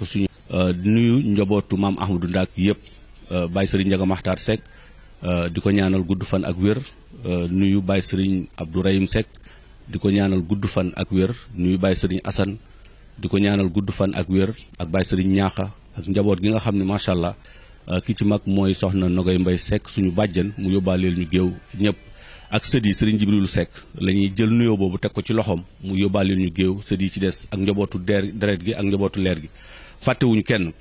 ko suñu euh, nuyu njabootu maam Ahmadou Ndack yëpp euh, Baye Serigne Ndiaga Makhtar Seck euh, di ko ñaanal gudd fan ak wér nuyu Baye Serigne Abdou Rahim Seck di ko ñaanal gudd fan ak wér nuyu Baye Serigne Assane di ko ñaanal gudd fan ak wér ak Baye Serigne ñaaxa ak njaboot gi nga xam ne macha allah ki ci mag mooy soxna Nogay Mbay sekk suñu bàjjan mu yóbbaaleel ñu géew ñëpp ak sët yi Serigne Jibrilu Seck la ñuy jël nuyoo boobu teg ko ci loxoom mu yóbbaaleel ñu géew sët yi ci des ak njabootu der deret gi ak njabootu leer gi fàttewuñu kenn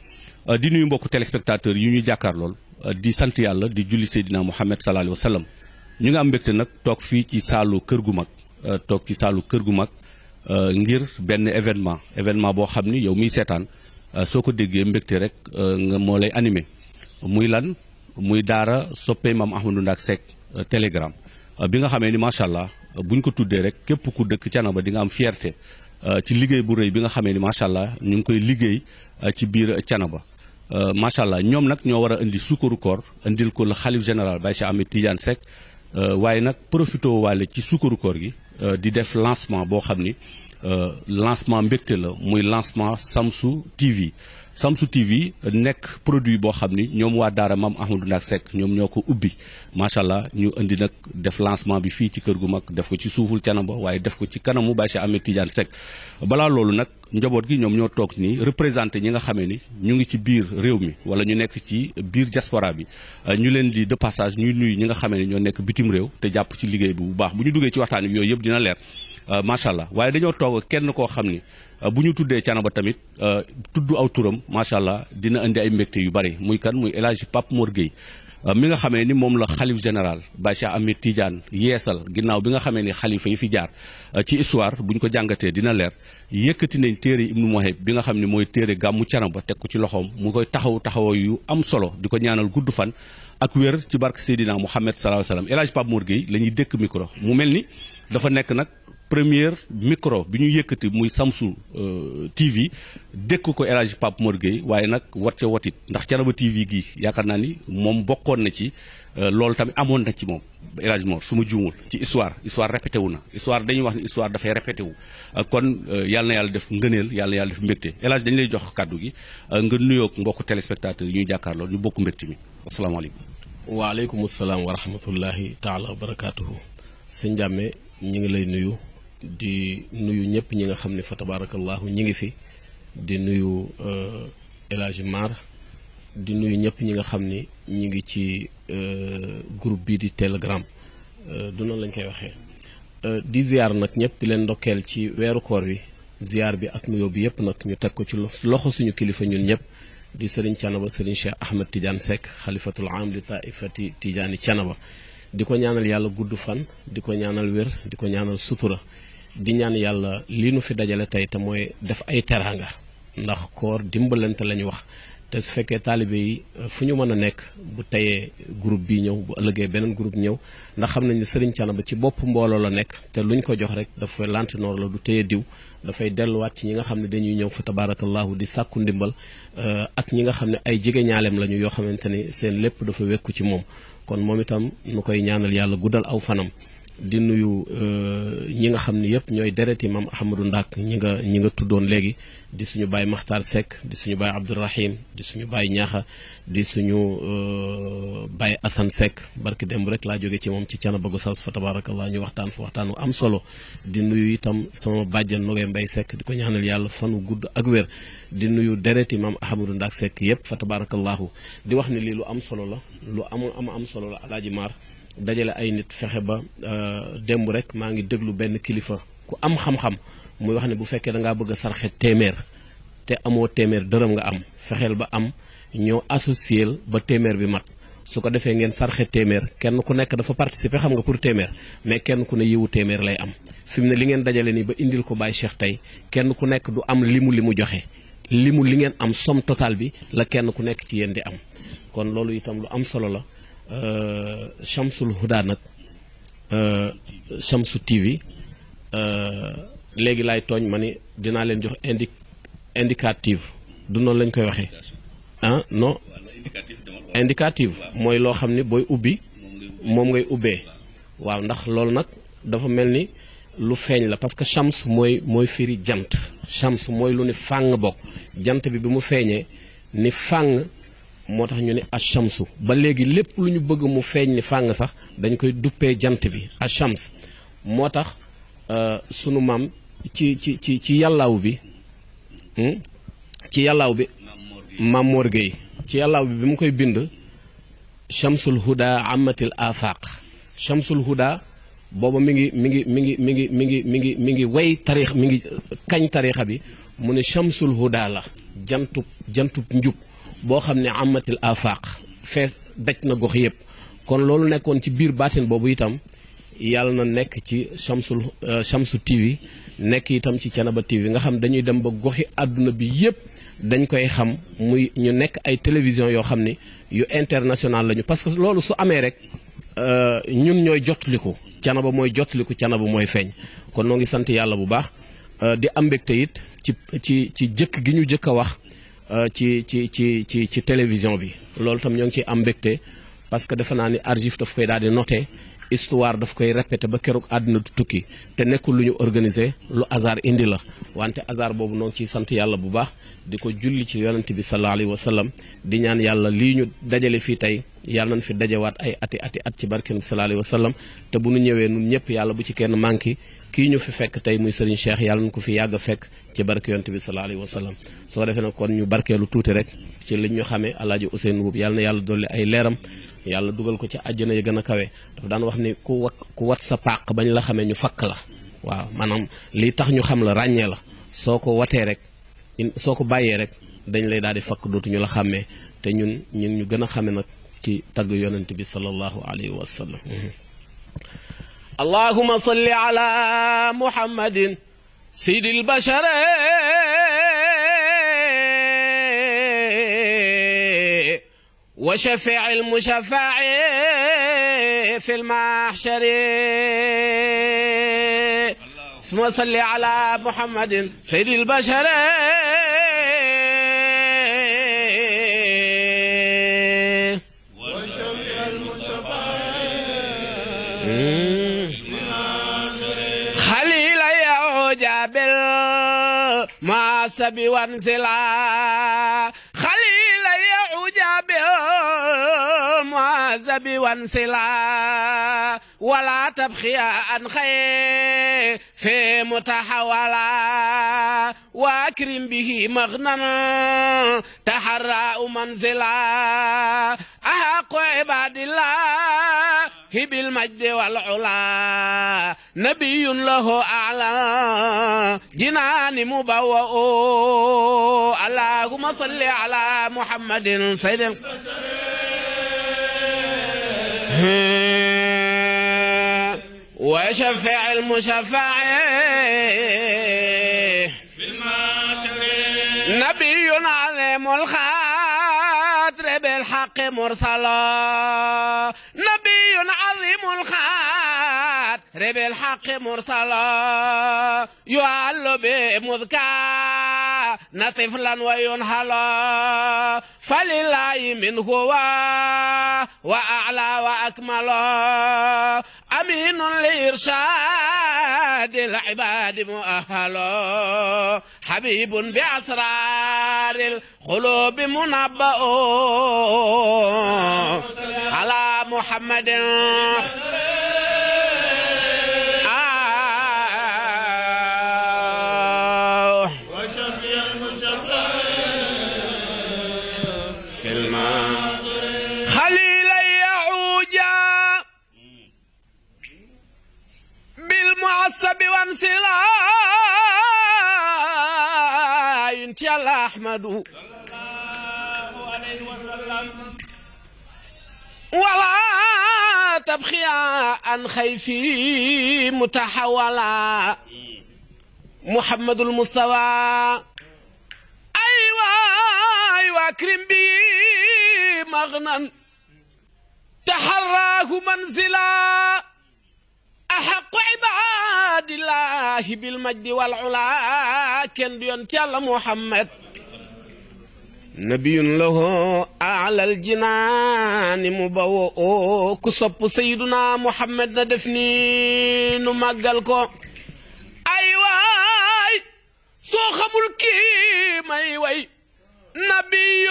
euh, di nuyu mbokku téléspectateurs yi ñu jàkkaar lool euh, di sant yàlla di julli Seydina Muhammad sallallahu alayhi wa sallam ñu ngi am mbégte nag toog fii ci saalu kër gu mag euh, toog ci saalu kër gu mag ngir benn événement événement boo xam ni yow miy seetaan soo ko déggee mbégte rek nga moo lay animé muy lan muy daara soppe maam Ahmadou Ndack Seck Telegram bi nga xamee ni macha allah buñ ko tuddee rek képp ku dëkk ca ba di nga am fierté Euh, ci liggéey bu rëy bi nga xamee ni macha allah ñu ngi koy liggéey euh, ci biir Thiénaba euh, macha allah ñoom nag ñoo war a indi sukkaru koor indil ko le xalif général Baye Cheikh Ahmed Tidiane Seck waaye nag profité waale ci sukkaru koor gi di def lancement boo xam ni lancement mbégte la muy lancement Samsu TV. Samsu TV nekk produit boo xam ni ñoom waa daara maam Ahmadou Ndack Seck ñoom ñoo ko ubbi macha allah ñu indi nag def lancement bi fii ci kër gu mag def ko ci suuful canam ba waaye def ko ci kanamu Baye Cheikh Ahmed Tidiane Seck balaa loolu nag njaboot gi ñoom ñoo toog nii représenté ñi nga xamee ni ñu ngi ci biir réew mi wala ñu nekk ci biir diaspora bi ñu leen di de passage ñuy nuyu ñi nga xamee ni ñoo nekk bitim réew te jàpp ci liggéey bi bu baax bu ñu duggee ci waxtaan bi yooyu yëpp dina leer Euh, macha allah waaye dañoo toog kenn koo xam ni euh, bu ñu tuddee ba tamit euh, tudd aw turam macha allah dina indi ay mbégte yu bari muy kan muy El Hadj Pape mi nga xamee ni moom la xalif général Baye Cheikh Ahmed yeesal ginnaaw bi nga xamee ni xalifa yi fi jaar ci histoire bu ñu ko jàngatee dina leer yëkkati nañ téere Ibnu Mohib bi nga xam ne mooy téere gàmmu ba teg ko ci loxoom mu koy taxaw taxawa yu am solo di ko ñaanal gudd fan ak weer ci barke Seydina Mouhamed sallallahu alayhi wa sallam El Hadj Pape la ñuy dëkk micro mu mel ni dafa nekk nag première micro bi ñu yëkkati muy Samsu euh, TV dékk ko El Hadj Pape Mor waaye nag wat ca watit ndax Thiénaba TV gii yaakaar naa ni moom bokkoon na ci euh, loolu tamit amoon na ci moom El su ma juumul ci histoire histoire répété wu na histoire dañuy wax ni histoire dafay répété wu euh, kon yàlla na yàlla def ngëneel yàlla yàlla def mbégte El Hadj lay jox kàddu gi nga nuyoog mbokku téléspectateurs yi ñuy jàkkaarloo ñu bokk mbégte mi asalaamaaleykum waaleykum salaam wa rahmatullahi taala wa barakaatuhu sëñ Jàmme ñu ngi lay nuyu di nuyu ñëpp ñi nga xam ne fa tabarakallahu ñi ngi fi di nuyu euh, El Mar di nuyu ñëpp ñi nga xam ni ñi ngi ci euh, groupe bi di telegram euh, du noonu lañ koy waxee di ziar nag ñëpp di leen ndokkeel ci weeru koor wi ziar bi ak nuyo bi yëpp nag ñu teg ko ci loxo suñu kilifa ñun ñëpp di sëriñ Canaba sëriñ Cheikh Ahmed Tidiane Seck xalifatul am li taifati Tidiane Canaba di ko ñaanal yàlla gudd fan di ko ñaanal wér di ko ñaanal sutura di ñaan yàlla lii nu fi dajale tey te mooy def ay teraanga ndax koor dimbalante lañu wax te su fekkee taalibe yi euh, fu ñu mën a nekk bu teyee groupe bi ñëw bu ëllëgee beneen groupe ñëw ndax xam nañ ne Serigne Thiénaba ci bopp mbooloo la nekk te luñ ko jox rek dafa lantinoor la du téye diw dafay delluwaat ci ñi nga xam ne dañuy ñëw fa tabaarakallahu di sàkku ndimbal euh, ak ñi nga xam ne ay jege ñaaleem lañu yoo xamante ni seen lépp dafa wekku ci moom kon moom itam nu koy ñaanal yàlla guddal aw fanam di nuyu euh, ñi nga xam ni yëpp ñooy dereti maam Ahmadou Ndak ñi nga ñi nga tuddoon léegi di suñu baay Makhtar Seck di suñu baay Abdourahim di suñu baay Ñaaxa di suñu euh, baay Assane Seck barki démb rek laa jóge ci moom ci Thiénaba Gossas fa tabarakallah ñu waxtaan waxtaan wu am solo di nuyu itam sama bàjjan Nogay Mbay Seck di ko ñaanal yàlla fanu gudd ak wér di nuyu dereti maam Ahmadou Ndak Seck yëpp fa tabarakallahu di wax ni lii lu am solo la lu am am am solo la alaaji maar dajale ay nit fexe ba euh, démb rek maa ngi déglu benn kilifa ku am xam-xam muy wax ne bu fekkee da ngaa bëgg a sarxe téeméer te amoo téeméer dërëm nga am fexeel ba am ñoo associé ba téeméer bi mat su ko defee ngeen sarxe téeméer kenn ku nekk dafa participer xam nga pour téeméer mais kenn ku ne yiwu téeméer lay am fi mu ne li ngeen dajale nii ba indil ko Baye Cheikh tey kenn ku nekk du am limu li mu joxe limu li ngeen am somme totale bi la kenn ku nekk ci yéen di am kon loolu lu am solo la Euh, Shamsul Huda nag euh, Shamsu TV euh, léegi laay tooñ ma ni dinaa leen jox indi indicative du lañ koy waxee ah non mooy loo xam ne booy ubbi moom ngay ubbee waaw ndax loolu nag dafa mel ni lu feeñ la parce que shams mooy mooy firi jant shams mooy lu ni fàng bokk jant bi bi mu feeñee ni fàng moo tax ñu ne achamsu ba léegi lépp lu ñu bëgg mu feeñ ni fànn sax dañ koy duppee jant bi achams moo tax euh, sunu maam ci ci ci ci yàllaaw bi hmm? ci yàllaaw bi maam Mor ci yàllaaw bi bi mu koy bind chamsul huda amatil afaq chamsul huda booba mi ngi mi ngi mi ngi mi ngi mi ngi mi ngi mi ngi way tarix mi ngi kañ tarixa bi mu ne chamsul huda la jantub jantub njub boo xam ne amatil afaq fees daj na gox yëpp kon loolu nekkoon ci biir baatin boobu itam yàlla na nekk ci Shamsul euh, Shamsu TV nekk itam ci Thiénaba TV nga xam dañuy dem ba goxi àdduna bi yëpp dañ koy xam muy ñu nekk ay télévision yoo xam ni yu international lañu parce que loolu su amee rek euh, ñun ñooy jotliku Thiénaba mooy jotliku Thiénaba mooy feeñ kon noo ngi sant yàlla bu baax euh, di am it ci ci ci jëkk gi ñu jëkk a wax Euh, ci ci ci ci ci télévision bi loolu tam ñoo ngi ciy am mbégte parce que defe naa ni archive daf koy daal di noté histoire daf koy répété ba keroog àdduna du tukki te nekkul lu ñu organisé lu hasard indi la wante hasard boobu noo ngi ciy sant yàlla bu baax di ko julli ci yonent bi sallallahu alayhi wa sallam di ñaan yàlla lii ñu dajale fii tey yàlla nañ fi dajawaat ay ati ati at ci barkeen bi sallallahu alayhi te bu ñu ñëwee nun ñëpp yàlla bu ci kenn manqué kii ñu fi fekk tey muy Serigne Cheikh yàlla na ko fi yàgg fekk ci barke yonent bi sallallahu alayhi wa sallam soo defee nag kon ñu barkeelu tuuti rek ci liñ ñu xamee alaaji Ousseynou Mbuub yàlla na yàlla dolli ay leeram yàlla dugal ko ci àjjana yi gën a kawe dafa daan wax ni ku wat ku wat sa pàq bañ la xamee ñu fakk la waaw maanaam lii tax ñu xam la ràññee la soo ko watee rek soo ko bàyyee rek dañ lay daal di fakk dootu ñu la xàmmee te ñun ñu ñu gën a xamee nag ci tagg yonent bi sallallahu alayhi wa sallam اللهم صل على محمد سيد البشر وشفيع المشفع في المحشر ثم صل على محمد سيد البشر بل ما سبي وانزلا زب وانسلا ولا تبخي عن خير في متحولا واكرم به مغنى تحرى منزلا أحق عباد الله بالمجد والعلا نبي له أعلى جنان مبوء اللهم صل على محمد سيد وشفع المشفع نبي عظيم الخاطر بالحق مرسلا نبي عظيم الخاطر بالحق مرسلا يعل بمذكار طفلا وينهلا فلله من هو وأعلى وأكمل أمين لإرشاد العباد مؤهل حبيب بأسرار القلوب منبأ على محمد عصبي وانسلا انت يا احمد صلى الله عليه وسلم ولا تبخي عن خيفي متحولا محمد المصطفى أيوة أيوة أكرم بي مغنى تحراه منزلا أحق عباد الله بالمجد والعلا كن ينتل محمد نبي له أعلى الجنان مبوء كسب سيدنا محمد ندفني نمقلكو أيوة أيواي xamul kii نبي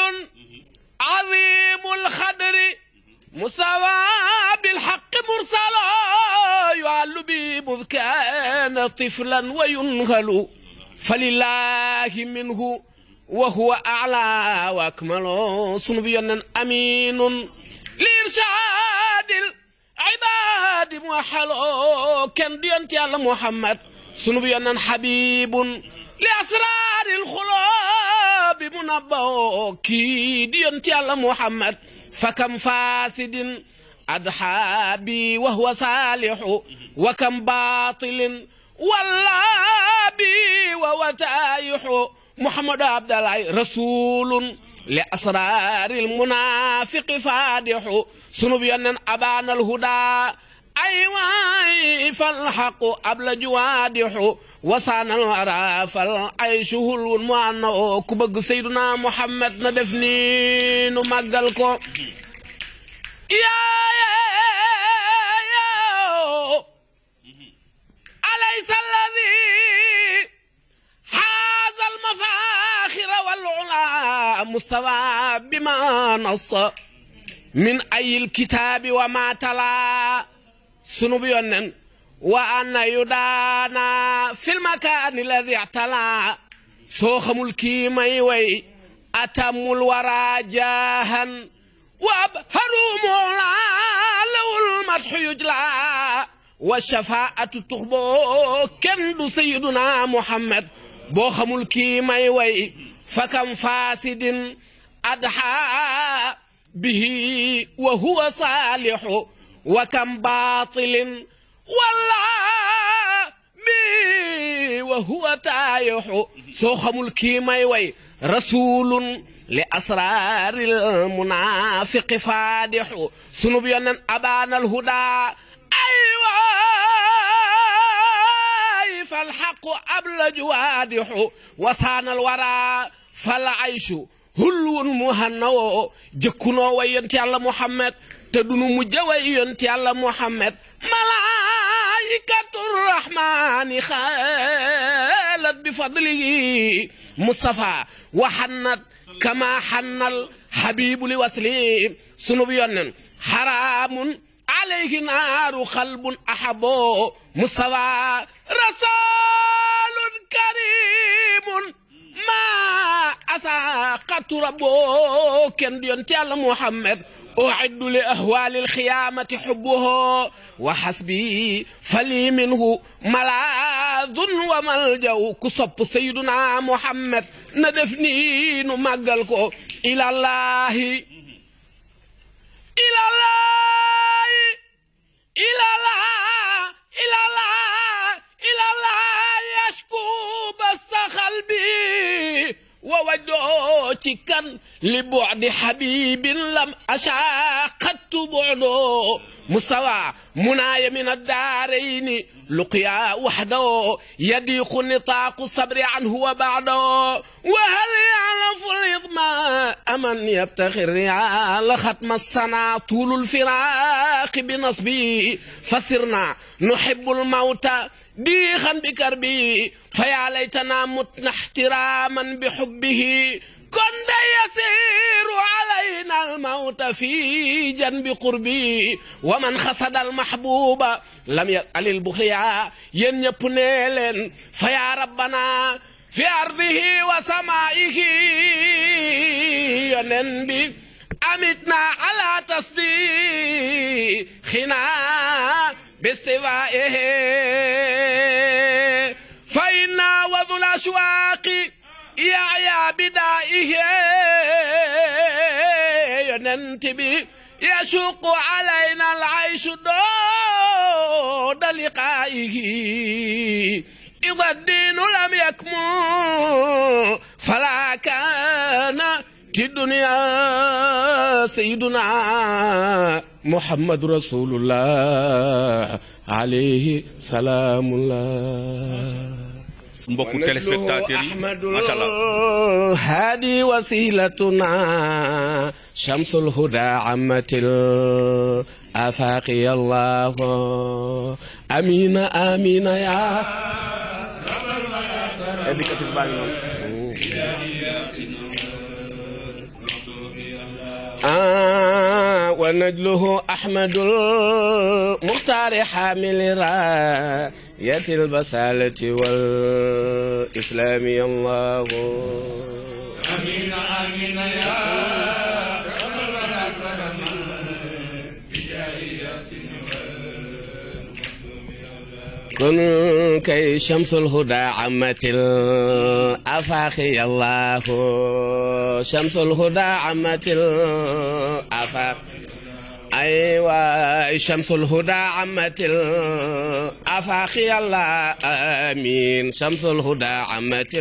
عظيم الخدري مساواة بالحق مرسلا يعل بي كان طفلا وينهل فلله منه وهو أعلى وأكمل صنبيا أمين لإرشاد العباد موحل كان ديانتي على محمد صنبيا حبيب لأسرار الخلاب منبوكي دينتي ديانتي على محمد فكم فاسد أضحى بي وهو صالح وكم باطل والله بي وهو تايح محمد عبد الله رسول لأسرار المنافق فادح سنبيا أبان الهدى أيواي فالحق أبل جوادح وثان الورى فالعيش هو المعنى كبق سيدنا محمد ندفني نمقلكو يا يا يا أليس الذي حاز المفاخر والعلا مستوى بما نص من أي الكتاب وما تلا سنوبي ونن وأن يدانا في المكان الذي اعتلى سوخم الكيمي وي أتم الورى جاها وأبهر مولا لو المدح يجلى والشفاءة تخبو كند سيدنا محمد بوخم الكيمي وي فكم فاسد أدحى به وهو صالح وكم باطل والله بي وهو تايح سوخم الكيمي وي رسول لأسرار المنافق فادح سنو أبان الهدى أيوة فالحق أبلج جوادح وسان الورى فالعيش هلو مهنو جكنو وينتي على محمد تدنو مجاوي ينتي على محمد ملائكة الرحمن خالت بفضله مصطفى وحنت كما حن الحبيب لوسليم سنوبيون حرام عليه نار خلب أحب مصطفى رسول كريم ما أساقت ربك ينتي على محمد أعد لأهوال الخيامة حبه وحسبي فلي منه ملاذ وملجأ كصب سيدنا محمد ندفني نمجلكو إلى الله إلى الله إلى الله إلى الله إلى الله يشكو بس قلبي وودعتك لبعد حبيب لم أشاقت بعده مستوى مناي من الدارين لقيا وحده يضيق نطاق الصبر عنه وبعده وهل يعرف الإضماء أمن يبتغي الرعال ختم الصنع طول الفراق بنصبي فصرنا نحب الموت ديخا بكربي فيا ليتنا متنا احتراما بحبه كن يسير علينا الموت في جنب قربي ومن خسد المحبوب لم يسأل البخيا ين يبنيلن فيا ربنا في أرضه وسمائه ينبي أمتنا على تصديقنا باستوائه فإنا وذو الأشواق يعيا بدائه ينتبه يشق علينا العيش دود لقائه إذا الدين لم يكمل فلا كان الدنيا سيدنا محمد رسول الله عليه سلام الله مبوك تيليسبكتاتير ما شاء الله هادي وسيلتنا شمس الهدى عمت الافاق الله امين امين يا ابيك في البال آه، ونجله أحمد المختار حامل راية البسالة والإسلام الله آمين آمين يا كن كي شمس الهدى عمت الأفاخي الله شمس الهدى عمت الأفاخ ايوا شمس الهدى عمت الأفاخي الله آمين شمس الهدى عمت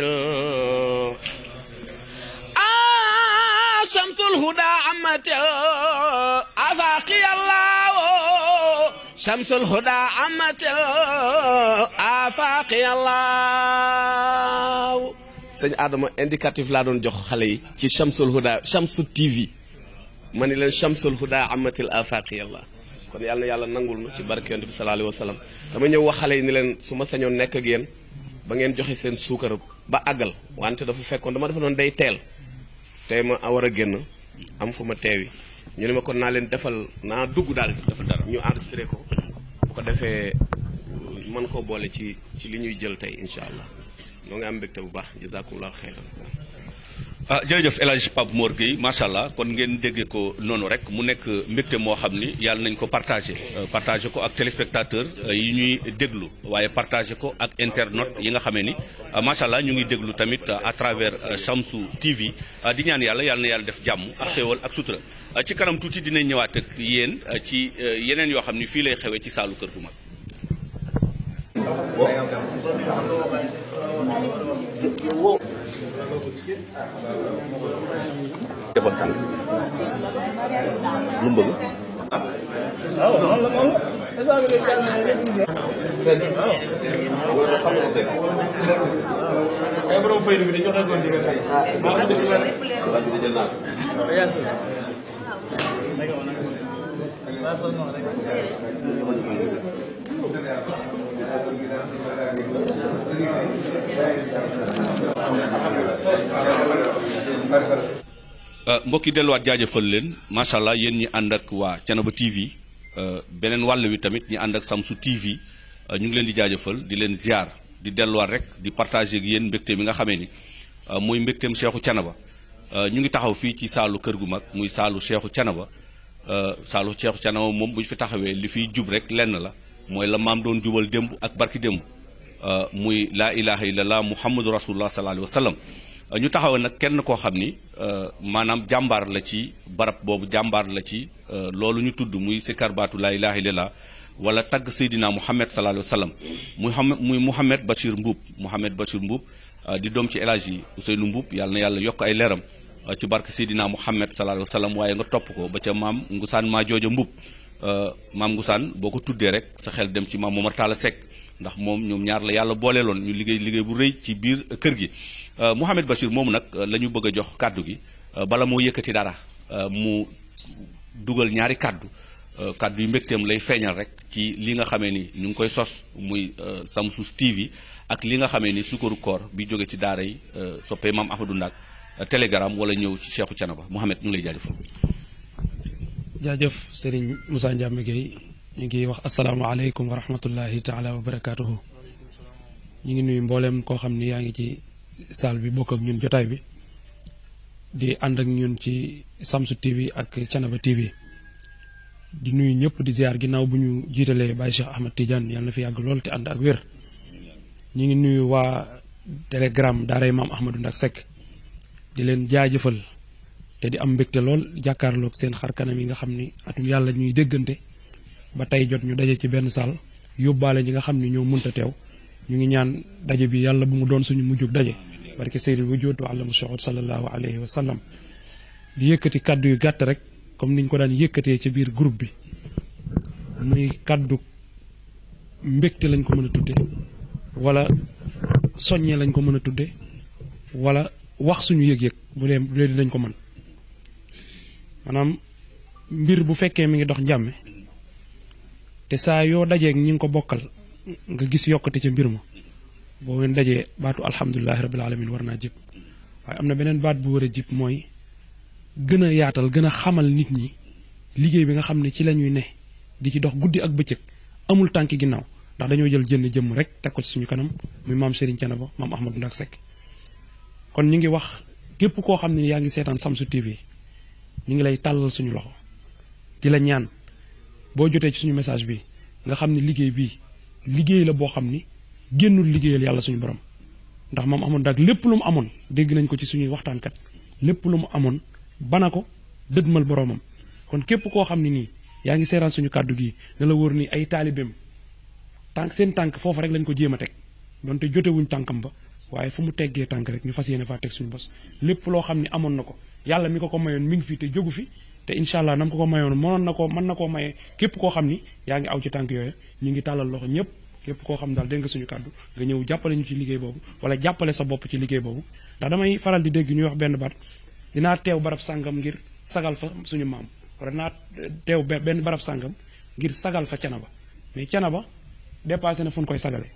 آه شمس الهدى عمت افاقي الله شمس Huda عمت الآفاق الله سيغ آدم انديكاتيف لا دون جوخ خالي سي شمس الهدى شمس تي في ماني لن شمس الهدى عمت الآفاق الله kon yalla yalla nangul nu ci barke yonte bi sallallahu alayhi wasallam dama ñew waxale ni suma sañon nek ak yeen ba ngeen joxe ba agal wante dafa fekkon dama dafa non day tel tay ma wara genn am ñu ne ma kon naa leen defal naa dugg daal def dara ñu enregistré ko bu ko defee mën koo boole ci ci li ñuy jël tey incha allah loo nga am mbégte bu baax jazakumullahu xeyran ah jërëjëf El Hadj Pape Mor Gueye macha kon ngeen déggee ko noonu rek mu nekk mbégte moo xam ni yàlla nañ ko partagé euh, partagé ko ak téléspectateur euh, yi ñuy déglu waaye partagé ko ak internet yi nga xamee ni euh, macha ñu ngi déglu tamit à travers Shamsu TV di ñaan yàlla yàlla na yàlla def jàmm ak xéewal ak sutura ci kanam tuuti dinañ ñëwaat ak yéen ci yeneen yoo xam ni fii lay xewee ci saalu kër gu mag. defoon sànq lu mu bëgg. waaw noonu la moom ay borom fay bi dañoo xagoon di nga tey. maa ngi déglu wàllu. waaw bi jël naa ko. yaa si. maa sonn rek. Euh, mbokk yi delluwaat jaajëfal leen macha allah yéen ñi ànd ak waa Thiénaba TV euh, beneen wàll wi tamit ñi ànd ak Samsu TV euh, ñu ngi leen di jaajëfal di leen ziar di delluwaat rek di partager ak yéen mbégte bi nga xamee ni muy mbégteem Seexu Thiénaba ñu ngi taxaw fii ci saalu kër gu mag muy saalu Seexu Thiénaba saalu Seexu Thiénaba moom bu ñu fi taxawee li fiy jub rek lenn la. mooy la maam doon jubal démb ak barki démb euh, muy laa ilaha illallah muhammadu rasulullah sallallahu alayhi wa sallam euh, ñu taxaw nag kenn koo xam ni euh, maanaam jàmbaar la ci barab boobu jàmbaar la ci loolu ñu tudd muy sikkar baatu laa ilaha illallah wala tagg Seydina Mouhamed sallallahu alayhi wa sallam muy xam muy Mouhamed Bachir Mbuub Mouhamed Bachir Mbuub di doom ci El Hadji Ousseynou Mbuub yàlla na yàlla yokk ay leeram ci barke Seydina Mouhamed sallallahu alayhi wa sallam waaye nga topp ko ba ca maam Ngusaan maa jooja Mbuub Euh, maam Ngusaan boo ko tuddee rek sa xel dem ci maam Momar Talla Seck ndax moom ñoom ñaar la yàlla booleeloon ñu liggéey liggéey bu rëy ci biir kër gi euh, Mouhamed Bachir moomu nag euh, la ñu bëgg a jox kàddu gi bala moo yëkkati dara mu dugal ñaari kàddu kàddu yu mbégteem lay feeñal rek ci li nga xamee ni ñu ngi koy sos muy Samsus TV ak li nga xamee ni sukkaru koor bi jóge ci daara yi soppee maam Ahmadou Ndak télégramme wala ñëw ci Cheikhou Thiénaba Mouhamed ñu ngi lay jaajëfal jaajëf Serigne Moussa Ndiamé Gueye ñu ngi wax asalaamaaleykum aleykum rahmatullahi taala wa barakaatuhu ñu ngi nuyu mbooleem koo xam ni yaa ngi ci salle bi bokk ak ñun jotaay bi di ànd ak ñun ci Samsu TV ak Canaba TV di nuyu ñëpp di ziar ginnaaw bu ñu jiitalee Baye Cheikh Ahmed Tidiane yàlla na fi yàgg lool te ànd ak wér ñu ngi nuyu waa Telegram daaray maam Ahmadou Ndak Seck di leen jaajëfal te di am mbégte lool jàkkaarloog seen xar kanam yi nga xam ni atum yàlla ñuy déggante ba tey jot ñu daje ci benn sal yóbbaale ñi nga xam ni ñoo munta teew ñu ngi ñaan daje bi yàlla bu mu doon suñu mujjug daje barke Seydil Wujud wa alamu shuhud sallallahu alayhi wa sallam di yëkkati kàddu yu gàtt rek comme niñ ko daan yëkkatee ci biir groupe bi muy kàddu mbégte lañ ko mën a tudde wala soññee lañ ko mën a tudde wala wax suñu yëg-yëg bu dee bu dee dinañ ko mën maanaam mbir bu fekkee mi ngi dox njàmme te saa yoo dajeeg ñi nga ko bokkal nga gis yokkate ca mbir ma boo ngeen dajee baatu alhamdulilahi rabil alamin war naa jib waaye am na beneen baat bu war a jib mooy gën a yaatal gën a xamal nit ñi liggéey bi nga xam ne ci la ñuy ne di ci dox guddi ak bëccëg amul tànki ginnaaw ndax dañoo jël jënn jëmm rek teg ko ci suñu kanam muy maam Serigne Thiénaba maam Ahmadou Ndak Seck kon ñu ngi wax képp koo xam ne yaa ngi seetaan Shamsu TV ñu ngi lay tàllal suñu loxo di la ñaan boo jotee ci suñu message bi nga xam ne liggéey bii liggéey la boo xam ni génnul liggéeyal yàlla suñu borom ndax moom amoon dag lépp lu mu amoon dégg nañ ko ci suñuy waxtaankat lépp lu mu amoon bana ko dëdmal boromam kon képp koo xam ni nii yaa ngi seeraan suñu kàddu gi na la wóor ni ay taalibeem tànk seen tànk foofu rek lañ ko jéem a teg donte jotewuñ tànkam ba waaye fu mu teggee tànk rek ñu fas yéene faa suñu bos lépp loo xam ne amoon yalla mi ko ko mayon mi ngi fi te jogu fi te inshallah allah nam ko ko mayon mënoon na koo man na maye kep ko xamni ni yaa aw ci tank yoy ñu ngi talal loxo ñep kep ko xam dal deeng suñu kaddu nga ñew jappale ñu ci liggey bobu wala jappale sa bop ci damay faral di deg ñu wax benn bat dina tew barap sangam ngir sagal fa suñu mam wala na tew benn barap sangam ngir sagal fa ba mais Thiénaba dépassé na fuñ koy sagalé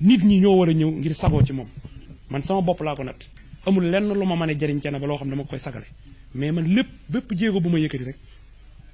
nit ñi ñoo wara ñew ngir sago ci mom man sama bop la ko nat amul lenn lu ma mën a jariñ Thiénaba loo xam ne dama koy sagale mais man lépp bépp jéego bu ma yëkkati rek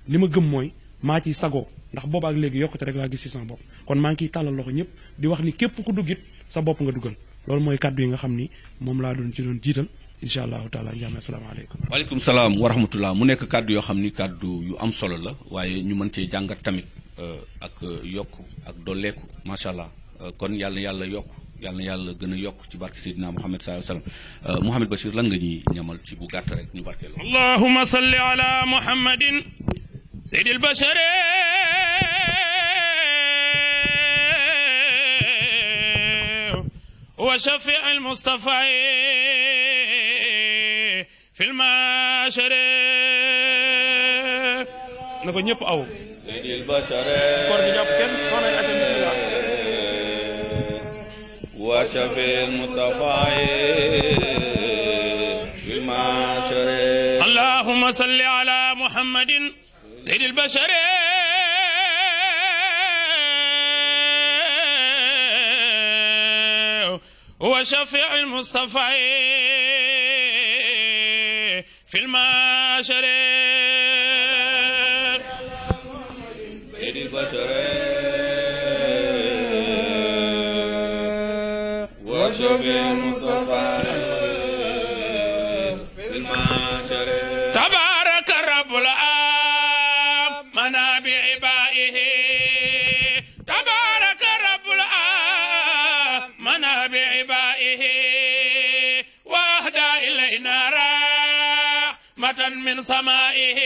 li ma gëm mooy maa ci sagoo ndax booba ak léegi yokkute rek laa gis ci sama bopp kon maa ngi ciy tàllal loxo ñëpp di wax ni képp ku duggit sa bopp nga dugal loolu mooy kàddu yi nga xam ni moom laa doon ci doon jiital incha allahu taala jaam asalaamaaleykum waaleykum salaam wa rahmatullah mu nekk kàddu yoo xam ni kàddu yu am solo la waaye ñu mën cee jàngat tamit euh, ak yokk ak dolleeku macha allah euh, kon yàlla yàlla yokk yàlla na yàlla gën a yokk ci barke Seydina Mohamed sallallahu alayhi wa sallam Mohamed Bachir lan nga ñuy ñamal ci bu gàtt rek ñu barkeeloo. allahumma salli ala muhammadin seydil bachari wa shafii al mustafa fi lmachari na ko ñëpp aw. seydil bachari. koor gi jàpp kenn soo nekk ak bismillah. شفيع المصطفى بالمعشر اللهم صل على محمد سيد البشر وشفيع المصطفى في المعشر سيد البشر شفيع المصطفى في المعاشر تبارك رب العام منا بعبائه تبارك رب العام منا بعبائه واهدى إلينا رحمة من سمائه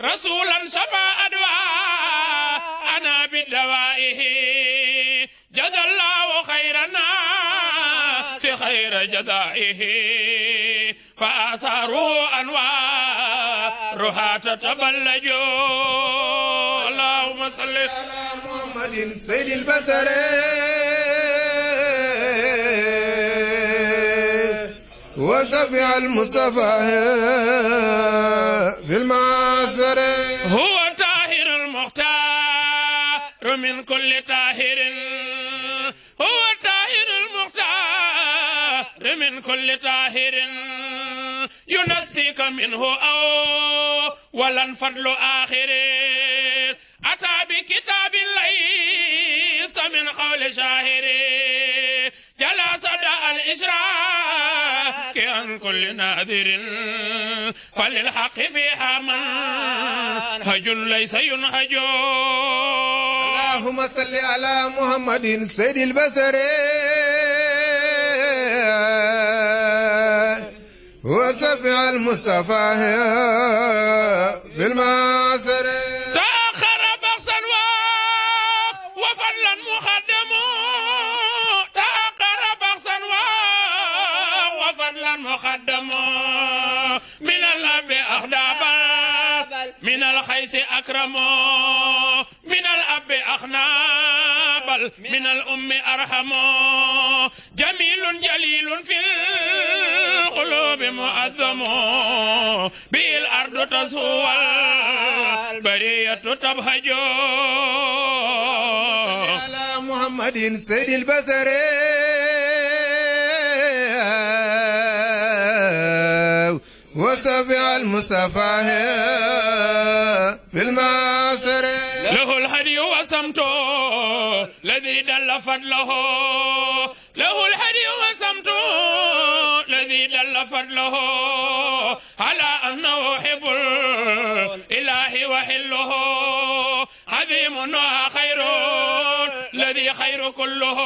رسولا شفى أدواء أنا بدوائه خير جزائه فآثاروا أنوارها تتبلج اللهم صل على محمد سيد البشر وسبع المصطفى في المعاصر هو طاهر المختار من كل طاهر من كل طاهر ينسيك منه أو ولن فضل آخر أتى بكتاب ليس من قول شاهر جلا صدى الإشراك عن كل ناذر فللحق فيها من هج ليس ينهج اللهم صل على محمد سيد البشر وسبع المصطفى في المعسر تأخر بغصا وفلا مقدم تأخر بغصا وفلا مقدم من الأب أخدابا من الخيس أكرم من الأب أخنام الأول من الأم أرحم جميل جليل في القلوب مؤثم به الأرض تسوى البرية تبهج على محمد سيد البزر وسبع المصطفى بالمصر له الهدي وسمته الذي دل فضله له الهدي وسمته الذي دل فضله على أنه حب الإله وحله عظيم خير الذي خير كله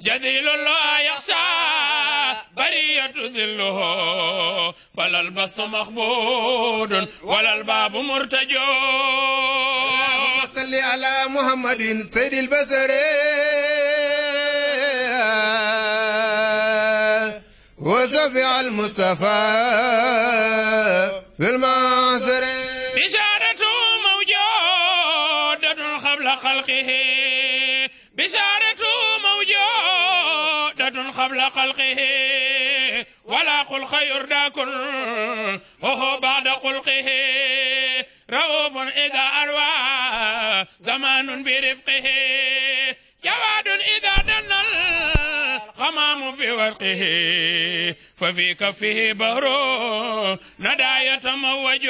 جذيل لا يخشى تذله فلا مخبود ولا الباب مرتجو صلي صل على محمد سيد البزر وزفع المصطفى في المعصر بشارته موجودة قبل خلقه بشارته موجودة قبل خلقه ولا خلق داكن وهو بعد خلقه رؤوف إذا أروى زمان برفقه جواد إذا دن الغمام بورقه ففي كفه بهر ندى يتموج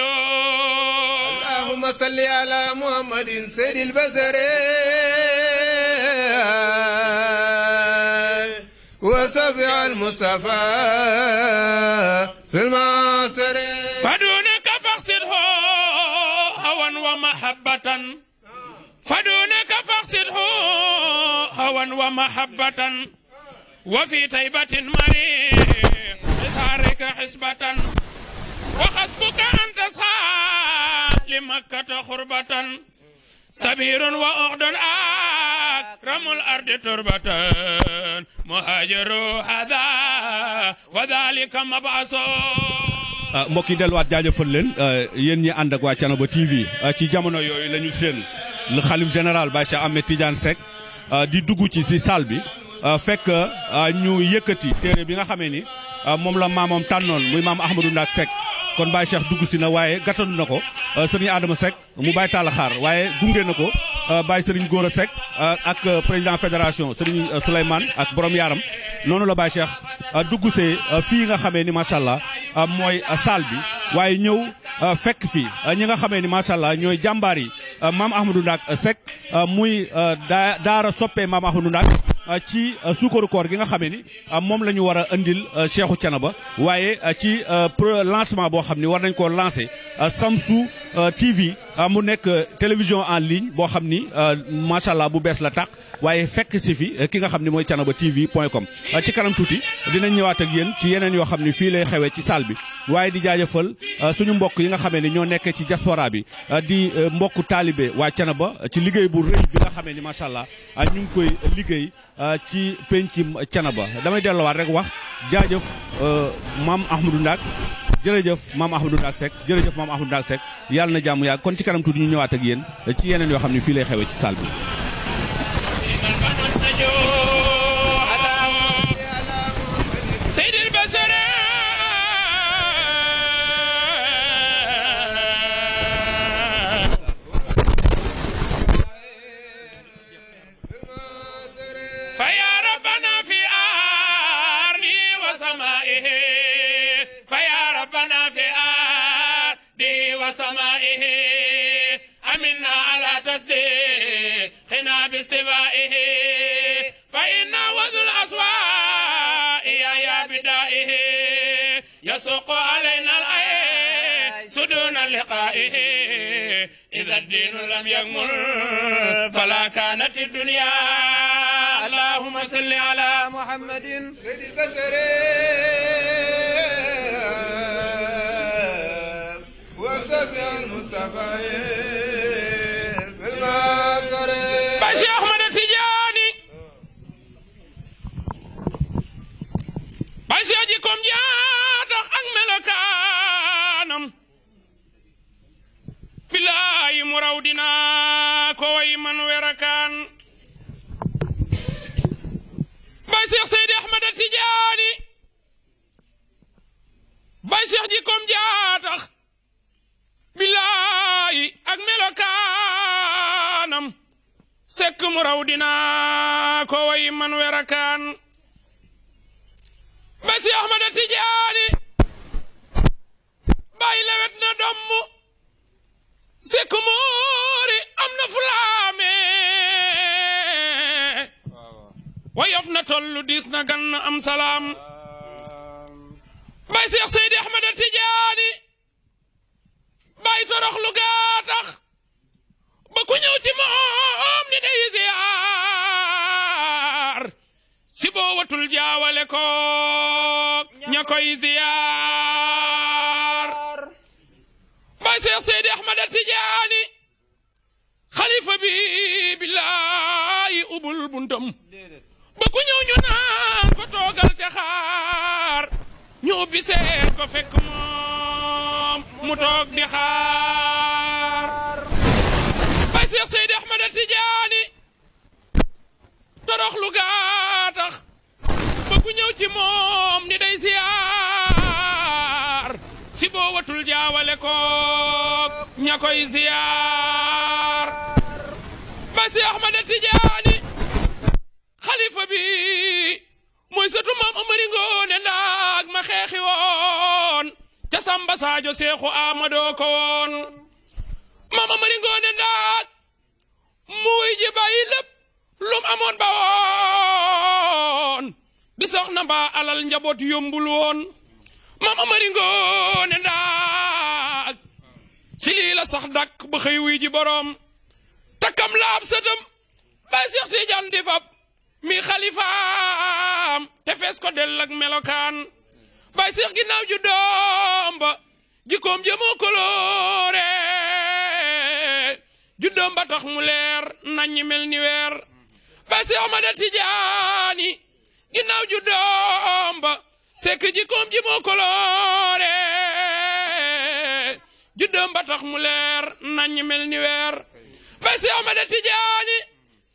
اللهم صل على محمد سيد البزر وسبع المصطفى في المعاصر فدونك فاقصده هوا ومحبة فدونك فاقصده هوا ومحبة وفي طيبة مريض لتارك حسبة وخصبك أن تسعى لمكة خربة سبير وأخد أكرم الأرض تربة مهاجر هذا وذلك مبعث mbokk yi delluwaat jaajëfal leen ah, yéen ñi ànd ak waa Thiénaba TV ah, ci jamono yooyu la ñu seen xalif général Baye Cheikh Ahmed Tidiane Seck ah, di dugg ci si salle bi fekk ñu yëkkati téere bi nga xamee ni moom la maamoom tànnoon muy maam Ahmadou Ndak Seck kon Baye Cheikh dugg si na waaye gàttandu na ko euh, sëriñ Adama Seck mu baay taal xaar waaye gunge na ko Baye góor a Seck euh, ak euh, président fédération sëriñ Souleymane ak borom yaaram noonu la Baye Cheikh dugg see fii nga xamee ni macha allah mooy salle bi waaye ñëw. Euh, fekk fi euh, ñi nga xamee ni macha allah ñooy jàmbaar yi euh, maam ahmadou ndak sek muy daara soppe maam ahmadou ndak ci suukaru koor gi nga xamee ni moom la ñu war a andil cheikhu canaba waaye ci lancement boo xam ni war nañ lancé samsu tv mu nekk télévision en ligne boo xam ni macha allah bu bees la waaye fekk si fi eh, ki nga xam ne mooy Thiénaba TV point com eh, ci kanam tuuti dinañ ñëwaat ak yéen ci yeneen yoo xam ne fii lay xewee ci salle bi waaye di jaajëfal eh, suñu mbokk yi nga xamee ne ñoo nekkee ci diaspora bi di mbokk taalibe waa Thiénaba ci liggéey bu rëy bi nga xamee ni macha allah ñu ngi koy liggéey ci pencim Thiénaba damay delluwaat rek wax jaajëf maam Ahmadou Ndak jërëjëf maam Ahmadou ndaak Seck jërëjëf maam Ahmadou ndaak Seck yàlla na jàmm yàgg kon ci kanam tuuti ñu ñëwaat ak yéen ci yeneen yoo xam ne fii lay xewee ci salle bi لم يكمل فلا كانت الدنيا اللهم صل على محمد سيد البشر وسبع المصطفى fanweer ak kaan ba si Ahmada Tijaani bàyyi lewet na domm sikk muuri am na fulaame wayof na tollu diis na gan na am salaam bay Seex Seydi Ahmada Tijaani bay toroxlu gaa tax ba ku ñëw ci moom ni day ziyaar si boo watul jaawale ko ña koy ziyaar bay seex seydi ahmada tijaani xalifa bi billaahi ubul buntam ba ku ñëw ñu naan ko toogal te ñu ubbi fekk mu toog di xaar bay seex seydi ahmada tijaani toroxlu gaa ba ku ñëw ci moom ni day siyaar si boo watul jaawale ko ña koy siyaar ba si Ahmada Tijaani xalifa bi mooy sëtu maam Amari Ngoone Ndaak ma xeexi woon ca Samba Seexu Amadoo ko woon maam Amari Ngoone Ndaak muy ji bàyyi lépp lum amon ba woon di soxna ba alal njabot yombul woon maam amari ngoone ndaag ci la sax dak ba xey wi ji boroom takkam laab sëdëm bay seex tijaan di fop mi khalifa te fess ko del ak melokan ba ginaaw ju ba ju tax mu leer nañ melni ba si Ahmada Tijaani ginnaaw ju doom ba sekk ji ji moo koloore ju doom ba tax mu leer nañ mel ni weer ba si Ahmada Tijaani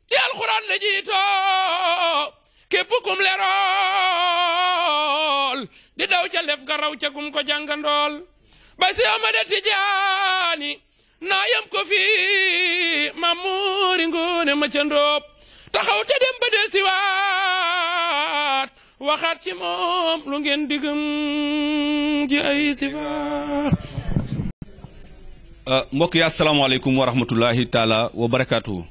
ci alxuraan la jiitoo képp kum lerool di daw ca lef ga ca kum ko jàngandool ba si Ahmada Tijaani naa yam ko fii ma muuri nguune ma ca ndóob taxaw te dem ba del waat waxaat ci moom lu ngeen diggam ji ay siwaat ah, mbokk yi asalaamaaleykum wa rahmatullahi taala wa barakaatu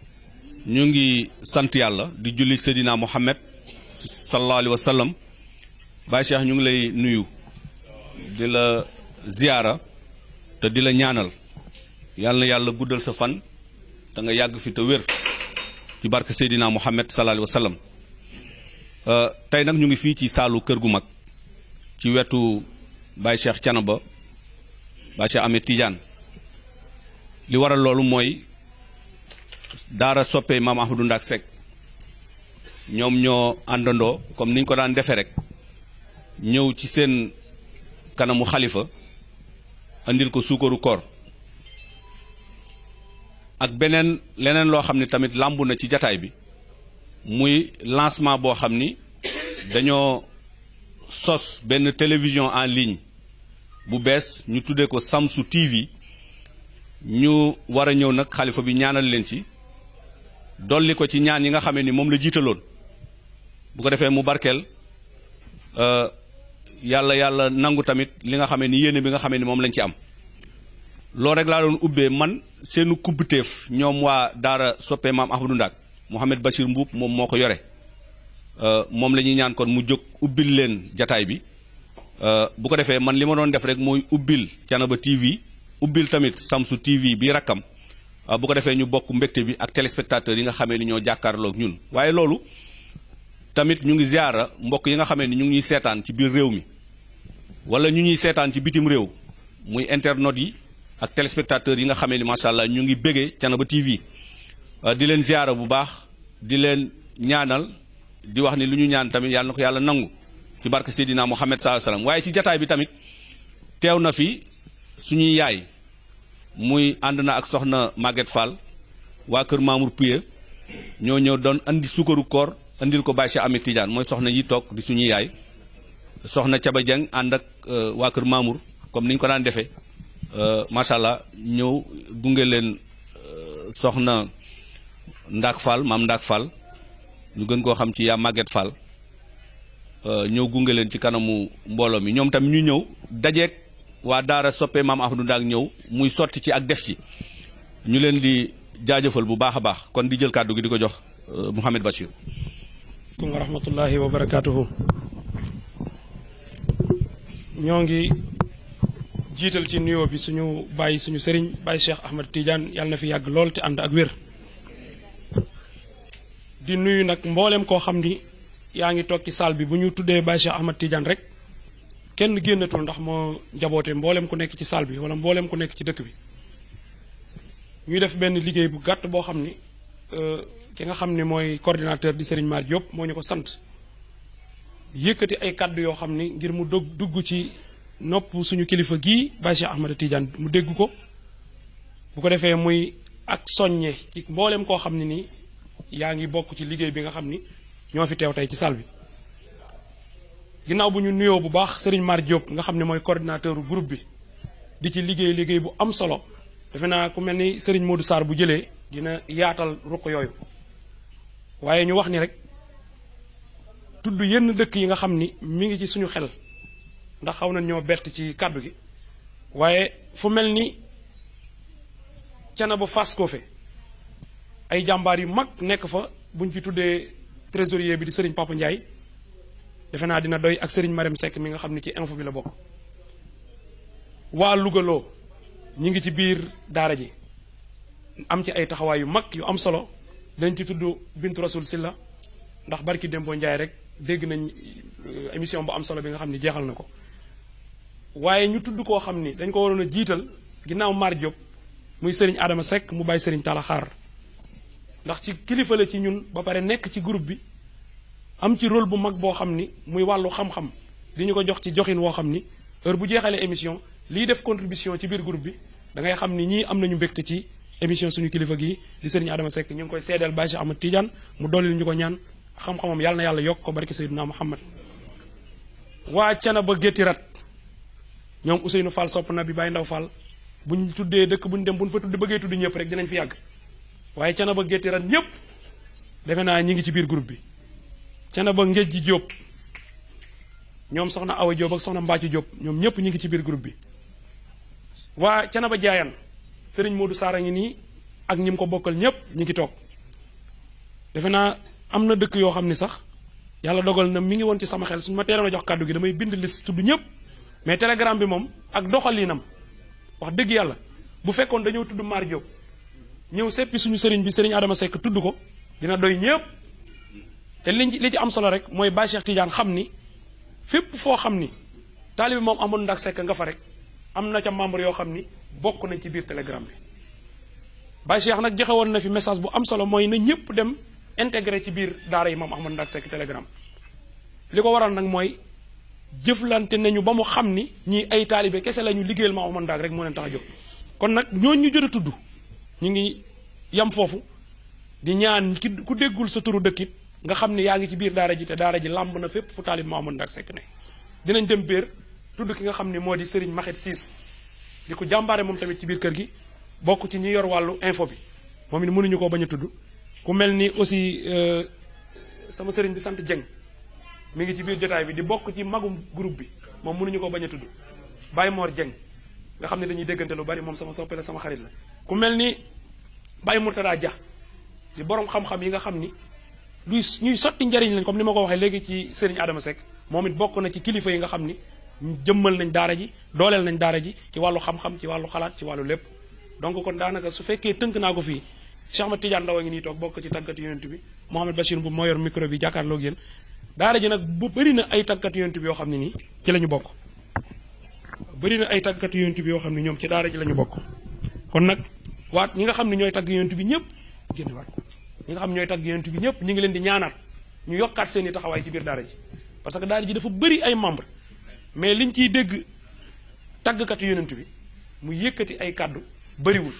ñu ngi sant yàlla di julli sedina muhammad sallallahu alayhi wa sallam bàyyi Cheikh ñu ngi lay nuyu di la ziara te di la ñaanal yàlla na yàlla guddal sa fan te nga yàgg fi te wér ci barke Seydina Muhammad sallallahu alayhi wa euh, tey nag ñu ngi fii ci saalu kër gu mag ci wetu Baye Cheikh ba Baye Cheikh Ahmed Tidiane li waral loolu mooy daara soppe maam Ahmadou Ndak Seck ñoom ñoo àndandoo comme niñ ko daan defee rek ñëw ci seen kanamu xalifa andil ko suukaru koor ak beneen leneen loo xam ni tamit làmbu na ci jataay bi muy lancement boo xam ni dañoo sos benn télévision en ligne bu bees ñu tuddee ko Samsu TV ñu war a ñëw nag xalifa bi ñaanal leen ci dolli ko ci ñaan yi nga xamee ni moom la jiitaloon bu ko defee mu barkeel euh, yàlla yàlla nangu tamit li nga xamee ni yéene bi nga xamee ni moom lañ ci am loolu rek laa doon ubbee man seenu kubbuteef ñoom waa daara soppee maam Ahmadou Ndack Mouhamed Bachir Mbuub moom moo ko yore euh, moom la ñuy ñaan kon mu jóg ubbil leen jataay bi euh, bu ko defee man li ma doon def rek mooy ubbil Thiénaba TV ubbil tamit Samsu TV bi rakkam euh, bu ko defee ñu bokk mbégte bi ak téléspectateurs yi nga xamee ni ñoo jàkkaarlook ñun waaye loolu tamit ñu ngi ziara mbokk yi nga xamee ni ñu ngi ñuy seetaan ci biir réew mi wala ñu ñuy seetaan ci bitim réew muy internautes yi ak téléspectateurs yi nga xamé ni machallah ñu ngi béggee Thiénaba TV euh, di leen ziaré bu baax di leen ñaanal di wax ni lu ñaan tamit yalla nako yalla nangu ci barke sayidina Muhammad sallallahu alayhi wasallam waye ci jotaay bi tamit tew na fi suñu yaay muy ànd ak soxna maget Fall wa keur Mamour pie ño ñëw don andi sukaru koor andil ko Baye Cheikh Ahmed Tidiane moy soxna yi tok di suñu yaay soxna Caba jang ànd ak euh, waa Mamour comme niñ ko daan defee Euh, macha allah ñëw gunge leen euh, soxna Ndak Fall maam Ndak Fall ñu gën koo xam ci yaa Maguette Fall euh, ñëw gunge leen ci kanamu mbooloo mi ñoom tamit ñu ñëw dajeek waa Daara soppe maam Ahmadou Ndak ñëw muy sotti ci ak def ci ñu leen di jaajëfal bu baax a baax kon di jël kàddu gi di ko jox Mouhamed Bachir. wa rahmatullahi ñoo ngi jiital ci nuyoo bi suñu bàyyi suñu sëriñ bàyyi Cheikh Ahmed Tidiane yàlla na fi yàgg lool te ànd ak wér di nuyu nag mbooleem koo xam ni yaa ngi toog ci salle bi bu ñu tuddee Cheikh Ahmed Tidiane rek kenn génnatul ndax moo njaboote mbooleem ku nekk ci salle bi wala mbooleem ku nekk ci dëkk bi ñuy def benn liggéey bu gàtt boo xam ni euh, ki nga xam ni mooy coordinateur di Serigne Mar Diop moo ñu ko sant yëkkati ay kàddu yoo xam ngir mu dugg ci nopp suñu kilifa gi Baye Ahmad Tidiane mu dégg ko bu ko defee muy ak soññe ci mboolem koo xam ne yaa ngi bokk ci liggéey bi nga xam ñoo fi teew tey ci salle bi ginnaaw bu ñu nuyoo bu baax Serigne Mar Diop nga xam ne coordinateur groupe bi di ci liggéey liggéey bu am solo defe naa ku mel ni Serigne Modou Sarr bu jëlee dina yaatal ruq yooyu waaye ñu wax ni rek tudd yenn dëkk yi nga xam ni mi ngi ci suñu xel ndax xaw na ñoo bett ci kàddu gi waaye fu mel ni na ba Fass Kofe ay jàmbaar yu mag nekk fa buñ fi tuddee trésorier bi di sëriñ Papa Ndiaye defe naa dina doy ak sëriñ Marème Seck mi nga xam ne ci info bi la bokk waa Lougaloo ñi ngi ci biir daara ji am ci ay taxawaay yu mag yu am solo dañ ci tudd Bintu Rasul Silla ndax barki Dembo njaay rek dégg nañ euh, émission bu am solo bi nga xam ne jeexal na ko waye ñu tudd ko xamni dañ ko warona jital ginnaw Mar job muy serigne Adama sek mu bay serigne ndax ci kilifa la ci ñun ba pare nek ci groupe bi am ci rôle bu mag bo xamni muy walu xam-xam di ñu ko jox ci joxin wo xamni heure bu jeexalee émission li def contribution ci bir groupe bi da ngay xamni ni am nañu mbégte ci émission suñu kilifa gi di serigne Adama sek ñu ngi koy seedeel Baye Cheikh Tidiane mu doli ñu ko ñaan xam-xamam yalla na yalla yok ko barke Seydina Muhammad waa cana ba geti rat ñoom Ousseynou Fall sopp nabi bi Ndaw Fall buñ tuddee dëkk buñ dem buñ fa tudd bëggee tudd ñëpp rek dinañ fi yàgg waaye na ba gétti ran ñëpp defe naa ñi ngi ci biir groupe bi cana ba ngeej ji Jóob ñoom soxna Awa Jóob ak soxna Mbacci Jóob ñoom ñëpp ñi ngi ci biir groupe bi waa na ba jaayan sëriñ Modou Saara ngi nii ak ñim ko bokkal ñëpp ñi ngi toog defe naa am na dëkk yoo xam ni sax yàlla dogal na mi ngi woon ci sama xel suñu ma teeloon a jox kàddu gi damay bind list tudd ñëpp mais telegram bi mom ak doxalinam wax deug yalla bu fekkon dañu tuddu Mar Diop ñëw seppi suñu serigne bi serigne Adama sek tuddu ko dina doy ñepp te liñ li ci am solo rek moy ba Cheikh Tidiane xamni fepp fo xamni talib mom amul ndax sek nga fa rek amna ca membre yo xamni bokku ci biir telegram bi ba Cheikh nak joxewon na fi message bu am solo moy na ñepp dem intégrer ci biir daara yi mom amul ndax sek telegram liko waral nak moy jëflante nañu ba mu xam ni ñii ay taalibe kese lañu liggéeyal ma Oumar Ndak rek moo leen tax a jóg kon nag ñooñu ñu jot a tudd ñu ngi yam foofu di ñaan ki ku déggul sa turu dëkkit nga xam ne yaa ci biir daara ji te daara ji làmb na fépp fu taalib Oumar Ndak sekk ne dinañ dem biir tudd ki nga xam ne moo di Serigne Maxet Cisse di ko jàmbaare moom tamit ci biir kër gi bokk ci ñi yor wàllu info bi moom it mënuñu koo bañ a ku mel ni aussi euh, sama Serigne bi sant Dieng mi ngi ci biir jotaay bi di bokk ci magum groupe bi moom mënuñu ko bañ a tudd Baye Mor jeng nga xam ne dañuy déggante lu bari moom sama soppe la sama xarit la ku mel ni Baye murtada ja di borom xam-xam yi nga xam ni luy ñuy sotti njariñ lañ comme ni ma ko waxee léegi ci Serigne Adama sek moom it bokk na ci kilifa yi nga xam ni jëmmal nañ daara ji dooleel nañ daara ji ci wàllu xam-xam ci wàllu xalaat ci wàllu lépp donc kon daanaka su fekkee tënk naa ko fii Cheikh Tidiane Ndaw a ngi nii toog ci tàggat yonent bi Mouhamed Bachir bu moo yor micro bi jàkkaarloog yéen daara ji nag bu bëri na ay tàggatu yonent bi yoo xam ne nii ci la ñu bokk bëri na ay tàggatu yonent bi yoo xam ne ñoom ci daara ji la ñu bokk kon nag waat ñi nga xam ne ñooy tagg yonent bi ñëpp génn waat ñi nga xam ne ñooy tagg yonent bi ñëpp ñi ngi leen di ñaanal ñu yokkaat seen i taxawaay ci biir daara ji parce que daara ji dafa bëri ay membre mais liñ ciy dégg taggkatu yonent bi mu yëkkati ay kàddu bëriwul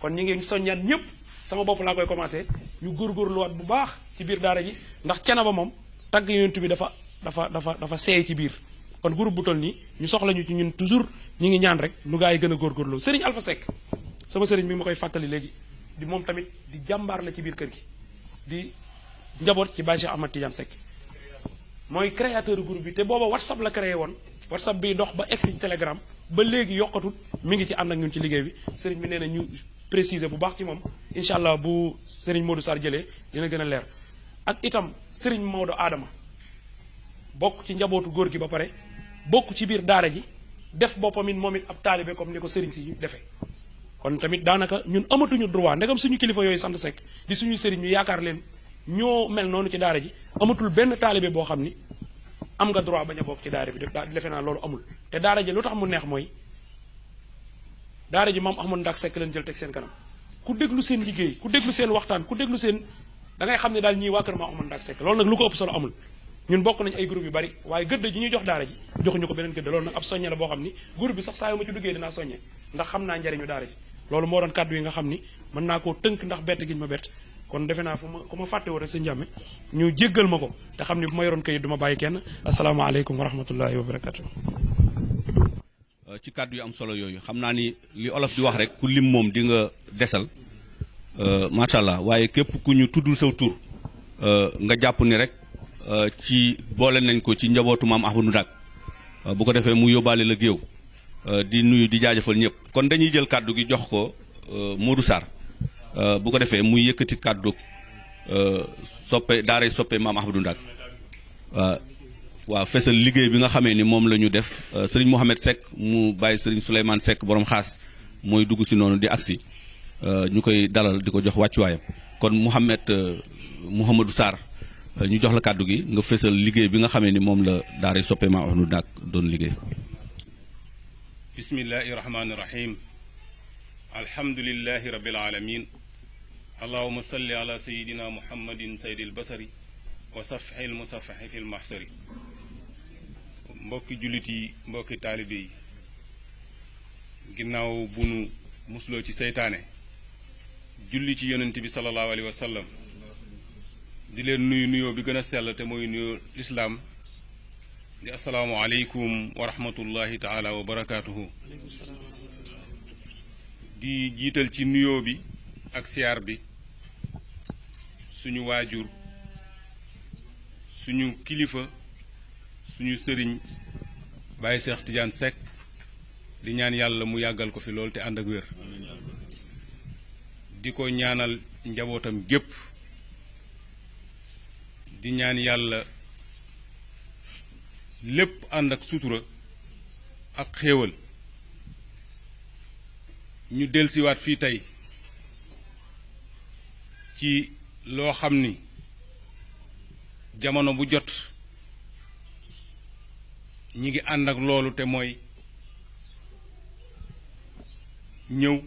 kon ñi ngi soññaat ñëpp sama bopp laa koy commencé ñu góorgóorluwaat bu baax ci biir daara ji ndax cena ba moom tagg yonent bi dafa dafa dafa dafa seey ci biir kon groupe bu toll nii ñu soxla ñu ci ñun toujours ñi ngi ñaan rek nu gaa yi gën a góor góorgóorloo sëriñ Alpha Seck sama sëriñ mi ma koy fàttali léegi di moom tamit di jàmbaar la ci biir kër gi di njaboot ci Baye Cheikh Ahmad Tidiane Seck mooy créateur groupe bi te booba WhatsApp la créé woon WhatsApp bi dox ba egsi Telegram ba léegi yokkatul mu ngi ci ànd ak ñun ci liggéey bi sëriñ bi nee na ñu préciser bu baax ci moom incha allah bu sëriñ Modou Sarr jëlee dina gën a leer ak itam Serigne Maodo aadama bokk ci njabootu góor gi ba pare bokk ci biir daara ji def boppam it moom it ab taalibe comme ni ko Serigne si defee. kon tamit daanaka ñun amatuñu droit ndegam suñu kilifa yooyu sant Seck di suñu sëriñ ñu yaakaar leen ñoo mel noonu ci daara ji amatul benn taalibe boo xam ni am nga droit bañ a bokk ci daara bi def defe naa loolu amul te daara ji lu tax mu neex mooy daara ji maam Ahmadou Ndack sekk leen jël teg seen kanam ku déglu seen liggéey ku déglu seen waxtaan ku déglu seen da ngay xamni dal ñi wa kër ma amul ndax sék lool nak lu ko upp solo amul ñun bokku nañ ay groupe yu bari waye gëdd ji ñuy jox daara ji jox ñuko benen gëdd lool nak ab soññe la bo xamni groupe bi sax saa yu ma ci duggé dina soññe ndax xamna ndariñu daara ji loolu mo doon kàddu yi nga xamni mën na ko teunk ndax bét giñ ma bét kon defé na fu ma ku ma fàtte rek sa ñu jéggal mako te bu ma yoron kay duma ma kenn assalamu alaykum wa rahmatullahi wa barakatuh ci kàddu yu am solo yoyu xamna ni li olof di wax rek ku lim mom di nga dessal Euh, macha allah waaye képp ku ñu tuddul saw tur euh, nga jàpp ni rek euh, ci boole nañ ko ci njabootu maam Ahmadou Ndak bu ko defee mu yóbbaale la géew di nuyu di jaajëfal ñëpp kon dañuy jël kàddu gi jox ko Modou Sarr bu ko defee muy yëkkati kàddu soppe daaray soppe maam Ahmadou Ndak waa fesal liggéey bi nga xamee ni moom la ñu def sëriñ Mouhamed Seck mu bàyyi sëriñ Souleymane Seck borom xaas mooy dugg si noonu di agsi Euh, ñu koy dalal di ko jox wàccuwaayam kon Mouhamed euh, Mouhamadou Sarr euh, ñu jox la kàddu gi nga fésal liggéey bi nga xamee ni moom la daara soppe ma wax nu naag doon liggéey bismillahi rahmaani rahim alhamdulillahi sayidina muhammadin saydil basari wa safxil musafaxi fil mbokki jullit yi mbokki taalibe yi ginnaaw bu nu musloo ci seytaane julli ci yonent bi sallallahu alayhi wa di leen nuyu nuyoo bi gën a sell te mooy nuyoo lislaam di asalaamu aleykum wa rahmatullahi wa barakaatuhu di jiital ci nuyoo bi ak siyaar bi suñu waajur suñu kilifa suñu sëriñ bay Cheikh Tidiane Seck di ñaan yàlla mu yàggal ko fi lool te ànd ak wér di ko ñaanal njabootam gépp di ñaan yàlla lépp ànd ak sutura ak xéewal ñu delsiwaat fii tey ci loo xam ni jamono bu jot ñi ngi ànd ak loolu te mooy ñëw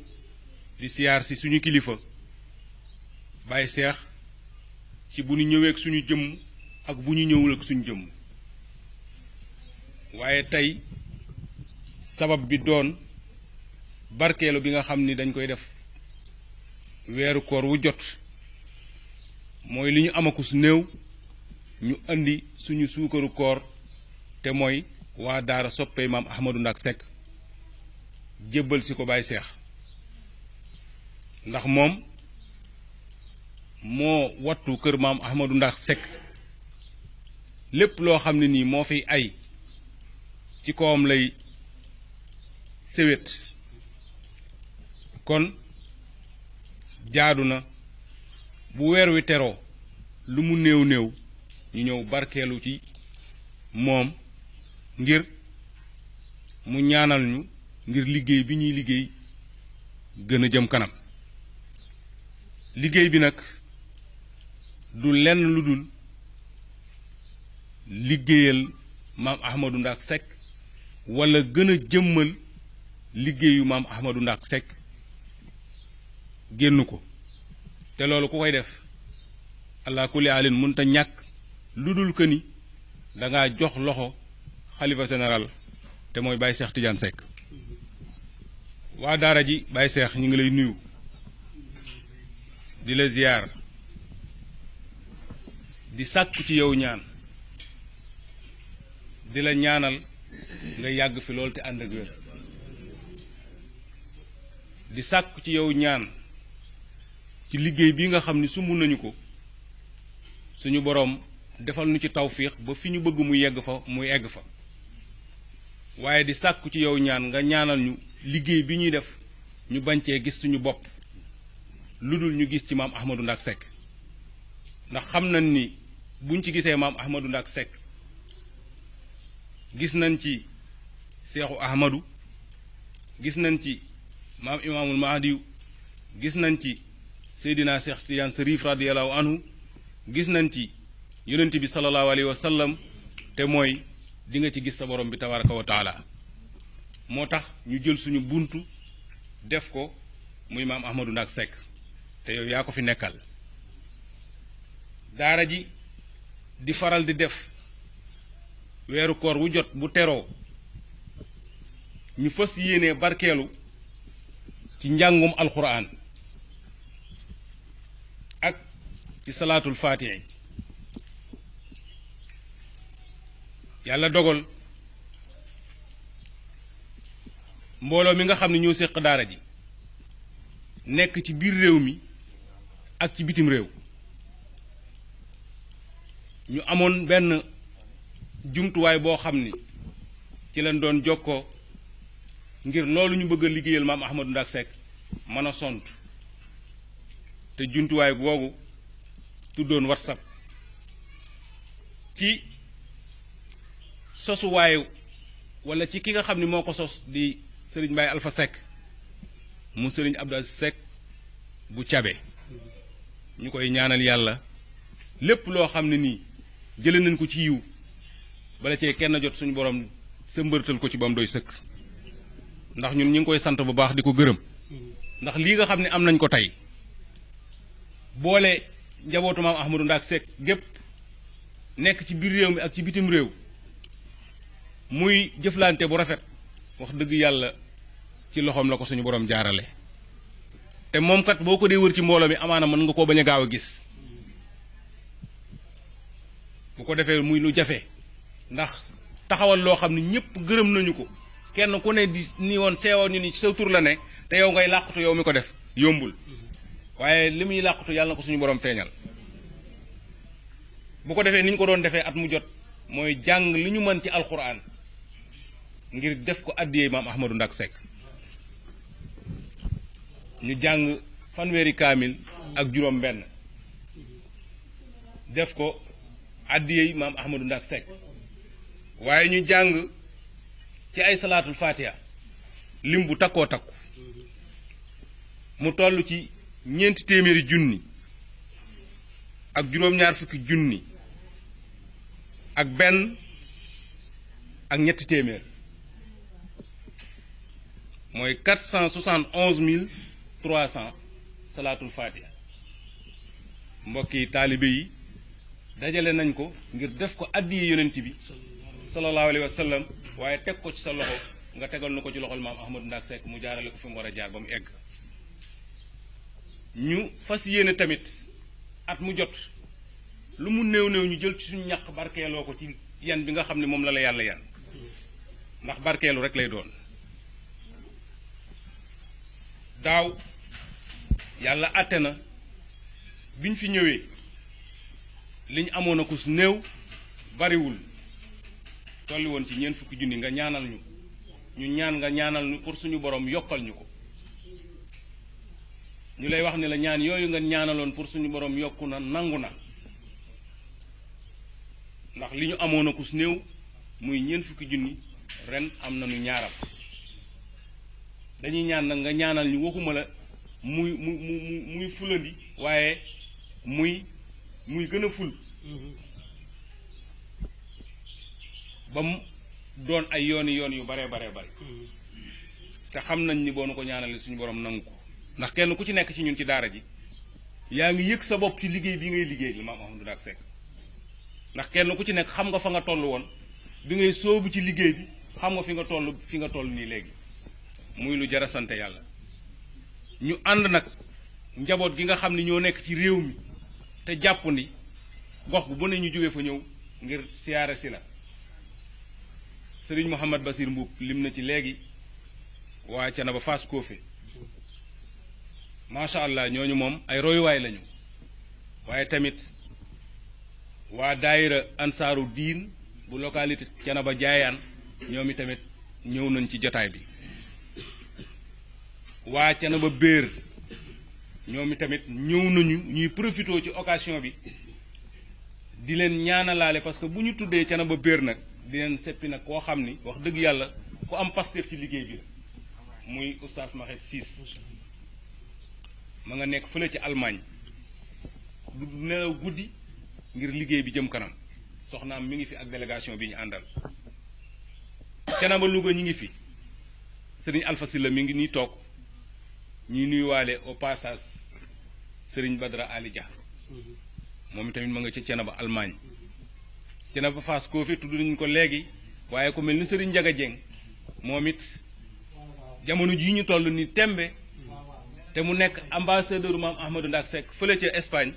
di si suñu kilifa bàyyi seex ci bu ñu ñëwee suñu jëmm ak bu ñu ñëwul ak suñu jëmm waaye tey sabab bi doon barkeelu bi nga xam ni dañ koy def weeru koor wu jot mooy li ñu amakus néew ñu indi suñu suukaru koor te mooy waa daara soppee maam Ahmadou Ndak Seck jébbal si ko baay Cheikh ndax moom moo wattu kër maam Ahmadou Ndax Seck lépp loo xam ne nii moo fiy ay ci kawam lay séwét kon jaadu na bu weer wi teroo lu mu néew néew ñu ñëw barkeelu ci moom ngir mu ñaanal ñu ngir liggéey bi ñuy liggéey gën a jëm kanam liggéey bi nag du lenn lu dul liggéeyal maam Ahmadou Ndack Seck wala gën jëmmal liggéeyu maam Ahmadou Ndack Seck génn ko te loolu ku koy def allah kulli alin mënut a ñàkk lu dul que ni da jox loxo xalifa général te mooy Baye Cheikh Tidiane Seck waa daara ji Baye Cheikh ñu ngi lay nuyu. di la ziyaar di sàkku ci yow ñaan di la ñaanal nga yàgg fi loolu te ànd di sàkku ci yow ñaan ci liggéey bi nga xam ni sumb nañu ko suñu boroom defal nu ci tawfiix ba fi ñu bëgg mu yegg fa muy egg fa waaye di sàkku ci yow ñaan nga ñaanal ñu liggéey bi ñuy def ñu bañ cee gis suñu bopp lu dul ñu gis ci maam Ahmadou Ndack Seck ndax xam nañ ni buñ ci gisee maam Ahmadou Ndack Seck gis nañ ci seexu Ahmadou gis nañ ci maam Imaamul Mahdiyu gis nañ ci Seydina Seex Tijaan Sariif radiyallahu anhu gis nañ ci yonent bi sallallahu alayhi wa sallam te mooy dinga ci gis sa borom bi tabaraka wa taala moo tax ñu jël suñu buntu def ko muy maam Ahmadou Ndack Seck te yow yaa ko fi nekkal daara ji di faral di def weeru koor wu jot bu teroo ñu fas yéene barkeelu ci njàngum alxuraan ak ci salaatul faatihi yàlla dogal mbooloo mi nga xam ne ñoo séq daara ji nekk ci biir réew mi ak ci bitim réew ñu amoon benn jumtuwaay boo xam ni ci lañ doon jokkoo ngir loolu ñu bëgg a liggéeyal maam Ahmadou Ndack Seck mën a sont te jumtuwaay boobu tuddoon WhatsApp ci sosuwaayu walla ci ki nga xam ni moo ko sos di sëriñ Mbaye Alpha mu sëriñ Abdou Aziz bu cabe ñu koy ñaanal yàlla lépp loo xam ne nii jëlee nañ ko ci yiw bala cee kenn jot suñu borom sa sëmbërtal ko ci ba mu doy sëkk ndax ñu ñu ngi koy sant bu baax di ko gërëm ndax lii nga xam ne am nañ ko tey boole njabootu maam Ahmadou Ndaak Seck gépp nekk ci biir réew mi ak ci bitim réew muy jëflante bu rafet wax dëgg yàlla ci loxoom la ko suñu borom jaarale te mom kat boko ko wër ci mbolo mi amana man nga ko baña gaaw gis bu ko defee muy lu jafé ndax taxawal lo xamni ne gëreem nañu ko kenn ku ne di ni won séwo ñu ni ci sa tour la ne te yow ngay làqatu yow mi ko def yombul waye limuy muy yalla nako suñu borom feeñal bu ko defee niñ ko doon defee at mu jot moy jang liñu mën ci alquran ngir def ko maam ahmadou ndak sek ñu jàng fanweeri kaamil ak juróom benn def ko addiyey maam ahmadou ndak Seck waaye ñu jàng ci ay salaatul fatiha lim bu takkoo takku mu toll ci ñeenti téeméeri junni ak juróom-ñaar fukki junni ak benn ak ñetti téeméer mooy quatre cent soixante onze mille trois cent salaatul fatiha mbokki taalibe yi dajale nañ ko ngir def ko addiye yonent bi sallallahu alayhi wa sallam waaye teg ko ci sa loxo nga tegal na ko ci loxol maam Ahmadou Ndack Seck mu jaarale ko fi mu war a jaar ba mu egg ñu fas yéene tamit at mu jot lu mu néew néew ñu jël ci suñ ñàq barkeeloo ko ci yan bi nga xam ne moom la yàlla yan ndax barkeelu rek lay doon daaw yàlla àtte na bi ñu fi ñëwee li ñu amoon a ko su néew bariwul tolli woon ci ñeent fukki junni nga ñaanal ñu ñu ñaan nga ñaanal ñu pour suñu borom yokkal ñu ko ñu lay wax ne la ñaan yooyu nga ñaanaloon pour suñu borom yokku na nangu na ndax li ñu amoon a ko su néew muy ñeent fukki junni ren am na ñu ñaaram dañuy ñaan nag nga ñaanal ñu waxuma la muy mu mu muy fulandi waaye muy muy gën a ful ba mu doon ay yooni yoon yu baree baree bare te xam nañ ni boo ko ñaanale suñu borom nangu ko ndax kenn ku ci nekk ci ñun ci daara ji yaa ngi yëg sa bopp ci liggéey bi ngay liggéey li maam Ahmadou Ndack ndax kenn ku ci nekk xam nga fa nga toll woon bi ngay soobu ci liggéey bi xam nga fi nga toll fi nga toll nii léegi muy lu jara sante yàlla ñu ànd nag njaboot gi nga xam ni ñoo nekk ci réew mi te jàpp ni gox bu ne ñu jógee fa ñëw ngir siyaare si la sëriñ Mouhamad Basir Mbuub lim na ci léegi waa na Thiénaba fas Kofé macha allah ñooñu moom ay royuwaay lañu waaye tamit waa daayira ansaaru diin bu localité ba jaayaan ñoom i tamit ñëw nañ ci jotaay bi waa Canaba Béer ñoom i tamit ñëw nañu ñuy profité ci occasion bi di leen ñaanalaale parce que bu ñu tuddee Canaba Béer nag di leen seppi nag koo xam ni wax dëgg yàlla ku am Pastef ci liggéey bi la muy oustaz Maxet Siis ma nga nekk fële ci Allemagne du nelaw guddi ngir liggéey bi jëm kanam soxnaam mi ngi fi ak délégation bi ñu àndal Canaba Louga ñi ngi fi sëriñ Alpha Sylla mi ngi nuy toog ñuy opasas au passage Serigne Badara Ali Dia moom tamit ma nga ca Cenaba Allemagne Cenaba Fass koo fi tudd nañ ko ni Serigne jamono ñu ni tembe Temunek mu nekk ambassadeur maam Ahmadou Ndak Seck fële ca Espagne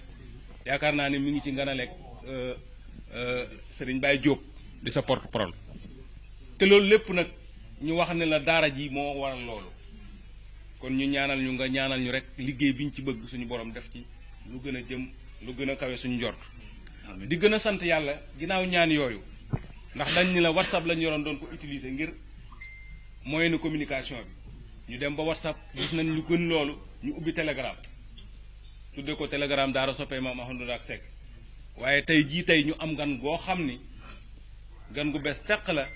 yaakaar naa ne mi ngi ci ngana lekk euh, euh, Serigne Baye Diop di sa porte parole ñu wax la ji moo waral loolu kon ñu ñaanal ñu nga ñaanal ñu rek liggéey biñ ci bëgg suñu borom def ci lu gën a jëm lu gën a suñu jort di gën a sant yàlla ginnaaw ñaan yooyu ndax dañ ni la whatsapp lañ yoroon doon ko utiliser ngir moyen de communication bi ñu dem ba whatsapp gis nañ lu gën loolu ñu ubbi telegram tudde ko telegram daara soppee ma ahmadou ak sek waaye tey jii tey ñu am gan goo xam ni gan gu bes teq la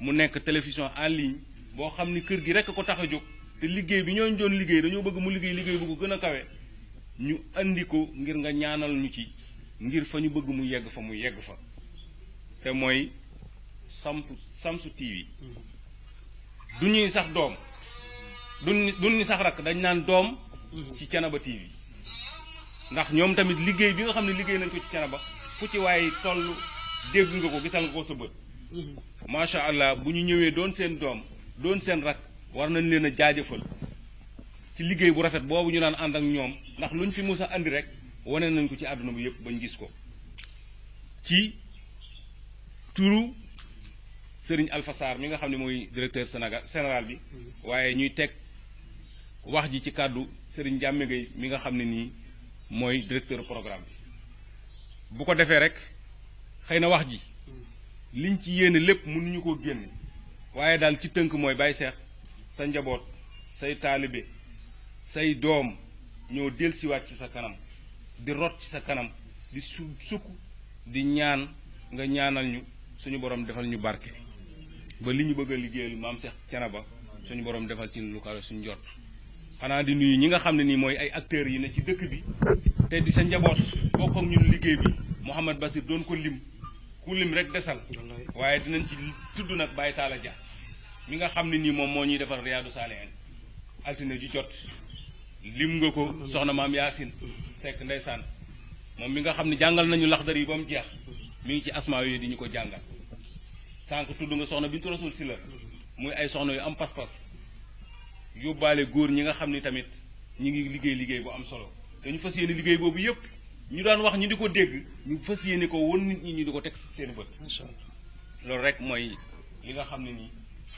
mu nekk télévision en ligne boo xam ni gi rek ko tax te liggéey bi ñooñu doon liggéey dañoo bëgg mu liggéey liggéey bu ko gën a kawe ñu andi ko ngir nga ñaanal ñu ci ngir fa ñu bëgg mu yegg fa mu yegg fa te mooy samp Shamsu TV du ñuy sax doom du ñu sax rakk dañ naan doom ci Thiénaba TV ndax ñoom tamit liggéey bi nga xam ne liggéey nañ ko ci Thiénaba fu ci waaye toll dégg nga ko gisal nga ko sa bët mm-hmm. macha allah bu ñu ñëwee doon seen doom doon seen rakk war nañ leen a jaajëfal ci liggéey bu rafet boobu ñu daan ànd ak ñoom ndax luñ fi mus a andi rek wane nañ ko ci àdduna bi yëpp bañ gis ko ci turu sëriñ Alpha mi nga xam ne mooy directeur Sénégal général bi waaye ñuy teg wax ji ci kàddu Serigne Diame Gueye mi nga xam ne nii mooy directeur programme bi bu ko defee rek xëy na wax ji liñ ci yéene lépp mënuñu ko génn waaye daal ci tënk mooy Baye Cheikh sa njaboot say taalibe say doom ñoo dellusiwaat ci sa kanam di rot ci sa kanam di su sukk di ñaan nga ñaanal ñu suñu borom defal ñu barke ba li ñu bëgg a liggéeyal maam Cheikh ba suñu borom defal ci lu kawe suñu jot xanaa di nuyu ñi nga xam ne nii mooy ay acteurs yi ne ci dëkk bi te di sa njaboot bokk ak ñun liggéey bi Mouhamad Basir doon ko lim ku lim rek desal waaye dinañ ci tudd nag Baye Talla Dia mi nga xam ne nii moom moo ñuy defar riyaadu saalihin altine ju jot lim nga ko soxna maam yaasin sekk ndeysaan moom mi nga xam ne jàngal nañu laxdar yi ba mu jeex mi ngi ci asmaa yooyu di ñu ko jàngal sànq tudd nga soxna bi rasul si la muy ay soxna yu am pas-pas yóbbaale góor ñi nga xam ni tamit ñi ngi liggéey liggéey bu am solo dañu fas yéene liggéey boobu yépp ñu daan wax ñu di ko dégg ñu fas yéene ko won nit ñi ñu di ko teg seen bët loolu rek mooy li nga xam ne nii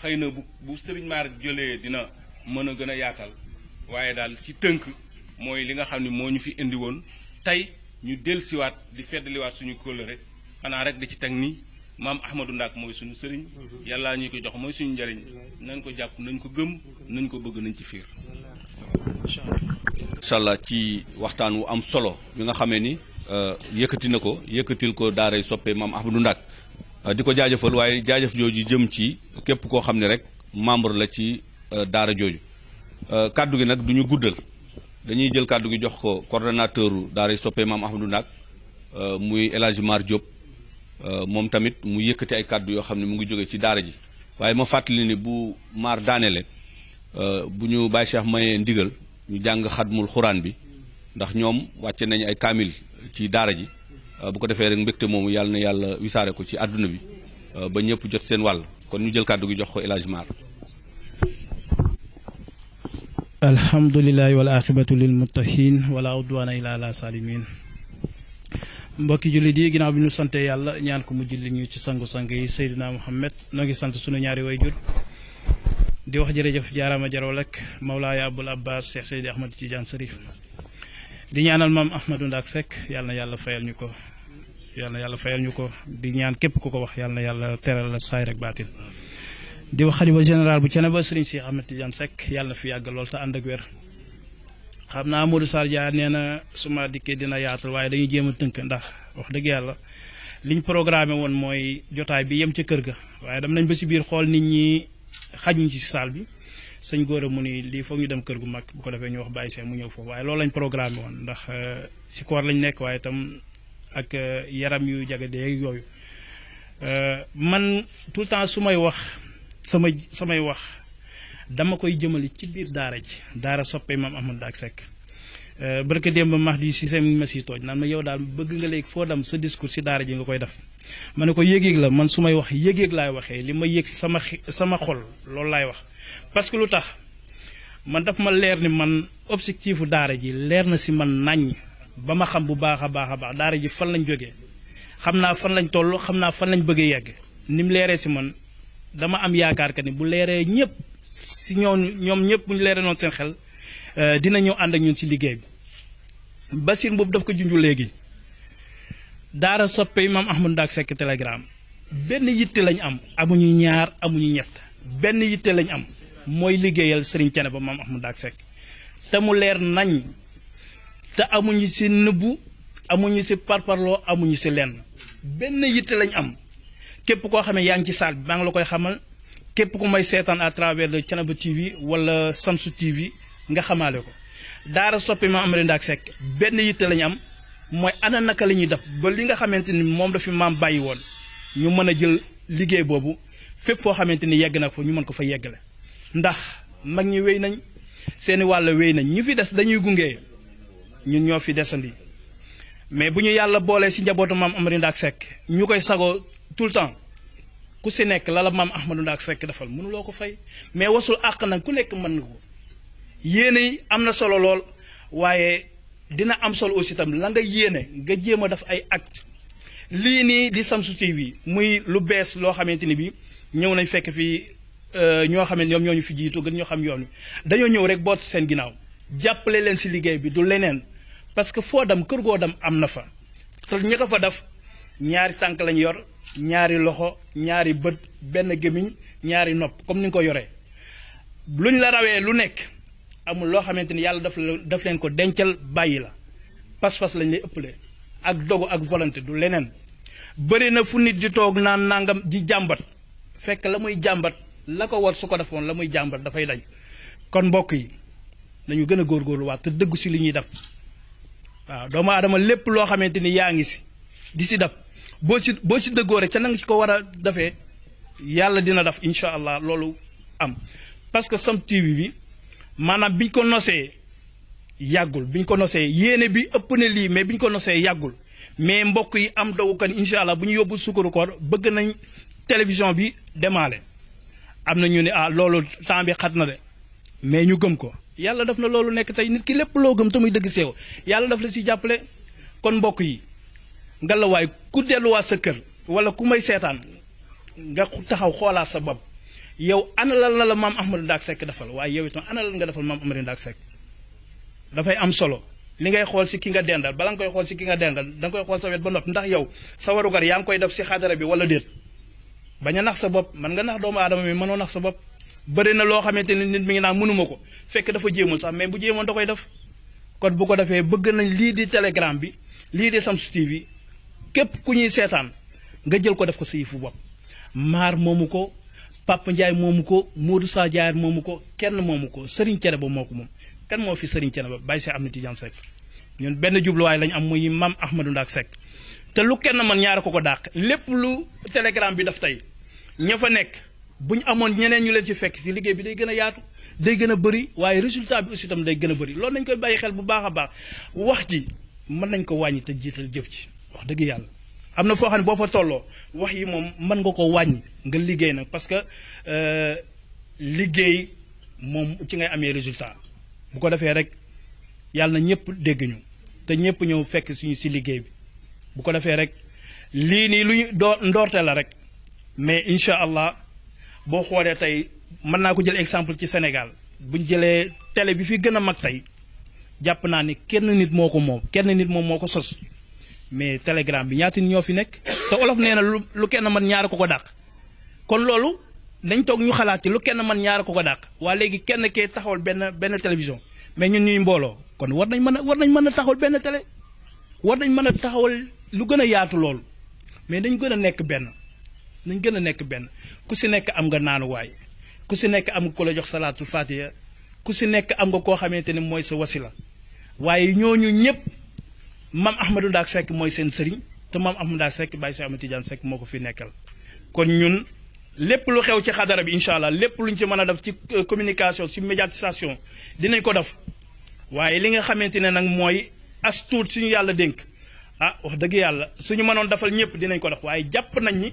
xëy na bu bu Serigne Mar jëlee dina mën a gën a yaatal waaye daal ci tënk mooy li nga xam ne moo ñu fi indi woon tey ñu dellusiwaat di feddaliwaat suñu rek xanaa rek di ci teg ni maam Ahmadou Ndak mooy suñu sëriñ mhm. yàlla ñu ko jox mooy suñu njariñ nañ ko jàpp nañ ko gëm nañ ko bëgg nañ ci fiir incha allah ci waxtaan wu am solo bi nga xamee ni euh, yëkkati na ko yëkkatil ko daaray soppe maam Ahmadou Ndak Euh, di ko jaajëfal waaye jaajëf jooju jëm ci képp koo xam ne rek membre la ci euh, daara jooju euh, kàddu gi nag du ñu guddal dañuy jël kàddu gi jox ko coordonnateur daara yi soppee maam Ahmadou Ndak muy El Hadj Mar moom tamit mu yëkkati ay kàddu yoo xam ne mu ngi jóge ci daara ji waaye ma fàttali ni bu maar daanele bu ñu Baye Cheikh mayee ndigal ñu jàng xadmul xuraan bi ndax ñoom wàcce nañu ay kaamil ci daara ji Euh, bu ko defé rek mbégte moomu yalla na yalla wisaré ko ci aduna bi euh, ba ñëpp jot seen wal kon ñu jël kaddu gi jox ko Elage Mar alhamdulilahi wal akhiratu lil muttahin wala udwana ila la salimin mbokki julli di ginaaw bi ñu santé yalla ñaan ko mu julli ñu ci sangu-sang yi Muhammad no ngi sant suñu ñaari wayjur di wax jërëjëf jaaraama jarool ak Mawlaaya Abul Abbas Cheikh sayyid Ahmad Tidiane Sarif di ñaanal Mam Ahmadou Ndak sek yalla yalla fayal ñuko yalla yalla fayal ñuko di ñaan képp ku ko wax yalla yalla yàlla teral saay rek baatin di wax xalifa général bu ba serigne cheikh Ahmed Tidiane sek yalla fi yag lool ta and ak wér xamna amadou sar Sarr neena suma dikke dina yaatal waaye dañu jema teunk ndax wax deug yalla liñ programé won moy jotaay bi yem ci kër ga waaye dem nañ ba ci biir xol nit ñi xajuñ ci salle bi señ goore mu ni li fo ñu dem kër gu mak bu ko defé ñu wax mu ñew fo lañ programé won ndax euh, si koor lañ nekk tam ak euh, yaram yu jaga yoyu euh man tout temps sumay wax sama samay wax dama koy jëmali ci bir daara ji daara soppe maam dak sek euh barke démb Mahdi ci sem ma toj nan ma yow dal bëgg nga léegi fo dam sa discours ci daara ji nga koy def mané ko la man sumay wax yëg-yëg laay waxee li sama sama xol lol lay wax parce que lutax man daf ma leer ni man objectifu daara ji leer na si man nañ ba ma xam bu baax a baax a baax daara ji fan lañ jógee xam naa fan lañ toll xam naa fan lañ bëgg a yegg ni mu leeree si man dama am yaakaar que ni bu leeree ñëpp si ñoom ñoom ñëpp bu ñu leeree noonu seen xel euh, dina ñëw ànd ak ñun si liggéey bi. Basir boobu daf ko junju léegi daara soppe Imam Ahmadou Ndack Seck Telegram benn yitte lañ am amuñu ñaar amuñu ñett benn yitte lañ am mooy liggéeyal Serigne Thiénaba Mame Ahmadou Ndack Seck te mu leer nañ. te amuñu si nëbbu amuñu si parparloo amuñu si lenn benn yitte lañ am képp koo xam ne yaa ngi ci saal bi maa ngi la koy xamal képp ku may seetaan à travers le Thiénaba TV wala Samsu TV nga xamaale ko daara soppi ma am ak Seck benn yitte lañ am mooy ana naka la ñuy def ba li nga xamante ni moom dafi maam bàyyi woon ñu mën a jël liggéey boobu fépp foo xamante ni yegg na ko ñu mën ko fa yeggale ndax mag ñi wéy nañ seeni wàll wéy nañ ñi fi des dañuy gunge ñun ñoo fi desandi mais bu ñu yàlla boolee si njabootu maam Amary Ndack sekk ñu koy sagoo tout le temps ku si nekk lala la maam Ahmadou Ndack Seck defal mënuloo ko fay mais wasul àq nag ku nekk mën nga ko yéene am na solo lool waaye dina am solo aussi tam la nga yéene nga jéem a def ay acte lii nii di Shamsu bi muy lu bees loo xamante ni bi ñëw nañ fekk fii euh, ñoo xam ne ñoom ñoo ñu fi jiitu gën ñoo xam yoon wi dañoo ñëw rek boot seen ginnaaw jàppale leen si liggéey bi du leneen. parce que foo dem kër goo dem am na fa te ñi ko fa def ñaari sànq lañ yor ñaari loxo ñaari bët benn gémmiñ ñaari nopp comme ni nga ko yoree luñ la rawee lu nekk amul loo xamante ni yàlla daf la leen ko dencal bàyyi la pas-pas lañu lay ëppale ak dogu ak volonté du leneen bëri na fu nit di toog naan nangam di jàmbat fekk la muy jàmbat la ko war su ko defoon la muy jàmbat dafay dañ kon mbokk yi nañu gën a góorgóorluwaat te dëggu si li ñuy def waaw doomu aadama lépp loo xamante ni yaa ngi si di si dab boo si boo si dëggoo rek ca na si ko war a defee yàlla dina def incha allah loolu am parce que Sam TV bi maanaam biñ ko nosee yàggul biñ ko nosee yéene bi ëpp na lii mais biñ ko nosee yàggul mais mbokk yi am dogukan incha allah bu ñu yóbbu sukkaru koor bëgg nañ télévision bi demaale am na ñu ne ah loolu temps bi xat na de mais ñu gëm ko yalla daf na loolu nek tay nit ki lepp lo gëm tamuy deug sew yalla daf la ci jàppale kon mbokk yi way ku wa sa kër wala ku may seetaan nga taxaw xola sa bopp yow analal la la mam ahmad dak sek defal way yow itam analal nga defal maam dak sek da fay am solo li ngay xol ci ki nga dendal bala nga koy xool si ki nga dendal dang koy xol sa wet ba nopp ndax yow sa waru gar yang koy def si xadara bi wala deet baña nax sa bopp man nga nax doomu aadama mi mënoo nax sa bopp bëri na loo xamante ni nit mi ngi naa mënuma ko fekk dafa jéemul sax mais bu jéemoon da koy def kon bu ko defee bëgg nañ lii di Telegram bi lii di Shamsu TV képp ku ñuy seetaan nga jël ko def ko sa yëfu bopp maar moomu ko Papa Ndiaye moomu ko Modou Sa Diaar moomu ko kenn moomu ko Serigne Cene ba moo ko moom kenn moo fi Serigne Cene ba bàyyi see am na Tidiane Seck ñun benn jubluwaay lañ am muy Mame Ahmadou Ndack Seck te lu kenn man ñaara ko ko dàq lépp lu Telegram bi daf tey ña fa nekk bu ñu amoon ñeneen ñu leen ci fekk si liggéey bi day gën a yaatu day gën a bëri waaye résultat bi aussi tam day gën a bëri loolu nañ koy bàyyi xel bu baax a baax wax ji mën nañ ko wàññi te jiital jëf ci wax dëgg yàlla am na foo xam ne boo fa tolloo wax yi moom mën nga ko wàññi nga liggéey nag parce que euh, liggéey moom ci ngay amee résultat bu ko defee rek yàlla na ñëpp dégg ñu te ñëpp ñëw fekk suñu si liggéey bi bu ko defee rek lii nii lu ñu doo ndoorte la rek mais incha allah boo xoolee tey mën naa ko jël exemple ci Sénégal bu ñu jëlee tele bi fi gën a mag tey jàpp naa ni kenn nit moo ko moom kenn nit moom moo ko sos mais Telegram bi ñaata ñoo fi nekk te olof nee na lu lu kenn man ñaar ko ko dàq. kon loolu dañ toog ñu xalaat ci lu kenn man ñaar ko ko dàq waa léegi kenn kee taxawal benn benn télévision mais ñun ñuy mbooloo kon war nañ mën a war nañ mën a taxawal benn télé war nañ mën a taxawal lu gën a yaatu loolu mais dañ gën a nekk benn. nañ gën a nekk benn ku si nekk am nga naanuwaay ku si nekk am nga ku la jox salaatul faatiha ku si nekk am nga koo xamante ne mooy sa la waaye ñooñu ñëpp maam Ahmadou Ndaak Seck mooy seen sëriñ te maam Ahmadou Ndaak Seck Baye Cheikh Ahmadou Tidiane Seck moo ko fi nekkal kon ñun lépp lu xew ci xadara bi incha allah lépp lu luñ si mën a def ci euh, communication ci médiatisation dinañ ko def waaye li nga xamante ne nag mooy as tuut suñu yàlla dénk ah wax dëgg yàlla suñu mënoon defal ñëpp dinañ ko def waaye jàpp nañ ni.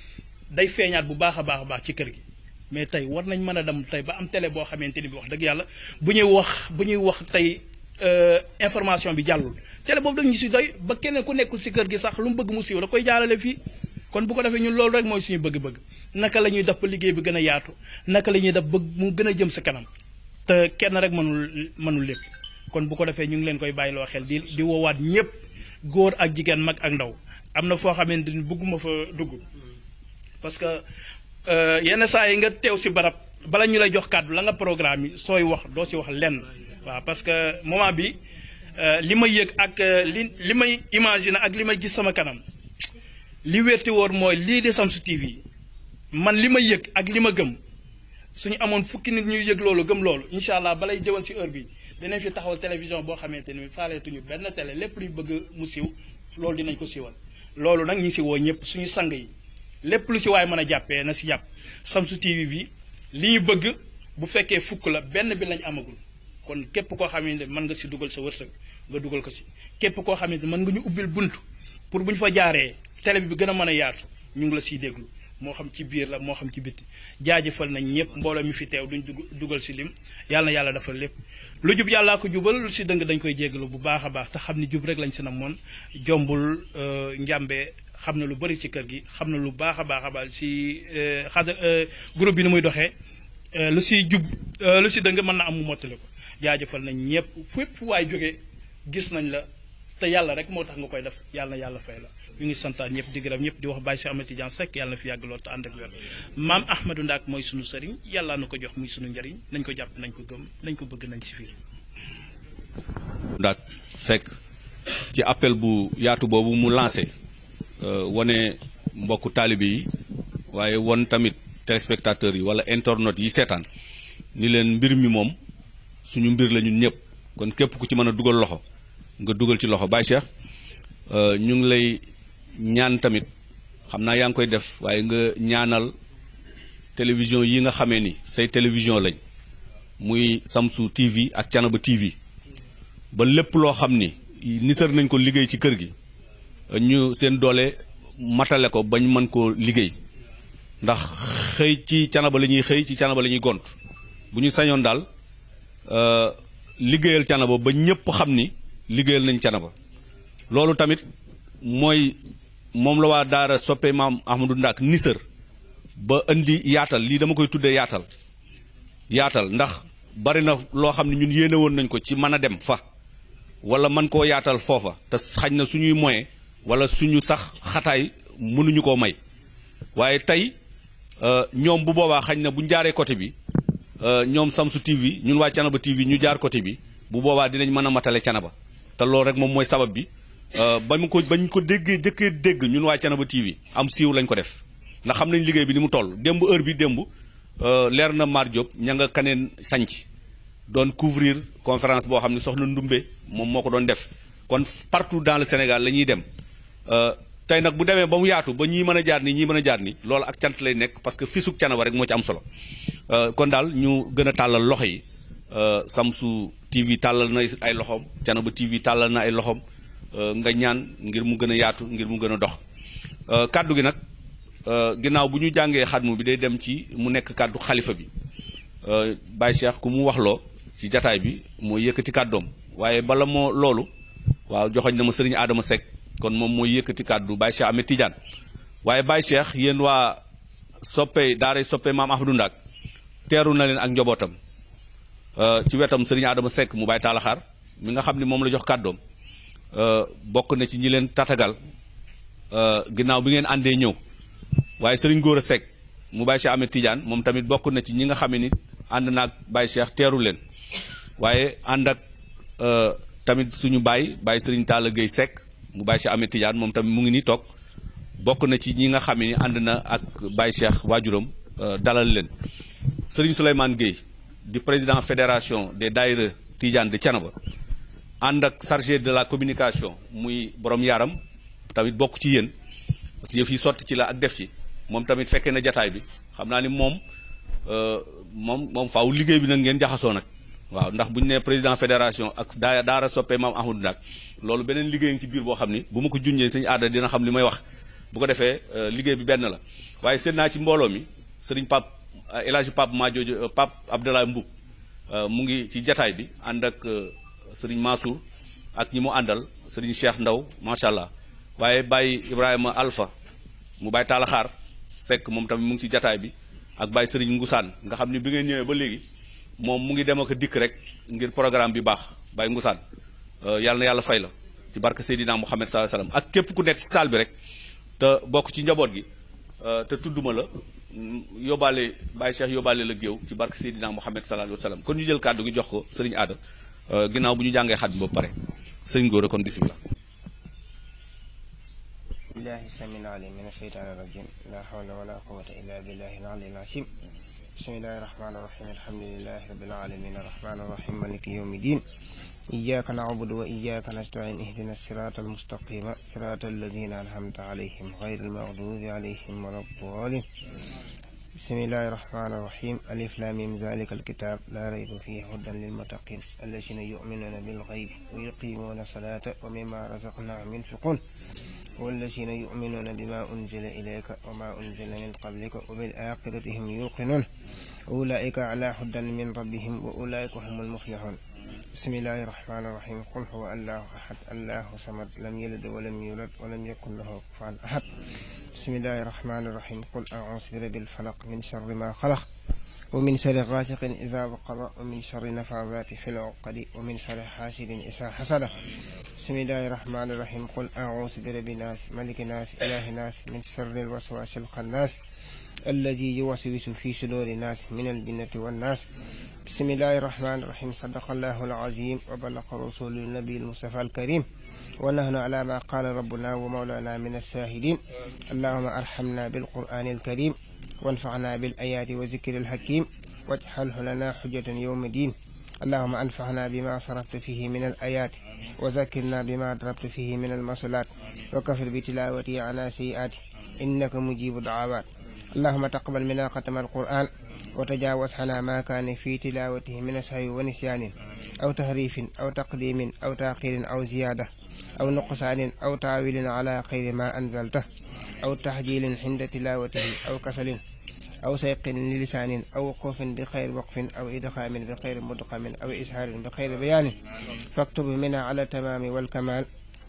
day feeñaat bu baax a baax a baax ci kër gi mais tey war nañ mën a dem tey ba am télé boo xamante ni bi wax dëgg yàlla bu ñuy wax bu ñuy wax tey euh, information bi jàllul tele boobu dañu si doy ba keneen ku nekkul si kër gi sax lu mu bëgg mu siiw da koy jaarale fii kon bu ko defee ñun loolu rek mooy suñu bëgg-bëgg naka la ñuy def ba liggéey bi gën a yaatu naka la ñuy def bëgg mu gën a jëm sa kanam te kenn rek mënul mënul lépp kon bu ko defee ñu ngi leen koy bàyyiloo xel di di woowaat ñëpp góor ak jigéen mag ak ndaw am na foo xamante ni bëgguma fa dugg parce que euh, yenn saa yi nga teew si barab bala ñu lay jox kàddu la nga programme yi sooy wax doo si wax lenn waaw parce que moment bi euh, li may yëg ak euh, li li may imaginer ak li may gis sama kanam li wérti woor mooy lii di Shamsu TV man li ma yëg ak li ma gëm suñu amoon fukki nit ñuy yëg loolu gëm loolu incha allah balay jëwan si heure bi dinañ fi taxawal télévision boo xamante ni faaleetuñu benn télé lépp luy bëgg mu siiw loolu dinañ ko siiwal loolu nag ñu si woo ñëpp suñu sang yi lépp lu ci waay mën a jàppee na si jàpp Shamsu TV bi li ñu bëgg bu fekkee fukk la benn bi lañ amagul kon képp koo xam ne mën nga si dugal sa wërsëg nga dugal ko si képp koo xam ne mën nga ñu ubbil bunt pour bu ñu fa jaaree tele bi gën a mën a yaatu ñu ngi la siy déglu moo xam ci biir la moo xam ci bitti jaajëfal nañ ñëpp mbooloo mi fi teew duñ dugal si lim yàlla yàlla defal lépp lu jub yàllaa ko jubal lu si dëng dañ koy jéggalu bu baax a baax te xam ni jub rek lañ si na moon jombul euh, njàmbe xamna lu bari ci kër gi xamna lu baaxa baaxa ci euh si euh groupe bi nu muy luci euh, lu ci jub euh, lu ci deung man na am mu ko jaajeufal na ñepp fepp way joggé gis nañ la te yalla rek moo tax nga koy def yalla na fay la ñu ngi santane ñepp di gërëm ñepp di wax bay si amati tidiane sek yalla fi yag lool te ànd ak wër mam ahmadou ndak moy suñu sëriñ yalla nako jox muy suñu ndariñ nañ ko japp nañ ko gëm nañ ko bëgg nañ ci fi ndak sek ci appel bu yaatu bobu mu lancer Euh, wane mbokku taalibe yi waaye won tamit téléspectateurs yi wala internautes yi seetaan ni leen mbir mi moom suñu mbir lañu ñun ñëpp kon képp ku ci mën a dugal loxo nga dugal ci loxo Baye Cheikh euh, ñu ngi lay ñaan tamit xam naa yaa ngi koy def waaye nga ñaanal télévision yi nga xamee ni say télévision lañ muy Samsu TV ak Canaba TV ba lépp loo xam ni nisar nañ ko liggéey ci kër gi ñu seen doole matale ko bañ mën koo liggéey ndax xëy ci canaba lañuy xëy ci canaba lañuy ñuy gont bu ñu sañoon daal euh, liggéeyal canaba ba ñëpp xam ni liggéeyal nañ canaba loolu tamit mooy moom la waa daara soppe maam Ahmadou Ndack nisër ba indi yaatal lii dama koy tuddee yaatal yaatal ndax bari na loo xam ne ñun yéene woon nañ ko ci mën a dem fa wala man koo yaatal foofa te xañ na suñuy moyen wala suñu sax xataay mënuñu koo may waaye tey euh, ñoom bu boobaa xañ na buñ jaaree côté bi euh, ñoom Samsu TV ñun waa Canaba TV ñu jaar côté bi bu boobaa dinañ mën a matale Canaba te loolu rek moom mooy sabab bi euh, ba mu ko bañ ko déggee jëkkee dégg ñun waa Canaba TV am siiw lañ ko def ndax xam nañ liggéey bi ni mu toll démb heure bi démb leer na Mar Diop ña nga kaneen sanc doon couvrir conférence boo xam ne soxna Ndumbe moom moo ko doon def kon partout dans le Sénégal la ñuy dem Euh, tey nag bu demee ba mu yaatu ba ñii mën a jaar nii ñii mën a jaar nii loolu ak cant lay nekk parce que fisuk canaba rek moo ci am solo euh, kon daal ñu gën a tàllal loxo yi euh, Samsu TV tàllal na ay loxoom canaba TV tàllal na ay loxoom nga ñaan ngir mu gën a yaatu ngir mu gën a dox kàddu gi nag ginnaaw bu ñu jàngee xatmu bi day dem ci mu nekk kàddu xalifa bi Baye Cheikh ku mu waxloo ci jataay bi moo yëkkati kàddoom waaye bala moo loolu waaw joxoñ na ma sëriñ aadama Seck kon moom mooy yëkkati kàddu Baye Cheikh Ahmed Tidiane waaye Baye Cheikh yéen waa soppe daara soppe maam Ahmadou Ndak teeru na leen ak njobootam euh, ci wetam Serigne Adama Seck mu Baye Taalaxaar mi nga xam ne moom la jox kàddoom euh, bokk na ci ñi leen tatagal euh, ginnaaw bi ngeen àndee ñëw waaye Serigne Gora Seck mu Baye Cheikh Tidiane moom tamit bokk na ci ñi nga xam ne ni ànd naag Baye Cheikh teeru leen waaye ànd ak tamit suñu baay baay Serigne Talla Gueye Seck mu Baye Cheikh Ahmed Tidiane moom tamit mu ngi nii toog bokk na ci ñi nga xam ni ànd na ak Baye Cheikh waajuram euh, dalal leen Serigne Souleymane Gueye di président fédération des daayira Tidiane de Thiénaba ànd ak chargé de la communication muy borom yaaram tamit bokk ci yéen parce que yëf yi sotti ci la ak def ci moom tamit fekkee na jataay bi xam naa ni moom euh, moom moom faaw liggéey bi nag ngeen jaxasoo nag waaw ndax bu ñu nee président fédération ak daara soppee maam Ahmadou Ndak loolu beneen liggéey ci biir boo xam ni bu ma ko junjee sëñ aada dina xam li may wax bu ko defee euh, liggéey bi benn la waaye seet naa ci mbooloo mi sëriñ Pape euh, El Hadj Pape Maajoojo euh, Pape Abdoulaye Mboup mu ngi ci jataay bi ànd ak sëriñ Mansour ak ñi mu àndal sëriñ Cheikh Ndaw macha allah waaye bàyyi Ibrahima Alpha mu Baye Taalaxaar sekk moom tamit mu ngi ci jataay bi ak Baye Serigne Ngusaan nga xam ni bi ngeen ñëwee ba léegi moom mu ngi dem ako dikk rek ngir programme bi baax Baye Ngusaan Euh, yàlla na yàlla fay la ci barke Seydina Mouhamed saa sallam ak képp ku nekk ci saal bi rek te bokk ci njaboot gi euh, te tudduma la mm, yóbbaale Baye Cheikh yóbbaale la géew ci barke Seydina Mouhamed sallallahu alayhi wa sallam kon ñu jël kàddu gi jox ko sëriñ aada euh, ginnaaw bu ñu jàngee xat ba pare sëriñ góor a kon bisimilah billahi samin alim min asheytaan rajim la hawla wala quwata illa billahi alali alazim bismillahi rahmani rahim alhamdulilahi rabil alamin arrahmani arrahim maliki yawmi din إياك نعبد وإياك نستعين اهدنا الصراط المستقيم صراط الذين أنعمت عليهم غير المغضوب عليهم ولا الضالين بسم الله الرحمن الرحيم ألف لام ذلك الكتاب لا ريب فيه هدى للمتقين الذين يؤمنون بالغيب ويقيمون الصلاة ومما رزقناهم ينفقون والذين يؤمنون بما أنزل إليك وما أنزل من قبلك وبالآخرة هم يوقنون أولئك على هدى من ربهم وأولئك هم المفلحون بسم الله الرحمن الرحيم قل هو الله أحد الله صمد لم يلد ولم يولد ولم يكن له كفوا أحد بسم الله الرحمن الرحيم قل أعوذ برب الفلق من شر ما خلق ومن شر غاسق إذا وقر ومن شر نفاذات في العقد ومن شر حاسد إذا حسد بسم الله الرحمن الرحيم قل أعوذ برب الناس ملك الناس إله الناس من شر الوسواس الخناس الذي يوسوس في صدور الناس من الجنة والناس بسم الله الرحمن الرحيم صدق الله العظيم وبلغ رسول النبي المصطفى الكريم ونهنا على ما قال ربنا ومولانا من الساهدين اللهم ارحمنا بالقرآن الكريم وانفعنا بالآيات وذكر الحكيم واجعله لنا حجة يوم الدين اللهم أنفعنا بما صرفت فيه من الآيات وذكرنا بما ضربت فيه من المصلات وكفر بتلاوتي على سيئاته إنك مجيب الدعوات اللهم تقبل منا ختم القرآن وتجاوز على ما كان في تلاوته من سهو ونسيان أو تهريف أو تقديم أو تأخير أو زيادة أو نقصان أو تعويل على خير ما أنزلته أو تحجيل عند تلاوته أو كسل أو سيق للسان أو وقوف بخير وقف أو إدخام بخير مدقم أو إسهال بخير بيان فاكتب منا على التمام والكمال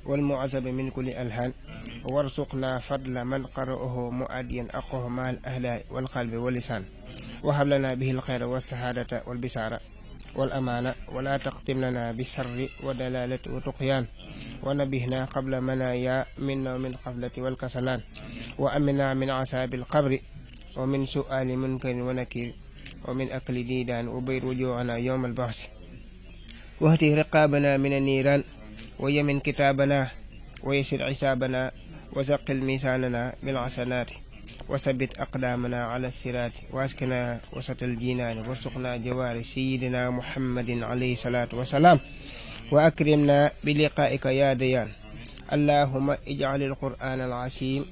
والمعزب من كل ألهان وارزقنا فضل من قرأه مؤديا أقوه مال أهله والقلب واللسان وهب لنا به الخير والسعادة والبسارة والأمانة ولا تقتم لنا بالشر ودلالة وتقيان ونبهنا قبل منايا منا من القفلة والكسلان وأمنا من عساب القبر ومن سؤال منكر ونكير ومن أكل ديدان وبير وجوعنا يوم البعث واهدي رقابنا من النيران ويمن كتابنا ويسر حسابنا وزق الميساننا بالعسنات وثبت أقدامنا على الصراط واسكنا وسط الجنان وارزقنا جوار سيدنا محمد عليه الصلاة والسلام وأكرمنا بلقائك يا ديان اللهم اجعل القرآن العظيم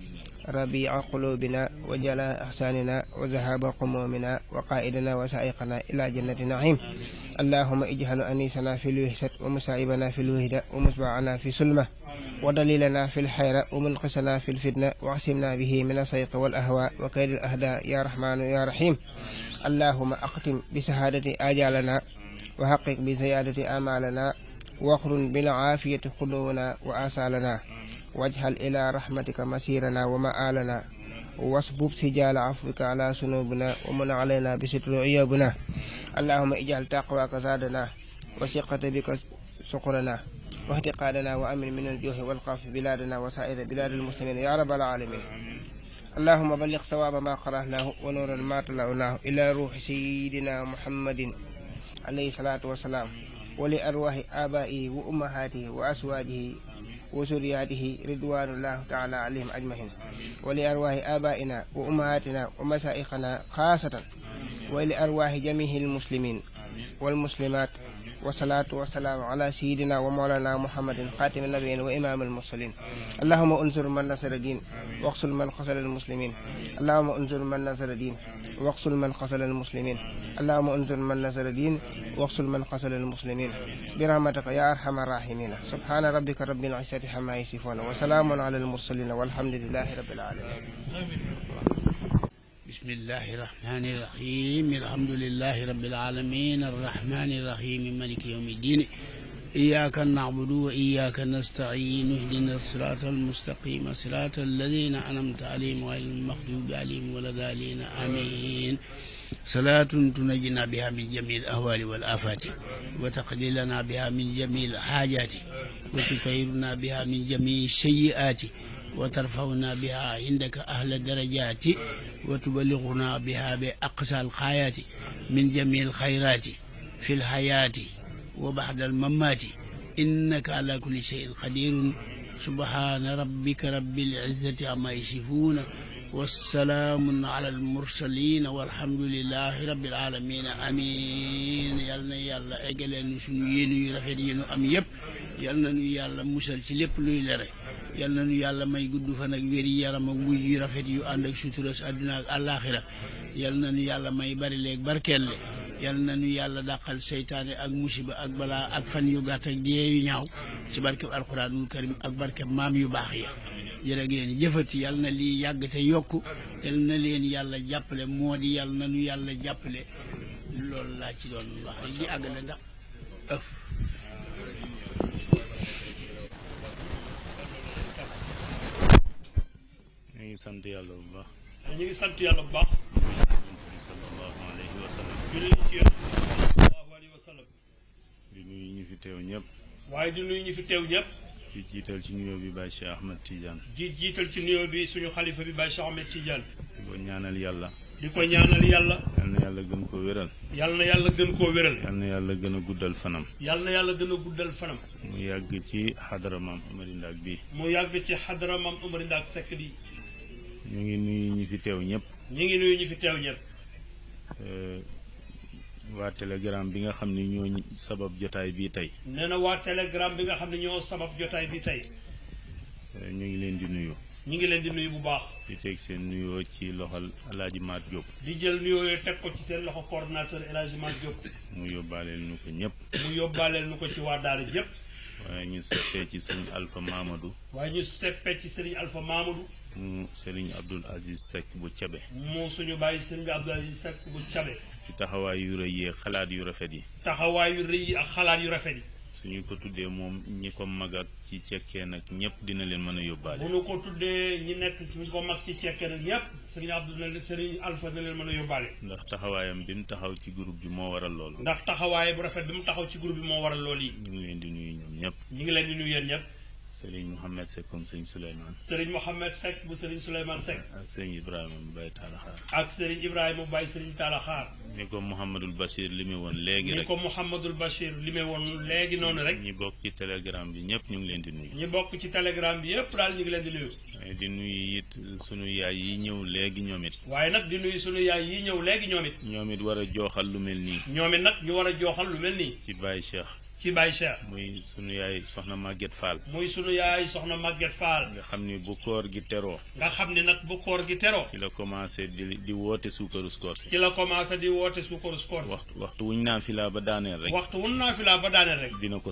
ربيع قلوبنا وجلاء أحساننا وذهاب قمومنا وقائدنا وسائقنا إلى جنة نعيم اللهم اجعل أنيسنا في الوهسة ومسائبنا في الوهدة ومتبعنا في سلمة ودليلنا في الحيرة ومنقصنا في الفتنة واعصمنا به من السيق والأهواء وكيد الأهداء يا رحمن يا رحيم اللهم أقتم بسهادة آجالنا وحقق بزيادة آمالنا واقرن بالعافية قلوبنا وآسالنا واجعل إلى رحمتك مسيرنا ومآلنا واسبب سجال عفوك على سنوبنا ومن علينا بستر عيوبنا اللهم اجعل تقواك زادنا وثقة بك سقرنا واهتقالنا وأمن من الجوع والقاف بلادنا وسائر بلاد المسلمين يا رب العالمين اللهم بلغ ثواب ما قرأناه ونورا ما طلعناه إلى روح سيدنا محمد عليه الصلاة والسلام ولأرواح آبائه وأمهاته وأزواجه وزرياته رضوان الله تعالى عليهم أجمعين ولأرواح آبائنا وأمهاتنا ومسائقنا خاصة ولأرواح جميع المسلمين والمسلمات والصلاة والسلام على سيدنا ومولانا محمد خاتم النبيين وإمام المرسلين اللهم أنزل من نصر الدين واقصل من خسر المسلمين اللهم أنزل من نصر الدين واقصل من خسر المسلمين اللهم انزل من نزل دين واغسل من قتل المسلمين برحمتك يا ارحم الراحمين سبحان ربك رب العزه عما يصفون وسلام على المرسلين والحمد لله رب العالمين بسم الله الرحمن الرحيم الحمد لله رب العالمين الرحمن الرحيم ملك يوم الدين إياك نعبد وإياك نستعين اهدنا الصراط المستقيم صراط الذين أنعمت عليهم غير المغضوب عليهم ولا الضالين آمين صلاة تنجينا بها من جميع الأهوال والآفات وتقضي لنا بها من جميع الحاجات وتطهرنا بها من جميع السيئات وترفعنا بها عندك أهل الدرجات وتبلغنا بها بأقصى الخيات من جميع الخيرات في الحياة وبعد الممات إنك على كل شيء قدير سبحان ربك رب العزة عما يصفون والسلام على المرسلين والحمد لله رب العالمين امين يالنا يالا اجلن سونو يينو يرافيدينو ام ييب يالنا نيو يالا موسال سي ليپ لوي لري يالنا نيو يالا ماي غودو فان اك ويري يارام اك موي يرافيد يو اندك سوتروس ادنا اك الاخره يالنا نيو يالا ماي باري ليك بركل يالنا نيو يالا داخال شيطان اك مصيبه اك بلا اك فان يو غات اك ديي نياو سي بركه القران الكريم اك بركه مام يو باخيه jërë ngeen jëfati yal na lii yàgg te yokk yal na leen yàlla jàppale moo di yal na nu yàlla jàppale loolu laa ci doon wax rek di àggale ndax ëf ñu ngi sant yàlla bu baax ñu sant yàlla bu baax sallallahu alayhi wa sallam sallallahu alayhi wa sallam di nuyu di jiital ci nuyoo bi Baye Cheikh Ahmed Tidiane. di jiital ci nuyoo bi suñu xalifa bi Baye Cheikh Ahmed Tidiane. di ko ñaanal yàlla. di ko ñaanal yàlla. yal na yàlla gën koo wéral. yal na yàlla gën koo wéral. yal na yàlla gën a guddal fanam. yal na yàlla gën a guddal fanam. mu yàgg ci xadara maam Amary Ndaak bi. mu yàgg ci xadara maam Amary Ndaak Seck bi. ñu ngi nuyu ñi fi teew ñëpp. ñu ngi nuyu ñi fi teew ñëpp. waa telegram bi nga xam ne ñoo sabab jotaay bii tey. nee na waa telegram bi nga xam ne ñoo sabab jotaay bi tey. Eh, ñu ngi leen di nuyu. ñu ngi leen di nuyu bu baax. di teg seen nuyoo ci loxol El Hadj di jël nuyoo yooyu teg ko ci seen loxo coordonnateur El Hadj Mat mu yóbbaaleel ñu ko ñëpp. mu yóbbaaleel nu ko ci waa daara yëpp. waaye ñu seppee ci sëriñ Alpha Mamadou. waaye ñu seppee ci sëriñ Alpha Mamadou. mu sëriñ Abdoul Aziz Seck bu Cabe. mu suñu bàyyi sëriñ Abdoul Aziz Seck bu Cabe. taxawaay yu rëy yi xalaat yu rafet yi. taxawaay yu rëy xalaat yu rafet yi. suñu ko tuddee moom ñi ko mag ak ci cekkeen nag ñëpp dina leen mën a yóbbaale. bu ñu ko tuddee ñi nekk ñu ko mag ci cekkeen ak ñëpp sëriñ Abdou sëriñ Alpha dina leen mën a yóbbaale. ndax taxawaayam bi mu taxaw ci groupe bi moo waral loolu. ndax taxawaaye bu rafet bi mu taxaw ci groupe bi moo waral loolu yi. ñu ngi leen di nuyu ñoom ñëpp. ñu ngi leen di nuyu yéen ñëpp. Serigne Mouhamed Seck moom Serigne Souleymane. Serigne Mouhamed Seck bu Serigne Souleymane Seck. ak Serigne Ibrahima mu Baye Talla ak Serigne ibrahim mu bàyyi Serigne Talla Xaar. ni ko Mouhamadul Bachir li mu woon léegi rek. ni ko Mouhamadul Bachir li mu woon léegi noonu rek. ñu bokk ci telegram bi ñëpp ñu ngi leen di nuyu. ñi bokk ci telegram bi yëpp daal ñu ngi leen di nuyu. di nuyu it sunu yaay yi ñëw léegi ñoom it. waaye nag di nuyu sunu yaay yi ñëw léegi ñoom it. ñoom it war a jooxal lu mel nii. ñoom nag ñu war a jooxal lu mel nii. ci Baye Cheikh. ci bay Cheikh muy sunu yaay soxna maget Fall muy sunu yaay soxna maget Fall nga xamni ni bu koor gi tero nga xamni nak bu koor gi tero ci la commencé di di woote suukaru skoor si ci la commencé di wote suukaru skoor si waxtu waxtu wuñ na fi la ba daaneel rek waxtu wuñ na fi la ba rek dina ko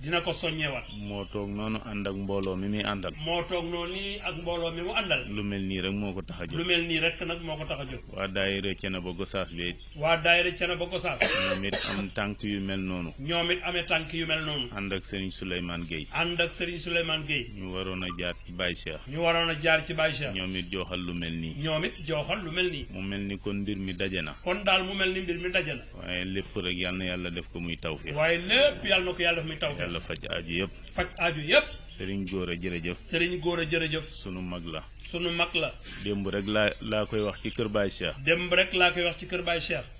dina ko soññee wat mo tok nonu and ak mbolo mi mi andal mo tok noni ak mbolo mi mu andal lu melni rek moko ko lu melni rek nak moko ko wa daayira daayira ci na ñomit am tank yu mel nonu ñomit amé tànk yu mel noonu. ànd ak Serigne Souleymane Gueye. ànd ak Serigne Souleymane Gueye. ñu waroon a jaar ci Baye Cheikh. ñu waroon a jaar ci Baye Cheikh. ñoom it jooxal lu mel nii. ñoom it jooxal lu mel nii. mu mel ni kon mbir mi daje na. kon daal mu mel ni mbir mi daje na. waaye lépp rek yal na yàlla def ko muy tawfeex. waaye lépp yàlla ko yàlla def muy tawfeex. yàlla faj aaju yëpp. faj aaju yëpp. Serigne Gora jërëjëf. Serigne Gora jërëjëf. sunu mag la. sunu mag la. démb rek laa laa koy wax ci kër Baye Cheikh. rek laa koy wax ci kër Baye Cheikh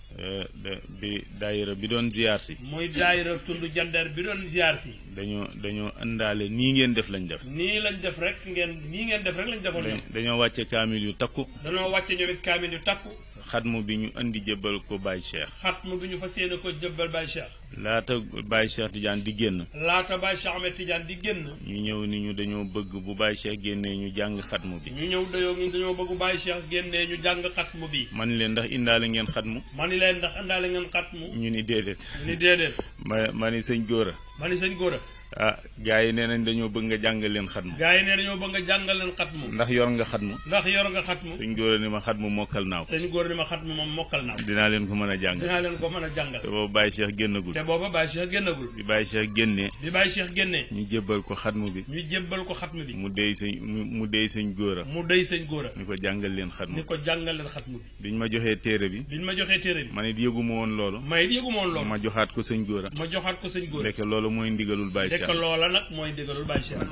bi daayira bi doon ziar si. muy daayira tund jandeer bi doon ziar si. dañoo dañoo indaale nii ngeen def lañ def. nii lañ def rek ngeen nii ngeen def rek lañ defoon. dañoo wàcce kaamil yu takku. dañoo wàcce ñoom it kaamil yu takku. xat xatmu bi ñu indi jébbal ko Baye Cheikh. xatmu bi ñu fa yéene ko jébbal Baye Cheikh. laata Baye Cheikh Tidiane di génn. laata Baye Cheikh Ahmed Tidiane di génn. ñu ñëw ni ñu dañoo bëgg bu Baye Cheikh génnee ñu jàng mu bi. ñu ñëw dayoo ñu dañoo bëgg bu Baye Cheikh génnee ñu jàng xatmu bi. man leen ndax indaale ngeen xat xatmu. man leen ndax indaale ngeen xat mu ñu ni déedéet. ma ma ni sëñ Gora. ma ni sëñ Gora. ah gars yi nee nañ dañoo bëgg nga jàngal leen xatmu gars yi nee nañoo bëgg nga jàngal leen xatmu ndax yor nga xatmu ndax yor nga xatmu sëñ góor ni ma xatmu mokkal naaw sëñ góor ni ma xatmu moom mokkal naaw dinaa leen ko mën a jàngal dinaa leen ko mën a jàngal te booba Baye Cheikh génnagul te booba Baye Cheikh génnee bi Baye Cheikh ñu jébbal ko xatmu bi ñu jébbal ko xatmu bi mu dey sëñ mu dey sëñ góor a mu dey sëñ góor a ni jàngal leen xatmu ni ko jàngal leen xatmu bi biñ ma joxee téere bi biñ ma joxee téere bi man it yëguma woon loolu man it yëguma woon loolu ma joxaat ko sëñ góor a ma joxaat ko sëñ góor a ndeke loolu mooy ndigalul Baye fekk loola nag mooy ndigalul Baye Cheikh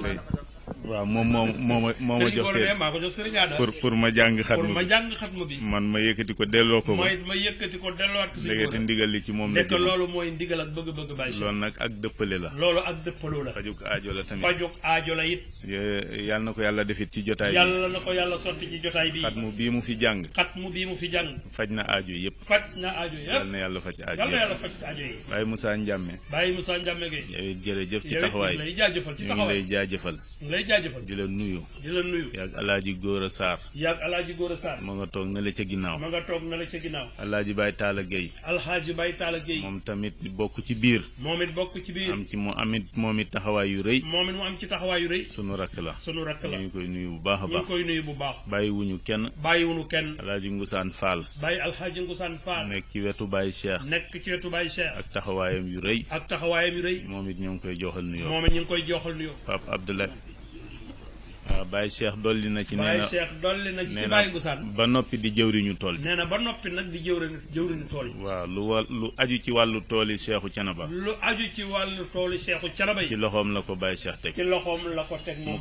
waaw moom moom moo ma moo ma jox pour ma jàng xatma ma bi man ma yëkkati ko delloo ko mooy ma yëkkati ko delloowaat ko li ci moom la mooy ndigal ak nag ak dëppale la loolu ak dëppaloo la fajuk aajo la tamit fajuk aajo la it yàlla na ko yàlla defit ci jotaay bi yàlla na ko yàlla sotti ci jotaay bi xatmu mu fi jàng xatmu fi faj na ajo yëpp faj na yàlla na yàlla faj aajo yàlla na yàlla faj aajo yi Baye Moussa Ndiamé Baye Moussa ci taxawaay ñu ngi lay jaajëfal lay jaajëfal di la nuyu di la nuyu yaag alaaji Góora Sarr yaag alaaji nga toog na ca ginnaaw ma nga toog na la ca ginnaaw alaaji Baye Talla Gueye alaaji Baye Talla moom tamit bokk ci biir moom it bokk ci biir am ci mu amit moom it taxawaay yu rëy moom it am ci taxawaay yu rëy sunu rakk la sunu rakk la ñu ngi koy nuyu bu baax a baax ñu ngi bu baax bàyyi wuñu kenn bàyyi wuñu kenn alaaji Ngusaan Fall bàyyi alaaji Ngusaan Fall nekk ci wetu Baye Cheikh nekk ci wetu Baye Cheikh ak taxawaayam yu rëy ak taxawaayam yu rëy moom it ñoo ngi koy joxal nuyoo moom it ñu ngi koy joxal nuyoo Pape Abdoulaye waaw Baye Cheikh dolli na ci. nee na na ci ci ba noppi di jëwriñu tool yi. nee na ba noppi nag di jëwriñu jëwriñu tool yi. waaw lu wa lu aju ci wàllu tool yi Cheikhu Canaba. lu aju ci wàllu tool yi Cheikhu Canaba yi. ci loxoom la ko bàyyi seex teg. ci loxoom la ko teg moom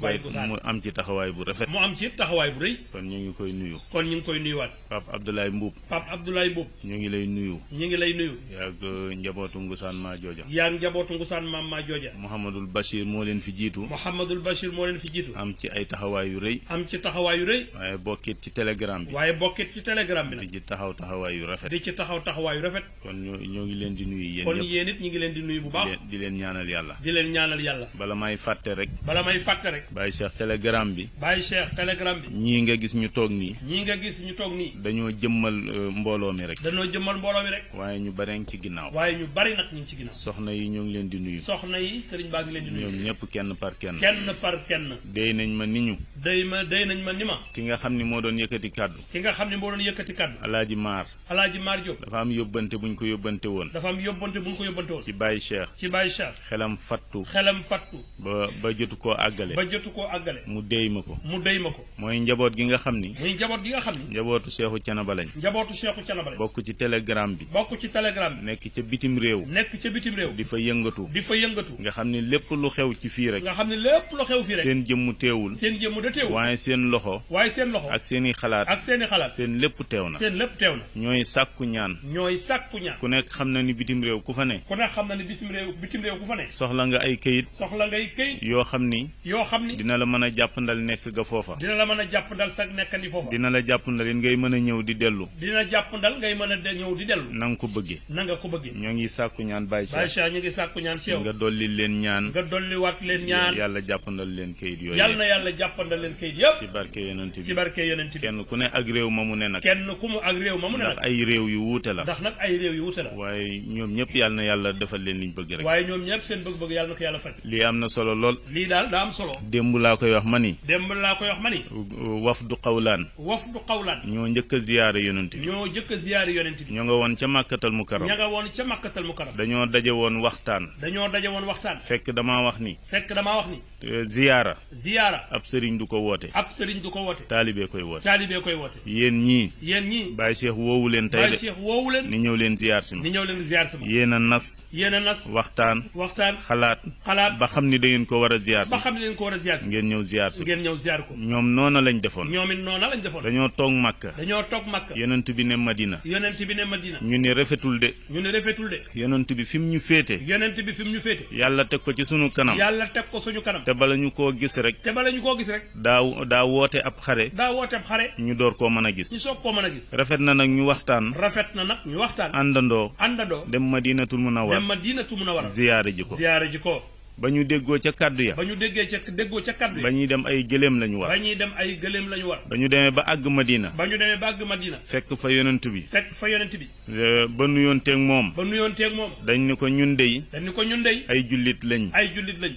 mu am ci taxawaay bu rafet. mu am ci taxawaay bu rëy. kon ñu ngi koy nuyu. kon ñu ngi koy nuyuwaat. Pape Abdoulaye Mbuub. Pape Abdoulaye Mbuub. ñu ngi lay nuyu. ñu ngi lay nuyu. yaag euh, njabootu Ngusaan maa jooja. yaag njabootu Ngusaan maam maa jooja. Mouhamadul Bachir moo leen moo leen fi jiitu. ay taxawaay yu rëy. am ci taxawaay yu rëy. waaye bokkit ci telegram bi. waaye bokkit ci telegram bi nag. ci taxaw taxawaay yu rafet. di ci taxaw taxawaay yu kon ñoo ñoo ngi leen di nuyu yéen ñëpp kon yéen it ñu ngi leen di nuyu bu baax. di leen ñaanal yàlla. di leen ñaanal yàlla. bala may fàtte rek. bala may fàtte rek. Baye Cheikh telegram bi. Baye Cheikh telegram bi. nga gis ñu toog nii. ñii nga gis ñu toog nii. dañoo jëmmal euh, mbooloo mi rek. dañoo jëmmal mbooloo mi rek. waaye ñu bari ci ginnaaw. waaye ñu bari nag ci ginnaaw. soxna yi ñoo ngi leen di nuyu. soxna yi sëriñ baa kenn par kenn. kenn par kenn. dee nañ ni ñu day ma day nañ ma ni ma ki nga xam ni moo doon yëkkati kàddu ki nga xam ni moo doon yëkkati kàddu alaaji maar alaaji maar Jóob dafa am yóbbante woon dafa am yóbbante bu ñu ko yóbbante woon ci Baye Cheikh ci Baye Cheikh xelam fattu xelam fattu ba ba jotu koo àggale ba jotu koo àggale mu déy ma ko mu déy ma ko mooy njaboot gi nga xam ni muy njaboot gi nga xam ni njabootu Seexu Canaba lañ njabootu Seexu Canaba lañ bokk ci telegram bi bokk ci telegram bi nekk ca bitim réew nekk ca bitim réew di fa yëngatu di fa yëngatu nga xam ni lépp lu xew ci fii seen jëmm da waaye seen loxo waaye seen loxo ak seen i xalaat ak seen xalaat seen lépp teew na seen lépp teew na ñooy sàkku ñaan ñooy sàkku ñaan ku nekk xam na ni bitim réew ku fa ne ku nekk xam na ni bitim réew bitim réew ku fa ne soxla nga ay kayit soxla ngay kayit yoo xam ni yoo xam ni dina la mën a jàppandal nekk ga foofa dina la mën a jàppandal sax nekkandi foofa dina la jàppandal it ngay mën a ñëw di dellu dina jàppandal ngay mën a ñëw di dellu na ko bëggee na nga ko bëggee ñoo ngi sàkku ñaan Baye Cheikh ñu ngi sàkku ñaan ci nga dolli leen ñaan nga dolli waat leen yàlla jàppandal leen kayit yooyu jàppandal leen kayit yëpp ci barke yonent bi ci barke yonent bi kenn ku ne ak réew ma mu ne nag kenn ku mu ak réew ma mu ne nag ay réew yu wuute la ndax nag ay réew yu wuute la waaye ñoom ñëpp yàlla na yàlla defal leen liñ bëgg rek waaye ñoom ñëpp seen bëgg-bëgg yàlla na ko yàlla faj lii am na solo lool lii daal daa am solo laa ko wax ma ni démb laa koy wax ma ni wafdu xawlaan wafdu xawlaan ñoo njëkk a ziyaare yonent bi ñoo njëkk a ziyaare yonent bi ñoo nga woon ca màkkatal mukarram ña nga woon ca màkkatal mukarram dañoo daje woon waxtaan dañoo daje woon waxtaan fekk damaa wax ni fekk sëriñ du ko woote. ab sëriñ du ko woote. taalibe koy woote. taalibe koy woote. yéen ñii. yéen ñii. Baye Cheikh woowu leen tey de. leen. ni ñëw leen ziar si ma. ni ñëw leen ziar si ma. yéen a nas. yéen a nas. waxtaan. waxtaan xalaat. xalaat ba xam ni da ngeen ko war a ziar si. ba xam ngeen ko war a ziar si. ngeen ñëw ziar si. ngeen ñëw ziar ko. ñoom noona lañ defoon. ñoom it noona lañ defoon. dañoo toog Makka. dañoo toog Makka. yonent bi ne Madina. yonent bi ne Madina. ñu ne rafetul de. ñu ne rafetul de. yonent bi fi mu ñu féete. yonent bi fi mu ñu féete. yàlla teg ko ci suñu kanam. yàlla teg ko suñu kanam. te bala ñu koo gis rek. koo gis rek. daa woote ab xare. daa woote ab xare. ñu door koo mën a gis. ñu soog koo mën a gis. rafet na nag ñu waxtaan. rafet na nag ñu waxtaan. àndandoo. àndandoo dem ma Munawwara. mun Madinatul Munawwara. ziyaare ji ko ziyaare ji ko. ba ñu déggoo ca kàddu ya. ba ñu déggee ca déggoo ca kàddu ya. ñuy dem ay gëléem la ñu war. ba ñuy dem ay gëléem la ñu war. ba ñu demee ba àgg Madina. ba ñu demee ba àgg Madina. fekk fa yonent bi. fekk fa yonent bi. ba nuyonteeg moom. ba nuyonteeg moom. dañ ni ko ñun dey. ni ko ñun dey. ay jullit lañ. ay jullit lañ.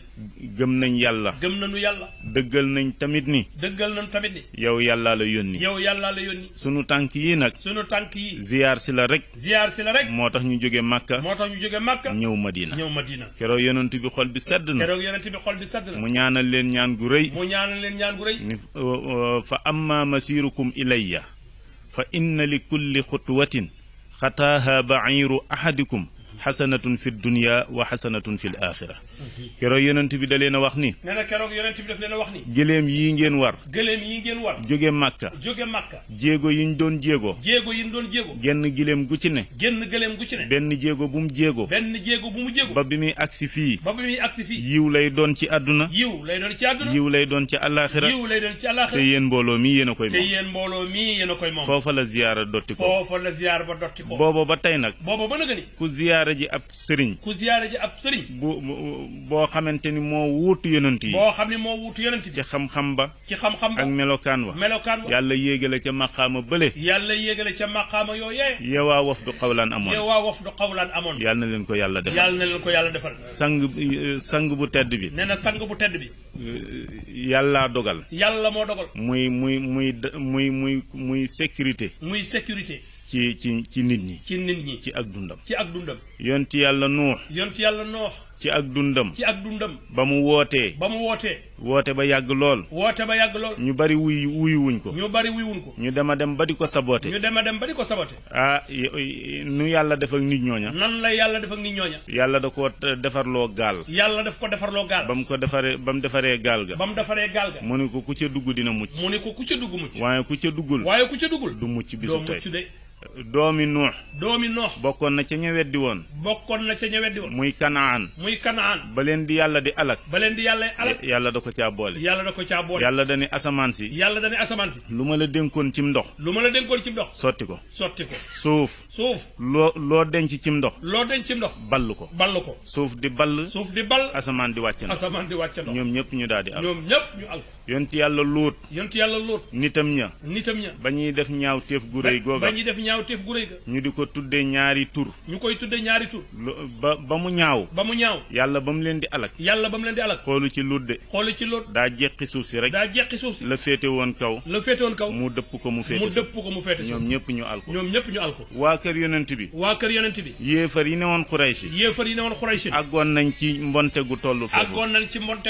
gëm nañ yàlla. gëm nañu yàlla. dëggal nañ tamit ni. dëggal nañ tamit ni. yow yàllaa la yónni. yow yàllaa la sunu tànk yi nag. sunu tànk yi. ziyaar si la rek. ziyaar si la rek. moo tax ñu jóge Makka. moo tax ñu jóge Makka. ñëw Madina. ñëw Madina. keroog yonent bi xol bi sedd na keroog yonent bi xol bi sedd na mu ñaanal leen ñaan gu rëy mu ñaanal leen ñaan gu rëy ni fa amma masirukum ilayya fa inna li kulli xutwatin xataaha bairu ahadikum xasanatun fi dunia wa xasanatun fi l axira keroog yonent bi da leen a wax ni nee na keroog yonent bi daf leen a wax ni gëléem yi ngeen war gëléem yi ngeen war jóge màkka jóge màkka jéego yi ñu doon jéego jéego yi ñu doon jéego genn gëléem gu ci ne genn gëléem gu ci ne benn jéego bu mu jéego benn jéego bu mu jéego ba bi muy agsi fii ba bi muy agsi fii yiw lay doon ci àdduna yiw lay doon ci àdduna yiw lay doon ci àllaaxira yiw lay doon ci àllaaxira te yéen mbooloo mi yéen a koy moom te yéen mbooloo mi yéen a koy moom foofa la ziyaara dotti ko foofa la ziyaara ba dotti ko booba ba tey nag booba ba nag ni ku ziyaara ziyaara ji ab sëriñ ku ziyaara ji ab sëriñ bu boo xamante ni moo wuutu yonent yi boo xam ne moo wuutu yonent yi ci xam-xam ba ci xam-xam ba ak melokaan wa melokaan wa yàlla yéegale ca maqaama bële yàlla yéegale ca maqaama yooyee yewaa wafdu xawlaan amoon yewaa wafdu xawlaan amoon yàlla na leen ko yàlla defal yàlla na leen ko yàlla defal sang sang bu tedd bi nee na sang bu tedd bi yàllaa dogal yàlla moo dogal muy muy muy muy muy muy sécurité muy sécurité ci ci ci nit ñi. ci nit ñi ci ak dundam. ci ak dundam. yonti yàlla nuux. yonti yàlla nuux. ci ak dundam. ci ak dundam. ba mu wootee. ba mu wootee. woote ba yàgg lool. woote ba yàgg lool. ñu bari wuy wuyu wuñ ko. ñu bari wuy wuñ ko. ñu dema dem ba di ko sabote. ñu dema dem ba di ko sabote. ah nu yàlla def ak nit ñooña. nan la yàlla def ak nit yàlla da ko defarloo gaal. yàlla daf ko defarloo gaal. ba mu ko defaree ba mu defaree gaal ga. ba mu defaree gaal mu ne ko ku ca dugg dina mucc. mu ne ko ku ca dugg mucc. waaye ku ca duggul. waaye ku du mucc bisu tey doomi nuux doomi nuux bokkoon na ca ña weddi woon bokkoon na ca ña weddi muy kanaan muy kanaan ba leen di yàlla di alak ba leen di yàlla alak yàlla da ko caa boole yàlla da ko caa boole yàlla dani asamaan si yàlla dani asamaan si lu ma la dénkoon cim ndox lu ma la dénkoon cim ndox sotti ko sotti ko suuf suuf loo loo denc cim ndox loo denc ndox ball ko ball ko suuf di bal suuf di ball asamaan di wàcc ndox asamaan di wàcc ñoom ñëpp ñu daal di al ñoom ñëpp ñu al yonti yàlla luut yonti yàlla luut nitam ña nitam ña ba ñaawteef gu rëy ga ñu di ko tuddee ñaari tur ñu koy tuddee ñaari tur ba ba mu ñaaw ba mu ñaaw yàlla ba mu leen di alak yàlla ba mu leen di alak xoolu ci Luut de daa jeqi suuf si rek la féete woon kaw la féete woon kaw mu dëpp ko mu féete mu ko mu féete ñoom ñëpp ñu al ko ñoom ñëpp ñu al waa kër yonent bi waa kër yonent bi yéefar yi newoon Xuraysi yéefar yi newoon Xuraysi aggoon nañ ci mbonte gu toll foofu aggoon nañ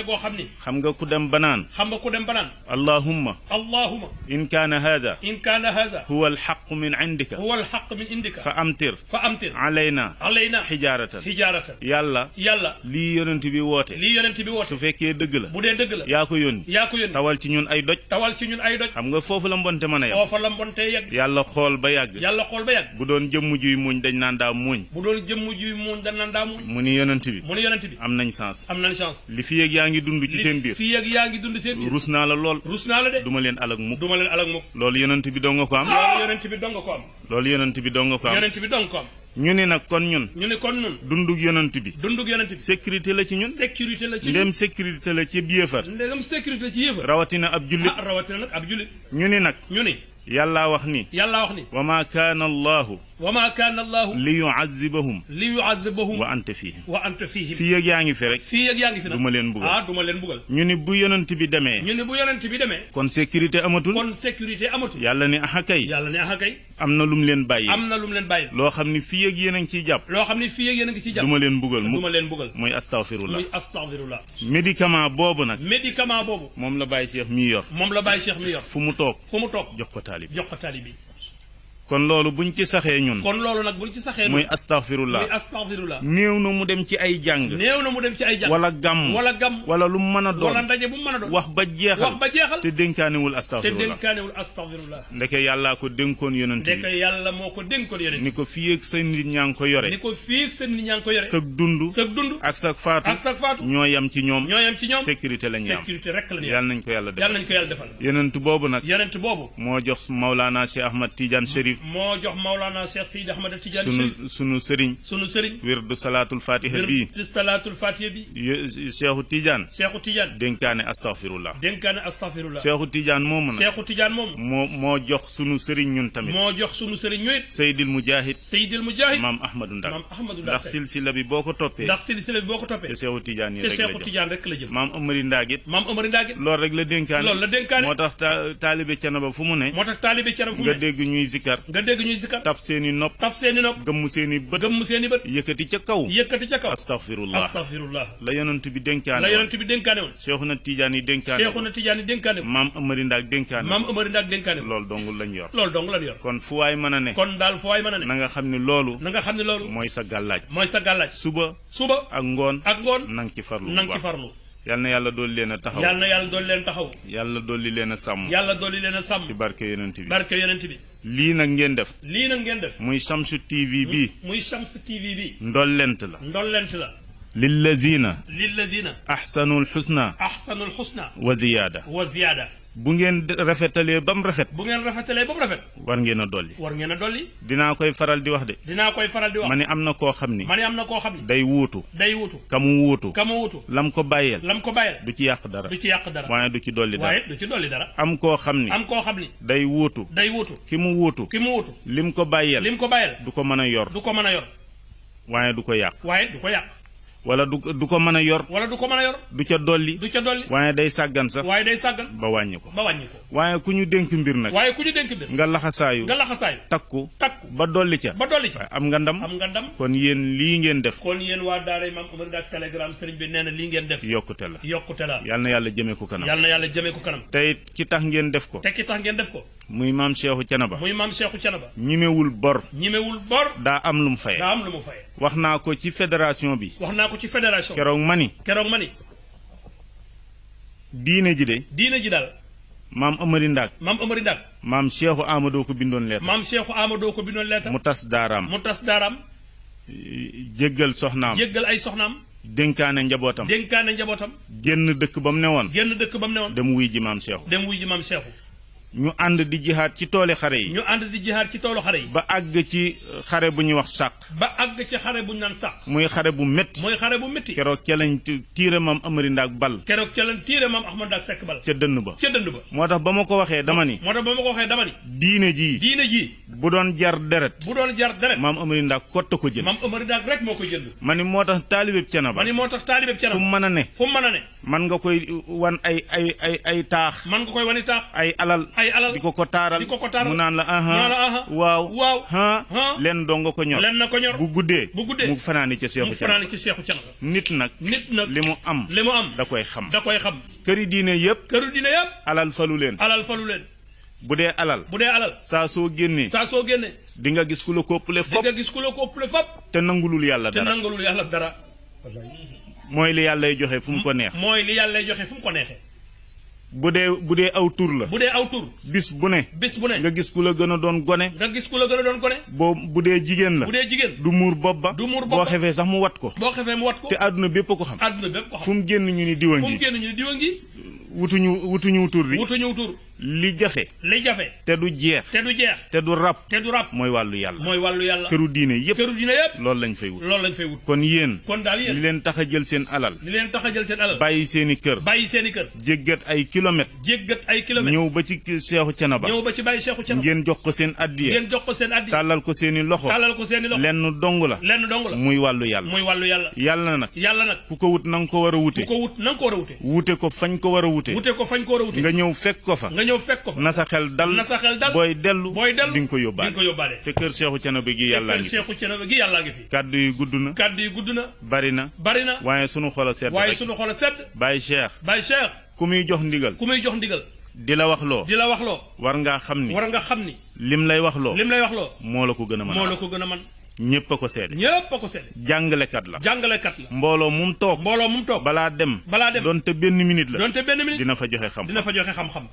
goo xam ni xam nga ku dem banaan xam nga ku dem banaan allahumma allahumma in kaana hada in kaana hada huwa alxaqu min indik indika huwa alxaq min indika fa amtir fa amtir alayna alayna xijaaratan xijaaratan yàlla yàlla lii yonent bi woote lii yonent bi woote su fekkee dëgg la bu dee dëgg la ko yónni yaa ko tawal ci ñun ay doj tawal ci ñun ay doj xam nga foofu la mbonte mën a yàgg la mbonte yàlla xool ba yàgg yàlla xool bu doon jëmm juy muñ dañ naan daa muñ bu doon jëmm juy muñ dañ naan daa muñ mu ni yonent bi mu ni yonent bi am nañ chance am nañ chance li fi yéeg yaa ngi dund ci seen biir fi yéeg yaa ngi dund seen biir naa la lool rus naa la de duma leen alag mukk duma leen alag loolu yonent bi doo nga ko yonent bi doo nga ko am loolu yonent bi dong ko bi dong ñu ne nag kon ñun. ñu ne kon ñun. dundug bi. dundug yonent sécurité la ci ñun. sécurité la ci ñun ndem la ci yéefar. ndem sécurité la rawatina ab jullit ah rawatina nag ab ñu ni nag. ñu ne. yàllaa wax ni. yàllaa wax ni. wa maa kaana allahu. وما كان الله ليعذبهم ليعذبهم وانت فيهم وانت فيهم في ياغي ياغي في رك في ياغي ياغي في دوما لين بوغال اه دوما لين بوغال ني ني بو يوننتي بي دامي ني ني بو يوننتي بي دامي كون سيكوريتي اماتول كون سيكوريتي اماتول يالا ني اخاكاي يالا ني اخاكاي امنا لوم لين باي امنا لوم لين باي لو خامني في ياغي ياغي سي جاب لو خامني في ياغي ياغي سي جاب دوما لين بوغال دوما لين بوغال موي استغفر الله موي استغفر الله ميديكامون بوبو نا ميديكامون بوبو موم لا باي شيخ مي يور موم لا باي شيخ مي يور فومو توك فومو توك جوخ طالب جوخ طالب kon loolu buñ ci saxee ñun kon loolu nag buñ ci saxee muy astaghfirullah muy astaghfirullah néew na mu dem ci ay jàng néew na mu dem ci ay jàng wala gam wala gam wala lu mën a doon wala ndaje bu mën a doon wax ba jeexal wax ba jeexal te dénkaanewul astaghfirullah te dénkaanewul astaghfirullah ndeke yàlla ko dénkoon yonent ndeke yàlla moo ko dénkoon yonent ni ko fii ak sa nit ñaa ko yore ni ko fii ak sa nit ñaa ko yore sag dund sag dund ak sag faatu ak sag faatu ñoo yam ci ñoom ñoo yam ci ñoom sécurité lañ yam sécurité rek lañ yàlla nañ ko yàlla defal yàlla nañ ko yàlla defal yonent boobu nag yonent boobu moo jox maulana cheikh ahmad tidiane chérif moo jox Maulana Cheikh Seydi Ahmad Tidiane Chérif. sunu sunu Serigne. sunu Serigne. wirdu salaatul fatiha bii. wirdu salaatul fatiha bii. yë Cheikhu Tidiane. Cheikhu Tidiane. dénkaane astaghfirullah. dénkaane astaghfirullah. Cheikhu Tidiane moomu na. Cheikhu Tidiane moomu. moo moo jox sunu Serigne ñun tamit. moo jox sunu Serigne ñun it. Seydil Mujahid. Seydil Mujahid. maam Ahmadou Ndak. maam Ahmadou Ndak ndax silsila bi boo ko toppee. ndax silsila bi boo ko toppee. te Cheikhu Tidiane yi rek la jëm te Cheikhu Tidiane rek la jëm. maam Amari Ndak it. loolu rek la dénkaane. loolu la dénkaane moo tax taalibe Thiénaba fu mu ne. moo tax mu ne. dégg ñuy zikar nga dégg ñuy sikar taf seeni nopp taf seeni nopp gëmm seeni bët gëmm seeni bët yëkkati ca kaw yëkkati ca kaw astaghfirullah astaghfirullah la yonent bi dénkaane la yonent bi dénkaane woon Cheikhuna Tidiane dénkaane Cheikhuna Tidiane maam Amari Ndaak dénkaane maam Amari Ndaak dénkaane loolu dong lañ yor loolu dong lañ yor kon fu waay mën a ne kon daal fu waay mën a ne na nga xam ne loolu mooy sa gàllaaj mooy sa gàllaaj suba suba ak ngoon ak ngoon nang ci farlu nang ci farlu yàlla na yàlla dooli leen a taxaw yàlla na yàlla dooli leen a sàmm yàlla dooli leen a sàmm ci barke yonent bi barke yonent bi lii nag ngeen def. lii nag ngeen def. muy Shamsu TV bii. muy Shamsu TV bii. ndollent la. ndollent la. lillazina. lillazina. ahsanul xusna. ahsanul xusna. wa ziyaada. wa ziyaada. bu ngeen rafetalee ba mu rafet. bu ngeen rafetalee ba mu war ngeen a dolli. war ngeen a dolli. dinaa koy faral di wax de. dinaa koy faral di wax ma am na koo xam ni. ma ne am na koo xam ni. day wuutu. day wuutu. ka mu wuutu. ka mu wuutu. lam ko bàyyeel. lam ko bàyyeel. du ci yàq dara. du ci yàq dara waaye du ci dolli dara. waaye du ci dara. am koo xam ni. am koo xam ni. day wuutu. day ki mu wóotu ki mu wuutu. lim ko bàyyeel. lim ko bàyyeel. du ko mën a yor. du ko mën a yor. waaye waaye du ko yàq. wala du du ko mën a yor. wala du ko mën a du ca dolli. du ca dolli waaye day sàggan sax. waaye day sàggan ba wàññi ko. ba wàññi ko waaye ku ñu dénk mbir nag. waaye ku ñu dénk mbir. nga laxasaayu. nga laxasaayu takku. takku ba dolli ca. ba dolli ca am nga am nga kon yéen lii ngeen def. kon yéen waa Daara Maam Omar Ndack telegram sëriñ bi nee na lii ngeen def. yokkute la yokkute la. yal na yàlla jëmee ko kanam. yal na yàlla jëmee ko kanam. te ki tax ngeen def ko. te ki ngeen def ko. muy maam Cheikhou Thiénaba. muy maam Cheikhou Thiénaba. ñimewul bor. ñimewul bor. daa am lu mu fay. am lu mu fay. wax naa ko ci fédération bi. wax naa ko ci fédération. keroog ma ni. keroog ma ni. diine ji de. diine ji daal. maam Amari Ndak. maam Amari Ndak. maam Cheikhu Amadou ko bindoon leeta. maam Cheikhu Amadou bindoon leeta. mu tas daaraam. mu tas daaraam. jéggal soxnaam. jéggal ay soxnaam. dénkaane njabootam. dénkaane njabootam. génn dëkk ba mu ne woon. génn dëkk ba mu ne woon. dem wuy ji maam Cheikhu. dem wuy ñu ànd di jihaat ci tooli xare yi. ñu ànd di jihaat ci toolu xare yi. ba àgg ci euh, xare bu ñuy wax sàq. ba àgg ci xare bu ñu naan sàq. muy xare bu métti. muy xare bu métti. keroog ca lañ tiire maam Amari Ndaak bal. keroog ca lañ tiire maam Ahmad Ndaak Sekk bal. ca dënn ba ca dënn ba. moo tax ba ma ko waxee dama ni. moo tax ba ma ko waxee dama ni. diine jii. bu doon jar deret. bu doon jar deret. maam Amari Ndaak kott ko jënd. maam Amari Ndaak rek moo ko jënd. ma ni moo tax taalibeeb Cenaba. ma ni moo tax taalibeeb Cenaba. fu mu a ne. fu mu man nga koy wan ay ay ay ay taax. man nga koy wan ay taax. ay alal ay alal di ko ko taaral ko ko taaral mu naan la aha waaw waaw ha leen dong ko ñor leen na ko ñor bu guddee bu guddee mu fanaani ci seexu fanaani ci seexu can nit nag nit nag li mu am li mu am da koy xam da koy xam këri diine yëpp këri diine yëpp alal falu leen alal falu leen bu dee alal bu dee alal saa soo génnee saa soo génnee di nga gis ku la ko ëppale fop di gis ku la ko ëppale te nangulul yàlla dara te yàlla dara mooy li yàllay joxe fu mu ko neex mooy li yàllay joxe fu bu dee bu dee aw tur la. bu dee aw tur. bis bu ne. bis bu ne nga gis ku la gën a doon gone. nga gis ku la gën a boo bu dee jigéen la. du muur bopp ba. du muur boo xefee sax mu wat ko. boo xefee mu wat te àdduna bépp ko xam. àdduna bépp ko xam fu mu génn ñu ni diwa ngi. ngi. wutuñu wutuñu tur bi wutuñu tur. li jafe. li jafe. te du jeex. te du jeex. te du rab. te du mooy wàllu yàlla. mooy wàllu yàlla. këru diine yëpp. këru diine yëpp. loolu lañ fay wut. loolu lañ fay wut. kon yéen. kon daal yéen leen tax a jël seen alal. li leen tax a jël seen alal. bàyyi seen i kër. bàyyi seen i kër. jéggat ay kilomètres. jéggat ay kilomètres. ñëw ba ci Seexu Canaba. ñëw ba ci bàyyi Seexu ngeen jox ko seen addiya. ngeen ko seen addiya. tàllal ko seeni loxo. tàllal ko seen i loxo. lenn dong la. lenn dong la. muy wàllu yàlla. muy wàllu yàlla. yàlla nag. yàlla nag. ku ko wut na nga ko war a wute. ku ko wut na nga a wute. ko fañ ko war a wute. wute ko fañ ko war a wute. nga ñëw fekk ko fa. ñëw fekk ko na sa xel dal na sa xel dal booy dellu booy dellu di nga ko yóbbaale di nga ko te kër Seexu Ceenaba gi yàlla ngi Seexu Ceenaba gi yàlla ngi fi kàddu yi gudd na kàddu gudd na bari na bari na waaye sunu xol a sedd waaye sunu xol a sedd Baye Cheikh Baye Cheikh ku muy jox ndigal ku muy jox ndigal di la wax loo di la wax loo war ngaa xam ni war nga xam ni lim lay wax loo lim lay wax loo moo la ko gën a mën moo la ko gën a mën ñëpp a ko seede ñëpp a ko seede jàngalekat la jàngalekat la mbooloo mum toog mbooloo mum toog balaa dem balaa dem doonte benn minute la doonte benn minute dina fa joxe xam dina fa joxe xam-xam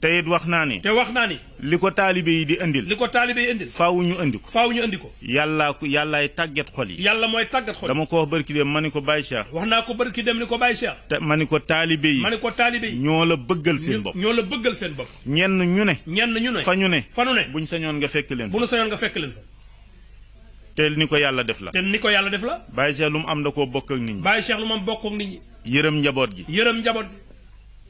te it wax naa ni. te wax naa ni. li ko taalibe yi di andil. li ko taalibe yi ñu indi ko. faw ñu indi ko. yàllaa ko yàllaay tàggat xol yi. yàlla mooy tàggat dama ko wax barki dem ma ni ko Baye Cheikh. wax naa ko barki dem ni ko Baye Cheikh. te ma ni ko taalibe yi. ma ni ko taalibe yi. ñoo la bëggal seen bopp. ñoo la bëggal seen bopp. ñenn ñu ne. ñenn ñu ne. fa ñu ne. bu ñu ne. buñ sañoon nga fekk leen. buñ sañoon nga fekk leen. te ni ko yàlla def la. te ni ko yàlla def la. Baye Cheikh lu mu am na koo bokk ak nit ñi. Baye Cheikh lu mu am bokk ak nit ñi. yërëm njaboot gi. yërëm njaboot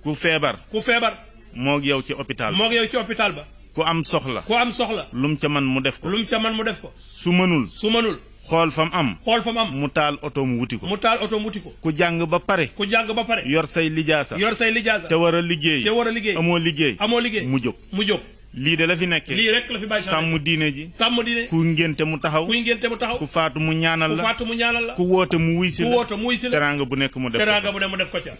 ku feebar. ku feebar. moog yow ci hôpital moog yow ci hôpital ba ku am soxla ku am soxla lu ca man mu def ko lu ca man mu def ko su mënul su mënul xool fa am xool fam am mu taal oto mu wuti ko mu taal oto wuti ko ku jàng ba pare ku jàng ba pare yor say lijaasa yor say lijaasa te war a liggéey war a liggéey amoo liggéey amoo liggéey mu jóg mu jóg lii de la fi nekkee lii rek la sàmm diine ji sàmm diine ku ngénte mu taxaw ku ngénte mu taxaw ku faatu mu ñaanal la ku mu ñaanal la ku woote mu wuy si la ku woote mu teraanga bu nekk mu def teraanga bu nekk mu def ko ca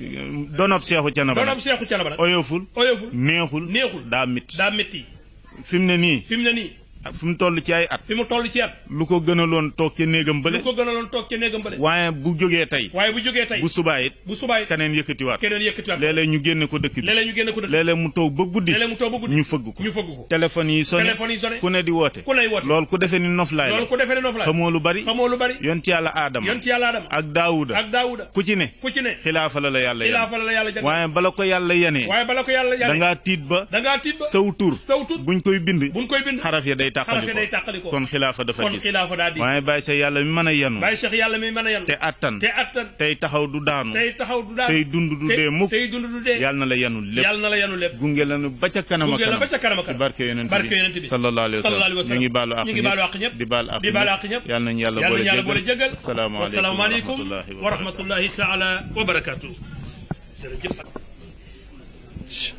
donob seexu canaba donob seexu canaba oyoful oyoful neexul neexul daa mit daa fi mu ne nii fi mu ne nii fi mu toll ci ay at fi mu toll ci at lu ko gënaloon toog ca néegam bële waaye bu jógee tey bu jógee keneen yëkkatiwaat keneen yëkkatiwaat léeg ñu génne ko dëkk bi léeg mu toog ba guddi ñu fëgg ko ñu yi sonné ku ne di woote ku ku defee ni noflaay xamoo lu bari xamoo lu bari yonti yàlla aadama ak daawuda ku ci ne ku ci ne xilaafa la yàlla xilaafa waaye bala ko yàlla yenee waaye tiit ba da ngaa tiit koy bind xaraf ya day tàqali ko kon khilafa dafa dis kon xilaafa daa di waaye bàyyi Cheikh yàlla mi meuna a yanu bàyyi Cheikh yàlla mi meuna a yanu te attan te attan tay taxaw du daanu tay taxaw du daanu tay dundu du de muk tay dundu du de yàlla na la yanu lépp yàlla na la yanu lépp gunge la ba ca kanam gunge la ba ca kanam ak barke yenen bi barke yenen bi sallallahu alayhi wasallam sallam ñu ngi baalu àq ñu ngi baalu àq ñëpp di baalu ak di baalu ak ñep yàlla nañu yàlla boole yàlla boole assalamu asalaamaaleykum wa rahmatullahi taala wa barakatuh Shh.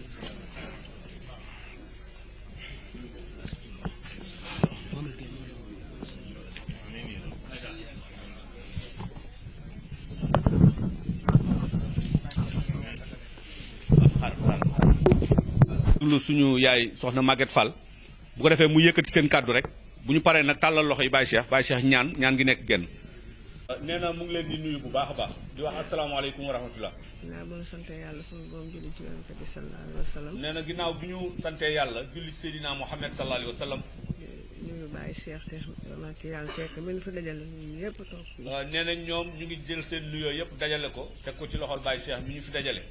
dul suñu yaay soxna Maguette Fall bu ko defee mu yëkkati seen kàddu rek bu ñu paree nag tàllal loxo yi Baye Cheikh ñaan ñaan ngi nekk genn nee na mu ngi leen di nuyu bu baax a baax di wax asalaamaaleykum wa rahmatulah. ginnaaw bi ñu sante nee na ginnaaw bi ñu santee yàlla julli Seydina Mouhamed sallallahu alayhi wa sallam. ñu bàyyi seex te man ci yàlla fekk mën fa dajale ñun yëpp toog. waaw nee ñoom ñu ngi jël seen nuyoo yëpp dajale ko teg ko ci loxol bàyyi Cheikh mi ñu fi dajale.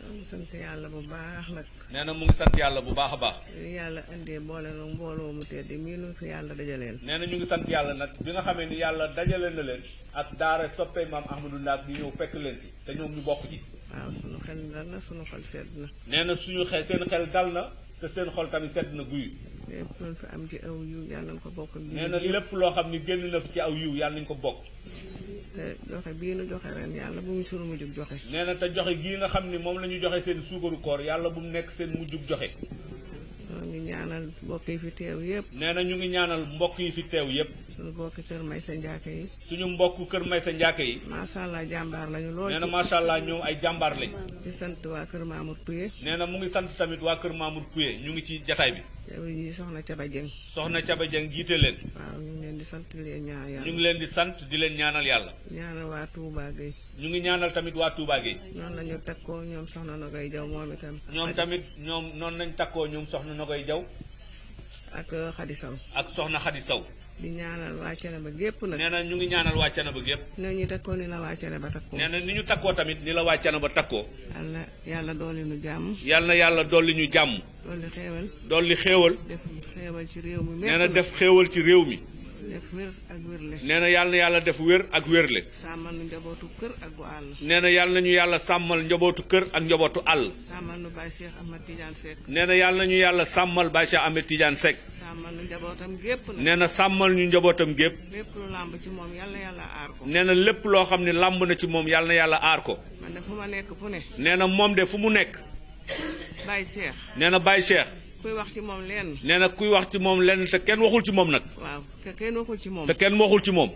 maa ngi sant yàlla bu baax nag. nee na mu ngi sant yàlla bu baax a baax. yàlla indee boole na mbooloo mu tedd mii nu fi yàlla dajaleen. na ñu ngi sant yàlla nag bi nga xamee ni yàlla dajale na leen ak daara soppe maam Ahmadou Ndaak ñu ñëw fekk leen ci te ñoom ñu bokk ji waaw suñu xel dal na suñu xol sedd na. nee na suñu xel seen xel dal na te seen xol tamit sedd na guy. lépp luñ fi am ci aw yiw yàlla nañ ko bokk ak nee na lépp loo xam ne génn na ci aw yiw yàlla nañ ko bokk te joxe bii nu joxe ren yàlla bu mu sunu mujjug joxe nee na te joxe gii nga xam ne moom la ñu joxe seen suukaru koor yàlla bu mu nekk seen mujjug joxe ñoo ngi ñaanal mbokk yi fi teew yépp nee na ñu ngi ñaanal mbokk yi fi teew yépp suñu mbokk kër may sa njaake yi suñu mbokk kër may sa njaake yi macha allah jàmbaar lañu lool nee na macha allah ñoom ay jàmbaar lañ di sant waa kër Mamour Pouye nee na mu ngi sant tamit waa kër Mamour Pouye ñu ngi ci jataay bi jawriñ yi soxna Caba Dieng. soxna Caba Dieng jiite leen. waaw ñu ngi leen di sant di leen ñaanal yàlla. ñu leen di sant di leen ñaanal yàlla. ñaanal waa Touba Gueye. ñu ngi ñaanal tamit waa Touba Gueye. noonu la ñu takkoo ñoom soxna Nogoy Jaw moom itam. ñoom tamit ñoom noonu lañ takkoo ñoom soxna Nogoy Jaw. ak Xadi uh, Saw. ak soxna Xadi Saw. di ñaanal waa Thiénaba gépp nag. nee na ñu ngi ñaanal waa Thiénaba gépp. nee ñu takkoo ni la waa ba takkoo. nee na ni ñu takkoo tamit ni la waa Thiénaba takkoo. yàlla yàlla dolli ñu jàmm. yàlla na yàlla dolli ñu jàmm. dolli xéewal. dolli xéewal. def xéewal ci réew mi. nee na def xéewal ci réew mi. ak wérle. nee na yàlla na yàlla def wér ak wérle. sàmmal nu njabootu kër ak gu àll. nee na yàlla ñu yàlla sàmmal njabootu kër ak njabootu àll. sàmmal nu Baye Cheikh Ahmed Tidiane nee na yàlla na ñu yàlla sàmmal Baye Cheikh Ahmed Tidiane Seck. sàmmal nu njabootam nee na sàmmal ñu njabootam gépp. lépp lu làmb ci moom yàlla yàlla aar ko. nee na lépp loo xam ne làmb na ci moom yàlla yàlla aar ko. man de fu ma nekk fu ne. nee na moom de fu mu nekk. Baye Cheikh. nee na Baye Cheikh. kuy wax ci moom lenn. nee na kuy wax ci moom lenn te kenn waxul ci moom nag. waaw te kenn waxul ci moom. te kenn waxul ci moom.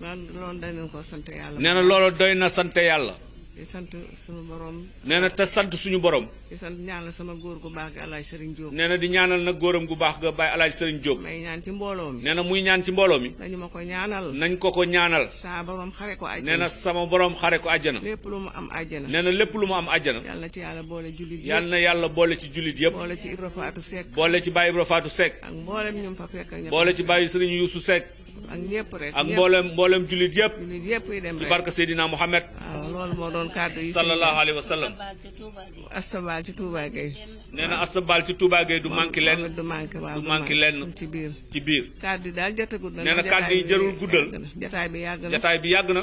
nee na loolu doy na sant yàlla. nee na loolu doy na sante yàlla. sant suñu borom. nee na te sant suñu borom. di sant ñaanal sama góor gu baax ga El Hadj Serigne Diop. nee na di ñaanal nag góoram gu baax ga Baye El Hadj Serigne Diop. may ñaan ci mbooloo mi. nee na muy ñaan ci mbooloo mi. nañu ma ko ñaanal. nañ ko ko ñaanal. saa borom xare ko àjjana. nee na sama borom xare ko àjjana. lépp lu mu am àjjana. nee lépp lu mu am àjjana. yal na ci yàlla boole jullit yëpp. yal na yàlla boole ci jullit yëpp. boole ci Ibra Fatou Seck. boole ci Baye Ibra Fatou Seck. ak mboolem ñum fa fekk. boole ci Baye ak ñëpp rek ak mboolem mboolem jullit yëpp. jullit yëpp yi dem rek barke Seydina Mohamed. waaw loolu moo doon kàddu yi. sallallahu alayhi wa sallam. astabaal ci Touba Gueye. nee na astabaal ci Touba Gueye du manqué lenn. du manqué waaw du manqué lenn. ci biir ci biir. kàddu yi daal jotagul na. nee na kàddu yi jërul guddal. jotaay bi yàgg na jotaay bi yàgg na.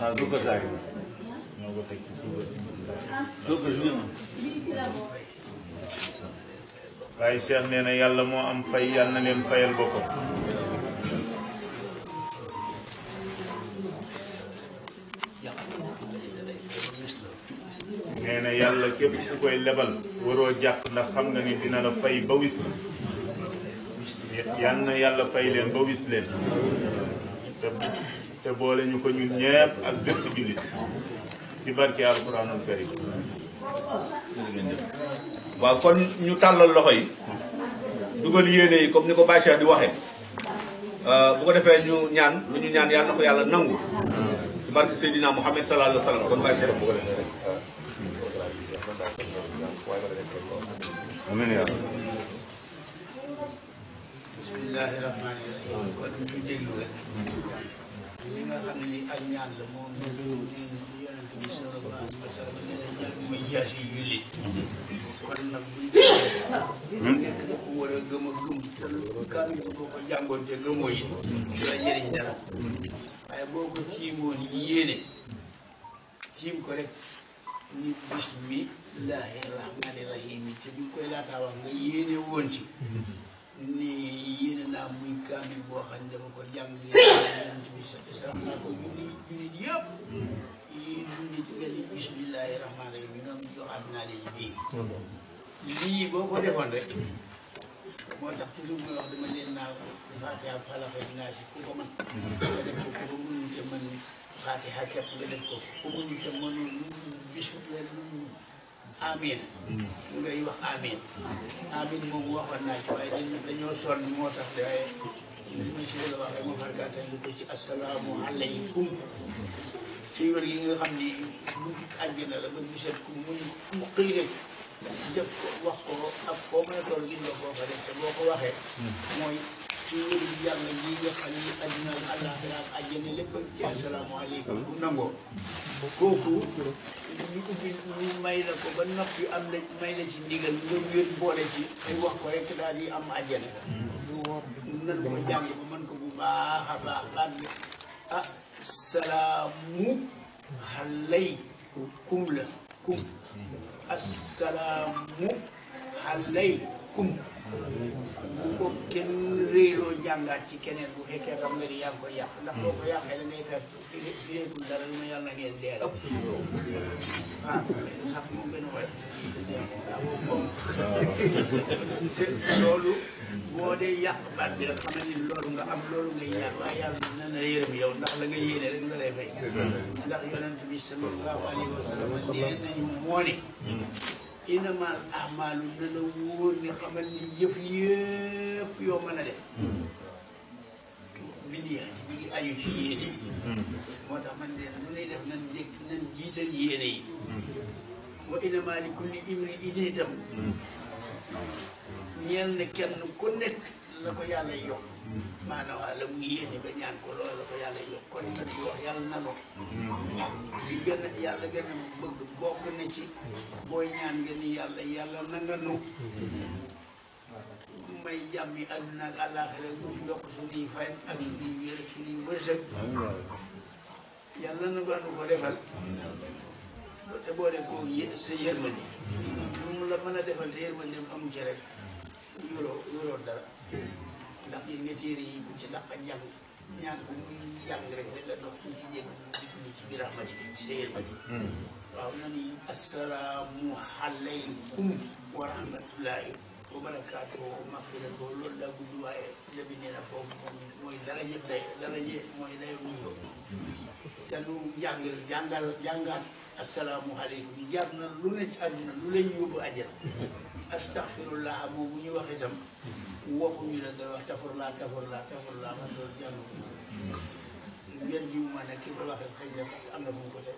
ah du ko saay. ñoo ko si doo ko na yàlla moo am fay yàlla na leen fayal boppam. nee na yàlla képp ku koy lebal waroo jàpp ndax xam nga ni dina la fay ba wis la yàlla fay leen ba wis leen. te boole ñu ko ñun ñepp ak bépp julit ci barki alquranul karim wa kon ñu talal loxoy dugal yene yi comme niko bacha bàyyi di waxee euh, bu ko defé ñu ñaan lu ñu ñaan yalla ko yalla nangu ci barki sayidina muhammad sallallahu alaihi wasallam kon bacha bu ko defé amin ya Bismillahirrahmanirrahim. rahmanir rahim kon ñu déglu li nga xam ne ak ñaan la moom yonent bi sallallahu alayhi wa sallam nee na ñaan mooy jaas yi julli kon nag buñ nekk na war a gëm a gëm te kan boo ko jàngoon te gëmoo yi du la jëriñ waaye boo ko tiimoon yéene tiim ko rek ni bismillahi rahmani rahim yi te bi koy laataa wax nga yéene woon ci ne yéene naa muy kaamil boo xam ne dama ko jàng bi salaam naa ko julli jullit yëpp yi dundi ci ngeen bismillahi rahmaani rahim yi ñoom joxaat naa leen bii lii boo ko defoon rek moo tax toujours mooy wax dama leen naa fatiha falafa naa si ku ko mën nga def ko ku ko mënul te mën fatiha képp nga def ko ku mënul te mënul amin ngay wax amin amin moom waxoon naa ci waaye dañoo sonn moo tax de waaye li ma si la waxee ma fargaatal ko ci asalaamu nga xam ni buntu la ba biseet ku mun mu xëy rek def wax ko ak foo mën a toll gis nga ko te boo ko waxee mooy ci wér gi yàlla ji nga xam ni adduna àllaaxira ak àjjana lépp ci asalaamu aleykum bu nangoo kooku ñu ubbi ñu may la ko ba noppi am la may la ci ndigal nga wér boole ci ay wax ko rek daal di am àjjana nan ko jàng ba mën ko bu baax a baax baat bi ah salaamu alaykum la kum assalaamu alaykum bu ko kenn réyloo jàngaat ci keneen bu fekkee xam nga ni yaa koy yàq ndax boo ko yàqee da ngay perte fii fileetul dara lu ma yàlla ngeen dee ah, ëpp waaw moom a way daa moom loolu boo dee yàq baat bi rek xam ne ni loolu nga am loolu ngay ñaan waaye yàlla na na yërëm yow ndax la nga yéene rek nga lay fay ndax yonent bi sallallahu alayhi wa sallam nee nañu moo ne إنما الأعمال النبوية اللي قبل يف يف يوم أنا له بني بني أي شيء لي ما تعمل لي من إلى من نجيك من نجيت يني وإنما لكل إمر إديتم يلا كن كنك لقيا لي يوم maanaam waa la mu yéene ba ñaan ko loolu la ko yàlla yàlla na ko li gën a yàlla gën a bëgg bokk na ci booy ñaan nga yàlla yàlla na nga nu may jàmmi àdduna ak àllaaxira bu yokk suñuy fay ak suñuy wér ak yàlla na ko defal mën a defal te yërmande ci rek yoroo yoroo dara ndax yéen nga téere yi bu ci laqal jàng ñaan bu muy rek ci di julli ci biir rahmati seyel ba waaw na ni assalaamu alaykum wa rahmatullahi wa barakatuhu mafiratu loolu daa gudd waaye eh, lebi nee na foofu mooy dara yëpp day dara yëpp mooy day nuyoo te lu alaykum lu ne ci lu lay ajal astaghfirullah mu ñu wax itam waxuñu la ngay wax tafar laa tafar laa tafar laa man loolu jàll ko ngeen diw ma ne ki ma waxee xëy na am na fu mu ko euh,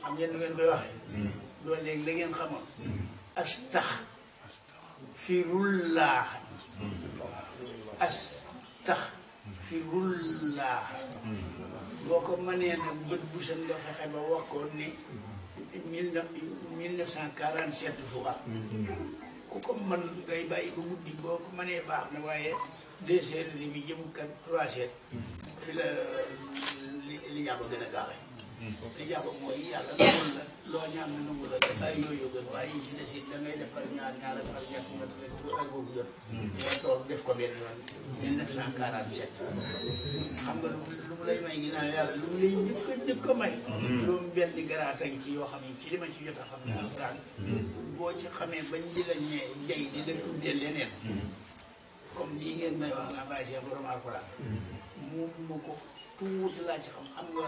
xam ngeen nu ngeen koy waxee loolu léegi la xamoon astax firullah astax astaghfirullah boo ko mënee nag bët bu seen nga fexe ba wax ko ni mille neuf cent quarante sept fois ku ko mën ngay bàyyi ba guddi boo ko mënee baax na waaye deux heures et demi jëm kat trois heures fi la li ñaa ba gën a gaawe li jàpp mooy yàlla nangu loo ñaan mu nangu la ay yooyu gën waaye yi ci des it da ngay def par ñaar ñaar ak par ñett ñett rek bu ak boobu jot nga ko benn yoon mille neuf cent quarante nga lu mu lay may ginnaaw yàlla lu mu lay njëkk a njëkk a may juróom benn garaatañ ci yoo xam ne ci ma ci jot a xam ne alkaan boo ci xamee bañ di la ñee jay di la tuddee leneen comme lii ngeen may wax naa bàyyi Cheikh borom alxuraan moom ma ko tuuti laa ci xam xam nga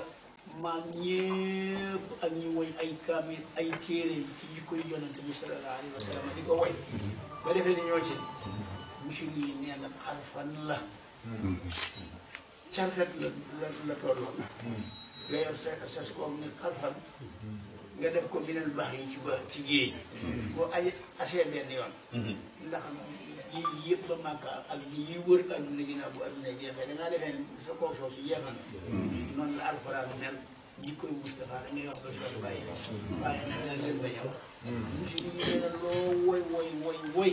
maag ñëpp ak ñu woy ay kaamil ay téere ci jikkoy yonent bi sallallahu alayhi wa sallam di ko woy ba defee ni ñoo ci monsieur yi nee na xarfan la cafet la la la tolloon nga yor sa sas koog ni xarfan nga def ko minal baax yi ci ba ci géej boo ay asee benn yoon ndax yi yëpp ba Màkka ak yi wër adduna ginnaaw bu adduna jeexee da ngaa defee ne sa kaw suuf si jeexal na noonu la alxuraan mel ñi koy Moustapha da wax ba soo bàyyi waaye nag nga gën bañ a wax musu ñu nee na loo woy woy woy woy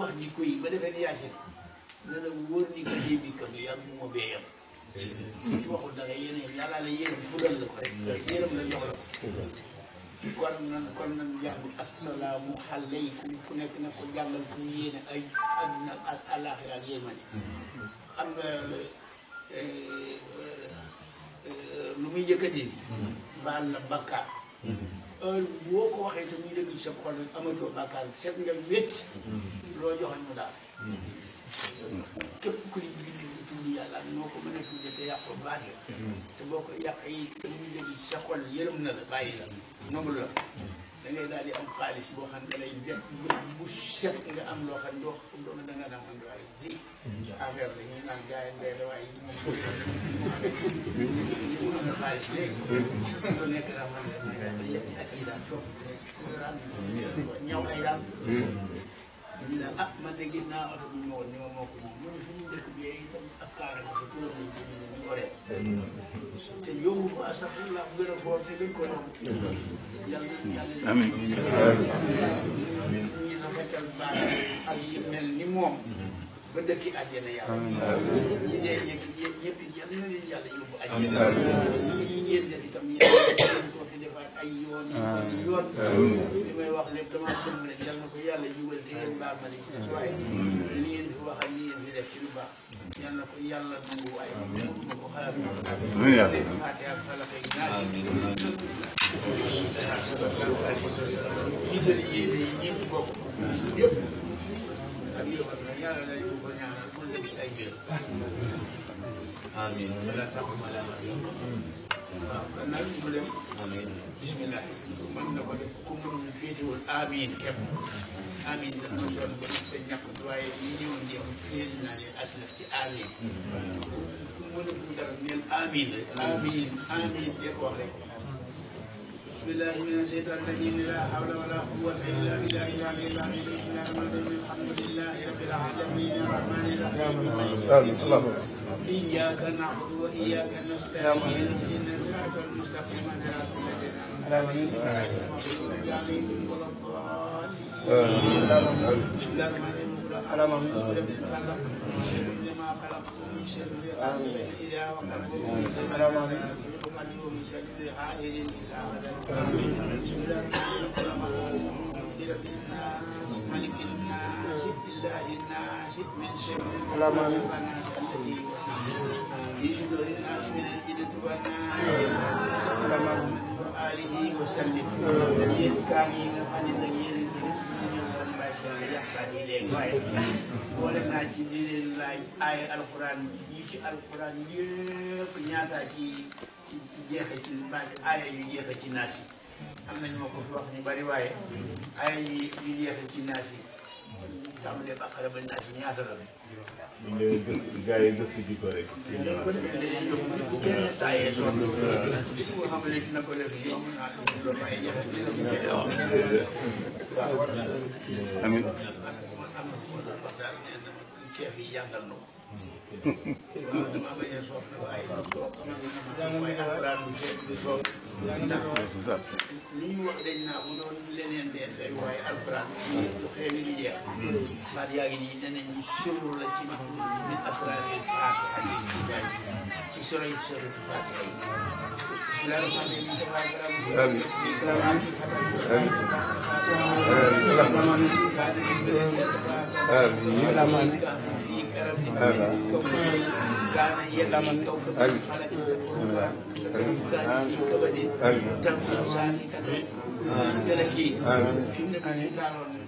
wax jikko koy ba defee ni yaasin ne la wóor ni ka dee bi kam yàgg mu ma bee yam ci waxul dara yéen yàlla la yéen fudal la ko rek yéenam la jox la kon nan kon nan jàng assalaamu aleykum ku nekk na ko jàngal ku yéene ay àdduna ak àllaaxira ak yéema ne xam nga lu muy jëkka di baal la bakkaar heure boo ko waxee te ñu dégg sa xol amatoo bakkaar set nga wécc loo joxe mu daal képp ku di julli bu tudd yàlla noo ko mën a tudde te yàqoo baaxee te boo ko yàq yi te muy dégg sa xol yërëm na la bàyyi la nangu la da ngay daal di am xaalis boo xam ne da lay jot bu set nga am loo xam ne doo doo da ngaa daan am doole lii affaire ne ñaw ah ay daal man de gis naa oto bu ñu ni ma moo ko moom suñu dëkk bi itam ak kaara nga fa turam lañ ci gore te yomb ko astafurlah mu gën a foor te gën ko yomb yàlla yàlla amiin ñi rafetal baax ak yi mel ni moom ba dëkki àjjana yàlla ñi dee ñëpp ñëpp yal na leen yàlla yóbbu àjjana ñi ngeen def itam yàlla ko fi defaat ay yoon yi yoon li may wax lépp dama gëm rek yal na ko yàlla jugal te ngeen baal ma li ci des waaye li ngeen fi wax ak li ngeen fi def ci lu baax yalla ko yalla nangu way mo ko xalaat amin ya rabbi fatiha fala kay naashi idel yi ni ñi ko yépp ak yow ak yalla lay ko ko ñaanal ko nek ay bir amin wala taqum ala nag mu dem amin bismillah man na ko def ku mënul féetewul amin képp amin da mutuwar gwamnatin ya kuduwa ya miliyon ne mutum na ne asnafti amin wani budar ne amin amin amin ya kwarai بسم الله من الشيطان الرجيم لا حول ولا قوة إلا بالله العلي العظيم بسم الله الرحمن الرحيم الحمد لله رب العالمين الرحمن الرحيم إياك نعبد وإياك نستعين إن صراط المستقيم صراط الذين أنعمت عليهم بسم الله على ما لما إله وسلم xaar yi léegi waaye boole naa ci li leen laaj ay alxuraan yi ci alxuraan yëpp ñaataa ci ci jeexe ci ci naas yi am nañ ma ko fi wax ñu bari waaye aaya yi yu jeexe ci naas yi tàmbalee ba naas yi ñaata la ñu ñëwee gëstu gars yi gëstu ji ko rek. amiin. amiin. li ñu wax dañ naa bu doon leneen deen day waaye alquran du xeewi di jeex baat yaa ngi nii danañ suru la ci min asraari faatiha yi ci soroy soroy faatiha yi bismillah rahmaan rahim dafa garam amin amin amin amin amin الكرم من كونه كان يبني كوكب الفلك تقربا بإمكانه كبد تنقل ساكتا تلكي إنك شيطان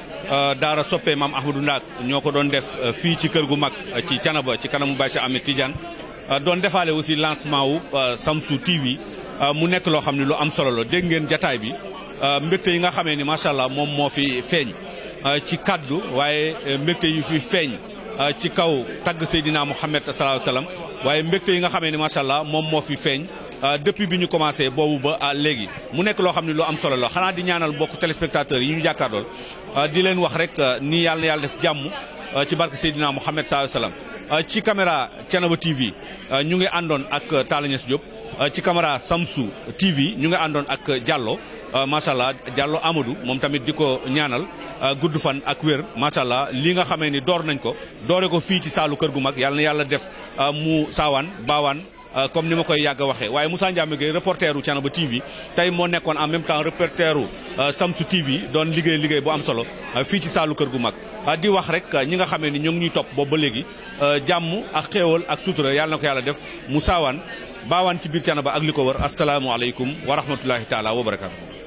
Euh, daara soppe maam Ahmadou Ndaak ñoo ko doon def euh, fii ci kër gu mag euh, ci Canaba ci kanamu Baye Cheikh Ahmed Tidiane doon defaale aussi lancement wu Samsu TV mu nekk loo xam ne lu am solo la dégg ngeen jataay bi mbégte yi nga xamee ni macha allah moom moo fi feeñ ci kàddu waaye mbégte yu fi feeñ ci kaw tagg Seydina Mouhamed sallallahu alayhi wasallam waaye mbégte yi nga xamee ni macha allah moom moo fi feeñ Euh, depuis biñu commencé bobu ba euh, légui mu nek lo xamni lo am solo la xana di ñaanal mbokk téléspectateurs yi ñu jàkkaarlool euh, di leen wax rek ni yalla yalla def jamm ci barke mohammed sallallahu alayhi wasallam ci caméra TV ñu ngi ak talagnes job. Diop ci caméra Samsu TV ñu ngi ak Diallo machallah Diallo Amadou mom tamit diko ñaanal gudd fan ak wér machallah li nga xamé ni dor nañ ko doré ko fi ci salu kër gu mag yalla na def mu sawan bawan. Euh, comme ni ma koy yàgg a waxee waaye Moussa a Gueye reporteru Thiénaba TV tey moo nekkoon en même temps reporteru euh, Samsu TV doon liggéey liggéey bu am solo euh, fii ci saalu kër gu mag di wax rek ñi nga xamee ni ñoo ngi ñuy topp boobu ba léegi jàmm ak xéewal ak sutura yàlla na ko yàlla def mu saawaan baawaan ci biir Thiénaba ak li ko wër asalaamualeykum wa rahmatullahi taala wa barakaatu.